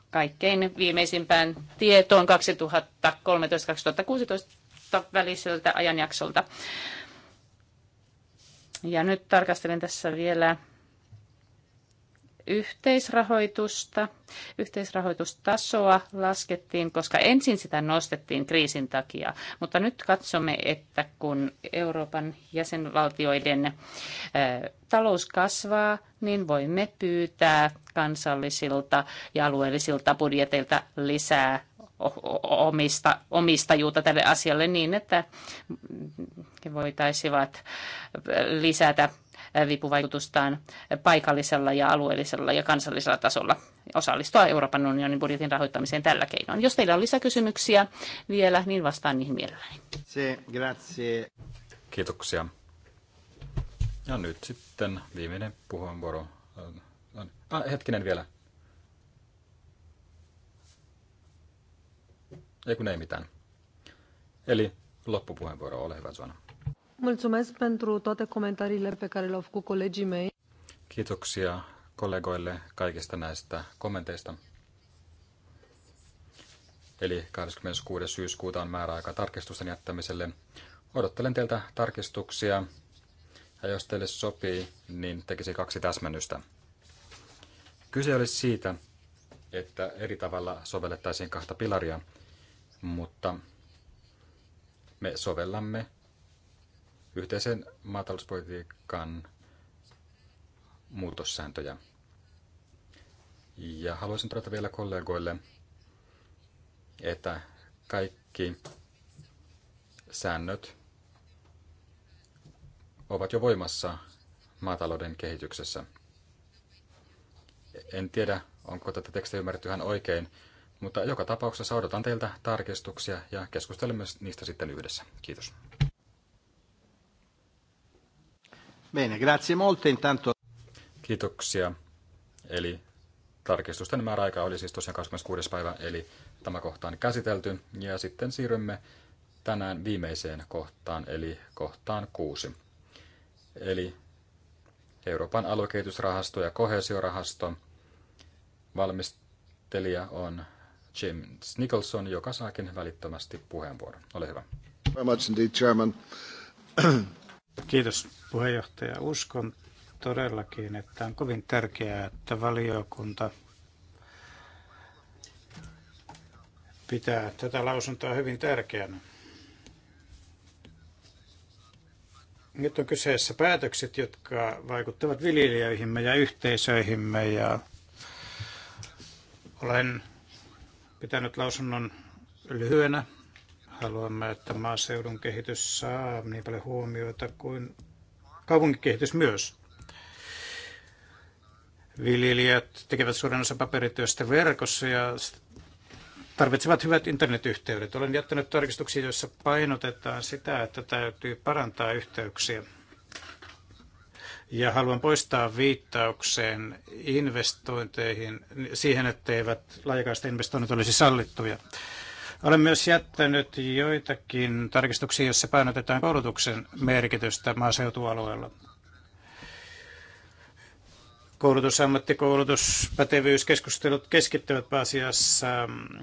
kaikkein viimeisimpään tietoon 2013-2016 välisiltä ajanjaksolta. Ja nyt tarkastelen tässä vielä yhteisrahoitusta. Yhteisrahoitustasoa laskettiin, koska ensin sitä nostettiin kriisin takia, mutta nyt katsomme, että kun Euroopan jäsenvaltioiden talous kasvaa, niin voimme pyytää kansallisilta ja alueellisilta budjeteilta lisää omista, omistajuutta tälle asialle niin, että he voitaisivat lisätä vipuvaikutustaan paikallisella ja alueellisella ja kansallisella tasolla osallistua Euroopan unionin budjetin rahoittamiseen tällä keinoin. Jos teillä on lisäkysymyksiä vielä, niin vastaan niihin mielelläni. Se, grazie. Kiitoksia. Ja nyt sitten viimeinen puheenvuoro. Ah, hetkinen vielä. Ei kun ei mitään. Eli loppupuheenvuoro, ole hyvä Suona. Mulțumesc pentru toate comentariile pe care le-au făcut colegii mei. Kiitoksia kollegoille kaikista näistä kommenteista. Eli 26. syyskuuta on määräaika tarkistusten jättämiselle. Odottelen teiltä tarkistuksia ja jos teille sopii, niin tekisi kaksi täsmennystä. Kyse olisi siitä, että eri tavalla sovellettaisiin kahta pilaria – mutta me sovellamme yhteisen maatalouspolitiikan muutossääntöjä. Ja haluaisin todeta vielä kollegoille, että kaikki säännöt ovat jo voimassa maatalouden kehityksessä. En tiedä, onko tätä tekstiä ymmärretty ihan oikein, mutta joka tapauksessa odotan teiltä tarkistuksia ja keskustelemme niistä sitten yhdessä. Kiitos. Bene, grazie molto, intanto. Kiitoksia. Eli tarkistusten määräaika oli siis tosiaan 26. päivä, eli tämä kohta on käsitelty. Ja sitten siirrymme tänään viimeiseen kohtaan, eli kohtaan kuusi. Eli Euroopan aluekehitysrahasto ja kohesiorahasto. Valmistelija on James Nicholson, joka saakin välittömästi puheenvuoron. Ole hyvä. Very much indeed, Chairman. Kiitos puheenjohtaja. Uskon todellakin, että on kovin tärkeää, että valiokunta pitää tätä lausuntoa hyvin tärkeänä. Nyt on kyseessä päätökset, jotka vaikuttavat viljelijöihimme ja yhteisöihimme ja olen pitänyt lausunnon lyhyenä. Haluamme, että maaseudun kehitys saa niin paljon huomiota kuin kaupunkikehitys myös. Viljelijät tekevät suuren osa paperityöstä verkossa ja tarvitsevat hyvät internetyhteydet. Olen jättänyt tarkistuksia, joissa painotetaan sitä, että täytyy parantaa yhteyksiä ja haluan poistaa viittaukseen investointeihin, siihen, etteivät laajakaista investoinnit olisi sallittuja. Olen myös jättänyt joitakin tarkistuksia, joissa painotetaan koulutuksen merkitystä maaseutualueella koulutus, ammattikoulutus, pätevyyskeskustelut keskittyvät pääasiassa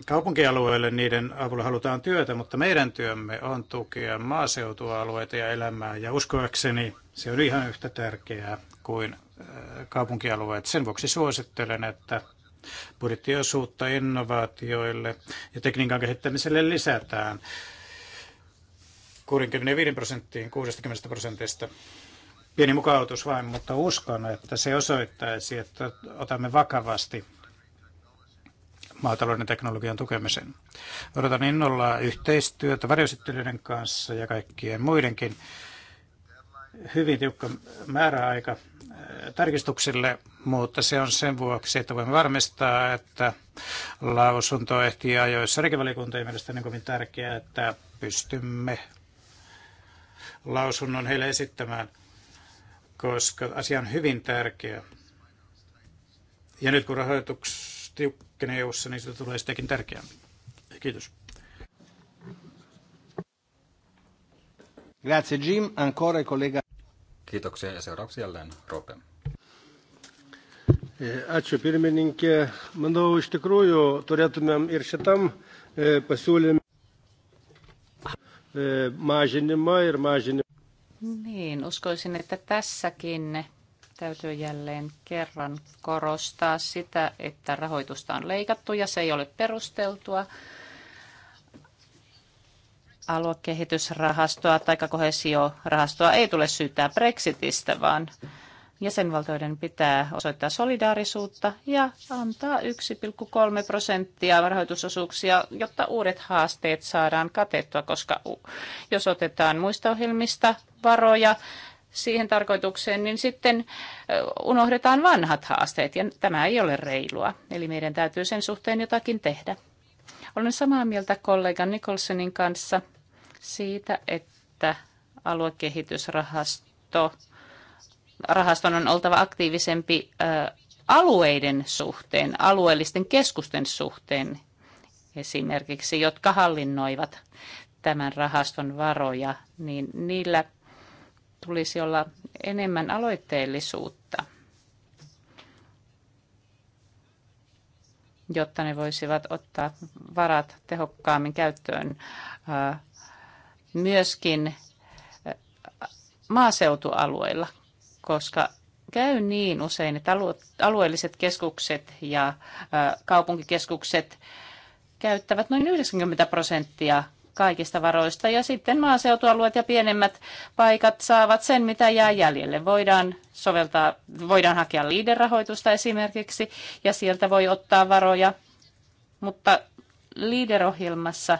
kaupunkialueelle. Niiden avulla halutaan työtä, mutta meidän työmme on tukea maaseutualueita ja elämää. Ja uskoakseni se on ihan yhtä tärkeää kuin äh, kaupunkialueet. Sen vuoksi suosittelen, että budjettiosuutta innovaatioille ja tekniikan kehittämiselle lisätään 65 prosenttiin 60 prosentista Pieni mukautus vain, mutta uskon, että se osoittaisi, että otamme vakavasti maatalouden teknologian tukemisen. Odotan innolla yhteistyötä varjosittelyiden kanssa ja kaikkien muidenkin. Hyvin tiukka määräaika äh, tarkistuksille, mutta se on sen vuoksi, että voimme varmistaa, että lausunto ehtii ajoissa. Rekivalikuntojen mielestäni on niin kovin tärkeää, että pystymme lausunnon heille esittämään – koska asia on hyvin tärkeä. Ja nyt kun rahoitus tiukkenee eu niin se tulee sitäkin tärkeämpi. Kiitos. Grazie Jim, ancora collega. Kiitoksia ja seuraavaksi jälleen Rope. E, ačiū pirmininkė. Manau, iš tikrųjų turėtumėm ir šitam e, pasiūlymui e, mažinimą ir mažinimą. Niin, uskoisin, että tässäkin täytyy jälleen kerran korostaa sitä, että rahoitusta on leikattu ja se ei ole perusteltua aluekehitysrahastoa tai kohesiorahastoa ei tule syyttää Brexitistä, vaan jäsenvaltioiden pitää osoittaa solidaarisuutta ja antaa 1,3 prosenttia rahoitusosuuksia, jotta uudet haasteet saadaan katettua, koska jos otetaan muista ohjelmista varoja siihen tarkoitukseen, niin sitten unohdetaan vanhat haasteet ja tämä ei ole reilua. Eli meidän täytyy sen suhteen jotakin tehdä. Olen samaa mieltä kollega Nicholsonin kanssa siitä, että aluekehitysrahasto rahaston on oltava aktiivisempi alueiden suhteen, alueellisten keskusten suhteen esimerkiksi, jotka hallinnoivat tämän rahaston varoja, niin niillä tulisi olla enemmän aloitteellisuutta, jotta ne voisivat ottaa varat tehokkaammin käyttöön. Myöskin maaseutualueilla koska käy niin usein, että alueelliset keskukset ja kaupunkikeskukset käyttävät noin 90 prosenttia kaikista varoista ja sitten maaseutualueet ja pienemmät paikat saavat sen, mitä jää jäljelle. Voidaan soveltaa, voidaan hakea liiderahoitusta esimerkiksi ja sieltä voi ottaa varoja, mutta liiderohjelmassa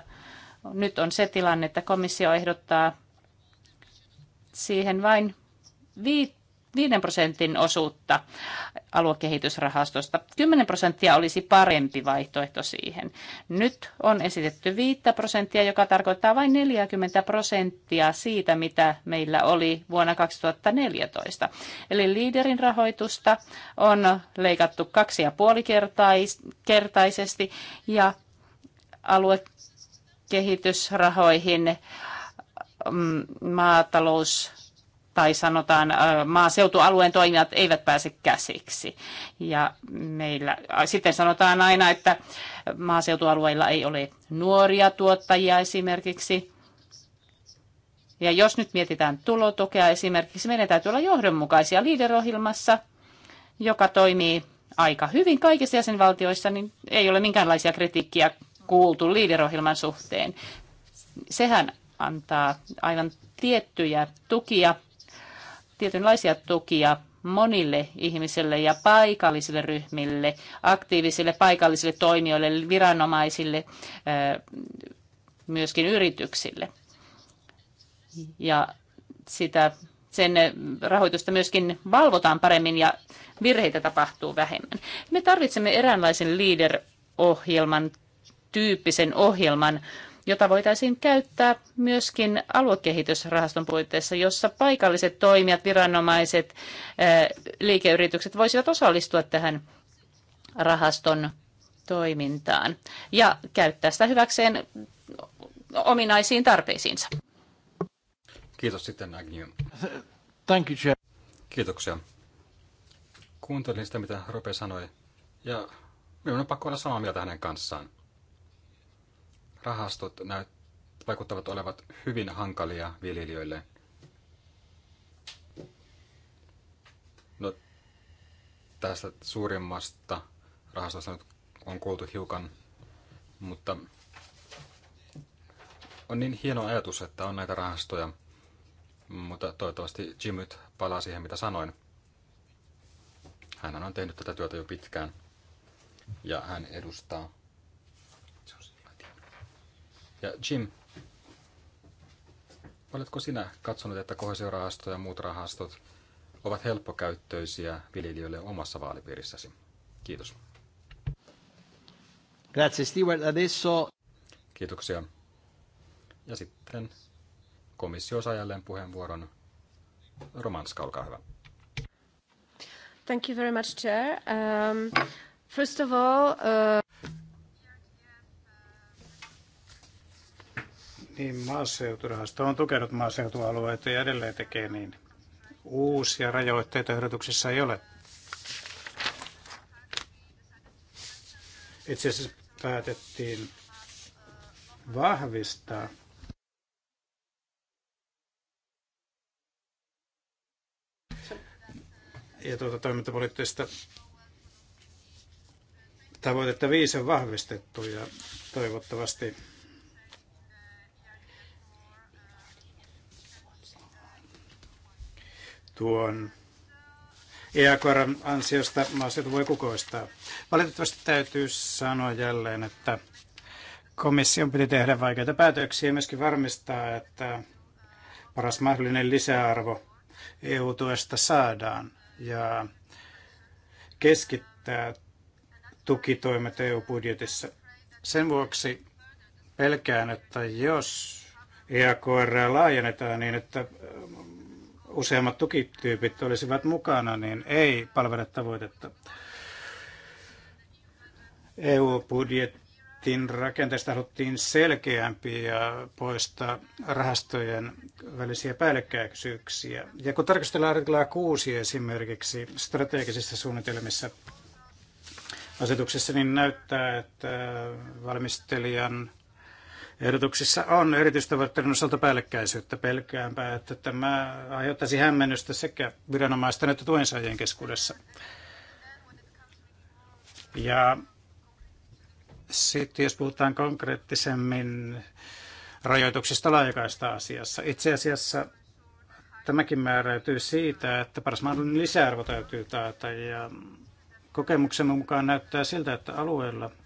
nyt on se tilanne, että komissio ehdottaa siihen vain viit- 5 prosentin osuutta aluekehitysrahastosta. 10 prosenttia olisi parempi vaihtoehto siihen. Nyt on esitetty 5 prosenttia, joka tarkoittaa vain 40 prosenttia siitä, mitä meillä oli vuonna 2014. Eli liiderin rahoitusta on leikattu kaksi ja puoli kertaisesti ja aluekehitysrahoihin mm, maatalous tai sanotaan maaseutualueen toimijat eivät pääse käsiksi. Ja meillä sitten sanotaan aina, että maaseutualueilla ei ole nuoria tuottajia esimerkiksi. Ja jos nyt mietitään tulotukea esimerkiksi, meidän täytyy olla johdonmukaisia liiderohjelmassa, joka toimii aika hyvin kaikissa jäsenvaltioissa, niin ei ole minkäänlaisia kritiikkiä kuultu liiderohjelman suhteen. Sehän antaa aivan tiettyjä tukia tietynlaisia tukia monille ihmisille ja paikallisille ryhmille, aktiivisille paikallisille toimijoille, viranomaisille, myöskin yrityksille. Ja sitä, sen rahoitusta myöskin valvotaan paremmin ja virheitä tapahtuu vähemmän. Me tarvitsemme eräänlaisen leader-ohjelman, tyyppisen ohjelman, jota voitaisiin käyttää myöskin aluekehitysrahaston puitteissa, jossa paikalliset toimijat, viranomaiset, liikeyritykset voisivat osallistua tähän rahaston toimintaan ja käyttää sitä hyväkseen ominaisiin tarpeisiinsa. Kiitos sitten Agnew. Thank you, Chair. Kiitoksia. Kuuntelin sitä, mitä Rope sanoi, ja minun on pakko olla samaa mieltä hänen kanssaan rahastot näyt, vaikuttavat olevat hyvin hankalia viljelijöille. No, tästä suurimmasta rahastosta nyt on kuultu hiukan, mutta on niin hieno ajatus, että on näitä rahastoja, mutta toivottavasti Jimmyt palaa siihen, mitä sanoin. Hän on tehnyt tätä työtä jo pitkään ja hän edustaa ja Jim, oletko sinä katsonut, että kohesiorahasto ja muut rahastot ovat helppokäyttöisiä viljelijöille omassa vaalipiirissäsi? Kiitos. Grazie Stewart. Adesso... Kiitoksia. Ja sitten komissio saa jälleen puheenvuoron. Romanska, olkaa hyvä. Thank you very much, Chair. Um, first of all, uh... Niin, maaseuturahasto on tukenut maaseutualueita ja edelleen tekee niin. Uusia rajoitteita ehdotuksessa ei ole. Itse asiassa päätettiin vahvistaa ja tuota toimintapoliittista tavoitetta viisi on vahvistettu ja toivottavasti tuon EAKRn ansiosta maaseutu voi kukoistaa. Valitettavasti täytyy sanoa jälleen, että komission piti tehdä vaikeita päätöksiä ja myöskin varmistaa, että paras mahdollinen lisäarvo EU-tuesta saadaan ja keskittää tukitoimet EU-budjetissa. Sen vuoksi pelkään, että jos EAKR laajennetaan niin, että useammat tukityypit olisivat mukana, niin ei palvele tavoitetta. EU-budjetin rakenteesta haluttiin selkeämpi ja poistaa rahastojen välisiä päällekkäisyyksiä. Ja kun tarkastellaan artiklaa 6 esimerkiksi strategisissa suunnitelmissa asetuksessa, niin näyttää, että valmistelijan Ehdotuksissa on yritystavoitteiden osalta päällekkäisyyttä. Pelkäänpä, että tämä aiheuttaisi hämmennystä sekä viranomaisten että tuensaajien keskuudessa. Ja sitten jos puhutaan konkreettisemmin rajoituksista laajakaista asiassa. Itse asiassa tämäkin määräytyy siitä, että paras mahdollinen lisäarvo täytyy taata ja kokemuksemme mukaan näyttää siltä, että alueella –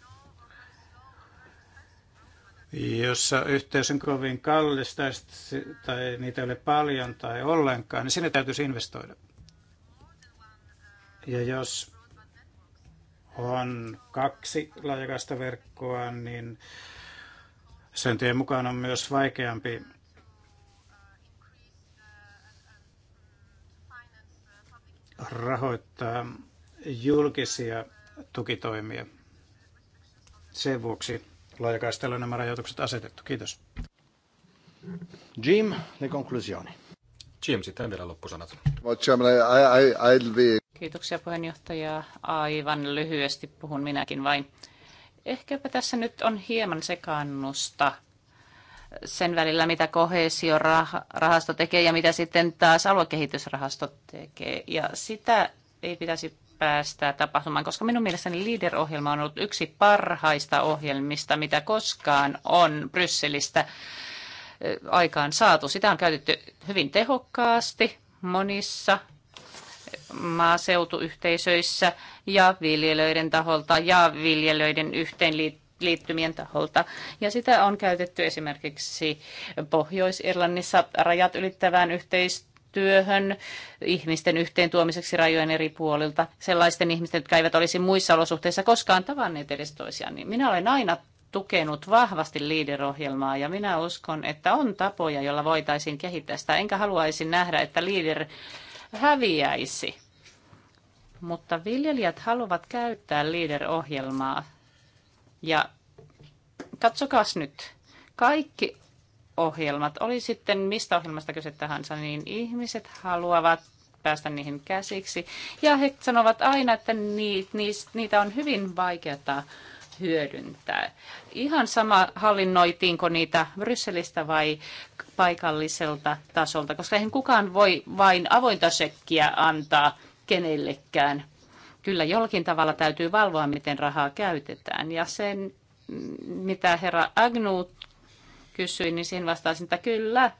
jossa yhteys on kovin kallis tai, tai niitä ei ole paljon tai ollenkaan, niin sinne täytyisi investoida. Ja jos on kaksi verkkoa, niin sen tien mukaan on myös vaikeampi rahoittaa julkisia tukitoimia. Sen vuoksi laajakaistella nämä rajoitukset asetettu. Kiitos. Jim, le conclusioni. Jim, sitten vielä loppusanat. Kiitoksia puheenjohtaja. Aivan lyhyesti puhun minäkin vain. Ehkäpä tässä nyt on hieman sekannusta sen välillä, mitä kohesiorahasto tekee ja mitä sitten taas aluekehitysrahasto tekee. Ja sitä ei pitäisi päästä tapahtumaan, koska minun mielestäni Leader-ohjelma on ollut yksi parhaista ohjelmista, mitä koskaan on Brysselistä eh, aikaan saatu. Sitä on käytetty hyvin tehokkaasti monissa eh, maaseutuyhteisöissä ja viljelijöiden taholta ja viljelijöiden yhteenliittymien taholta. Ja sitä on käytetty esimerkiksi Pohjois-Irlannissa rajat ylittävään yhteistyöhön työhön ihmisten yhteen tuomiseksi rajojen eri puolilta, sellaisten ihmisten, jotka eivät olisi muissa olosuhteissa koskaan tavanneet edes toisiaan, niin minä olen aina tukenut vahvasti liiderohjelmaa ja minä uskon, että on tapoja, joilla voitaisiin kehittää sitä. Enkä haluaisi nähdä, että Leader häviäisi. Mutta viljelijät haluavat käyttää liiderohjelmaa. ja katsokaas nyt. Kaikki ohjelmat. Oli sitten mistä ohjelmasta kyse tahansa, niin ihmiset haluavat päästä niihin käsiksi. Ja he sanovat aina, että niitä on hyvin vaikeata hyödyntää. Ihan sama hallinnoitiinko niitä Brysselistä vai paikalliselta tasolta, koska eihän kukaan voi vain avointa sekkiä antaa kenellekään. Kyllä jollakin tavalla täytyy valvoa, miten rahaa käytetään. Ja sen, mitä herra Agnu kysyin, niin siihen vastasin, että kyllä.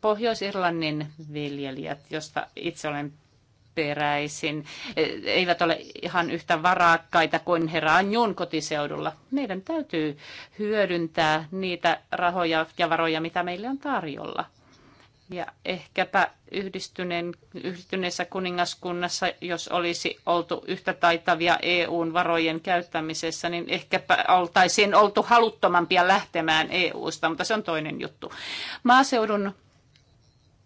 Pohjois-Irlannin viljelijät, josta itse olen peräisin, eivät ole ihan yhtä varakkaita kuin Heranjun kotiseudulla. Meidän täytyy hyödyntää niitä rahoja ja varoja, mitä meille on tarjolla. Ja ehkäpä yhdistyneen, yhdistyneessä kuningaskunnassa, jos olisi oltu yhtä taitavia EUn varojen käyttämisessä, niin ehkäpä oltaisiin oltu haluttomampia lähtemään EUsta, mutta se on toinen juttu. Maaseudun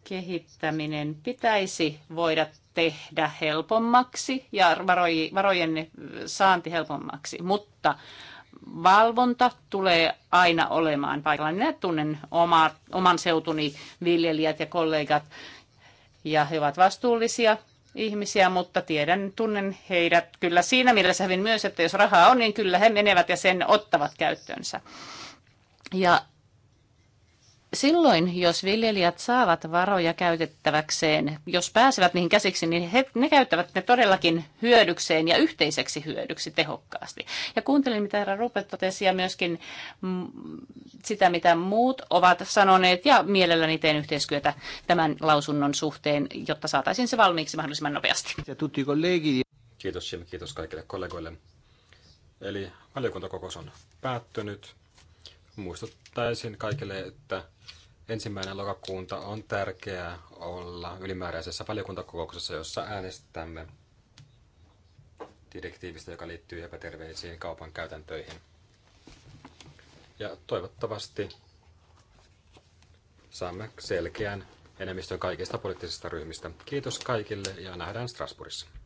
kehittäminen pitäisi voida tehdä helpommaksi ja varojen saanti helpommaksi, mutta valvonta tulee aina olemaan paikalla. Minä tunnen oma, oman seutuni viljelijät ja kollegat ja he ovat vastuullisia ihmisiä, mutta tiedän, tunnen heidät kyllä siinä mielessä hyvin myös, että jos rahaa on, niin kyllä he menevät ja sen ottavat käyttöönsä. Ja silloin, jos viljelijät saavat varoja käytettäväkseen, jos pääsevät niihin käsiksi, niin he, ne käyttävät ne todellakin hyödykseen ja yhteiseksi hyödyksi tehokkaasti. Ja kuuntelin, mitä herra Rupert totesi ja myöskin mm, sitä, mitä muut ovat sanoneet ja mielelläni teen yhteistyötä tämän lausunnon suhteen, jotta saataisiin se valmiiksi mahdollisimman nopeasti. Kiitos Jim, kiitos kaikille kollegoille. Eli valiokuntakokous on päättynyt muistuttaisin kaikille, että ensimmäinen lokakuunta on tärkeää olla ylimääräisessä valiokuntakokouksessa, jossa äänestämme direktiivistä, joka liittyy epäterveisiin kaupan käytäntöihin. Ja toivottavasti saamme selkeän enemmistön kaikista poliittisista ryhmistä. Kiitos kaikille ja nähdään Strasbourgissa.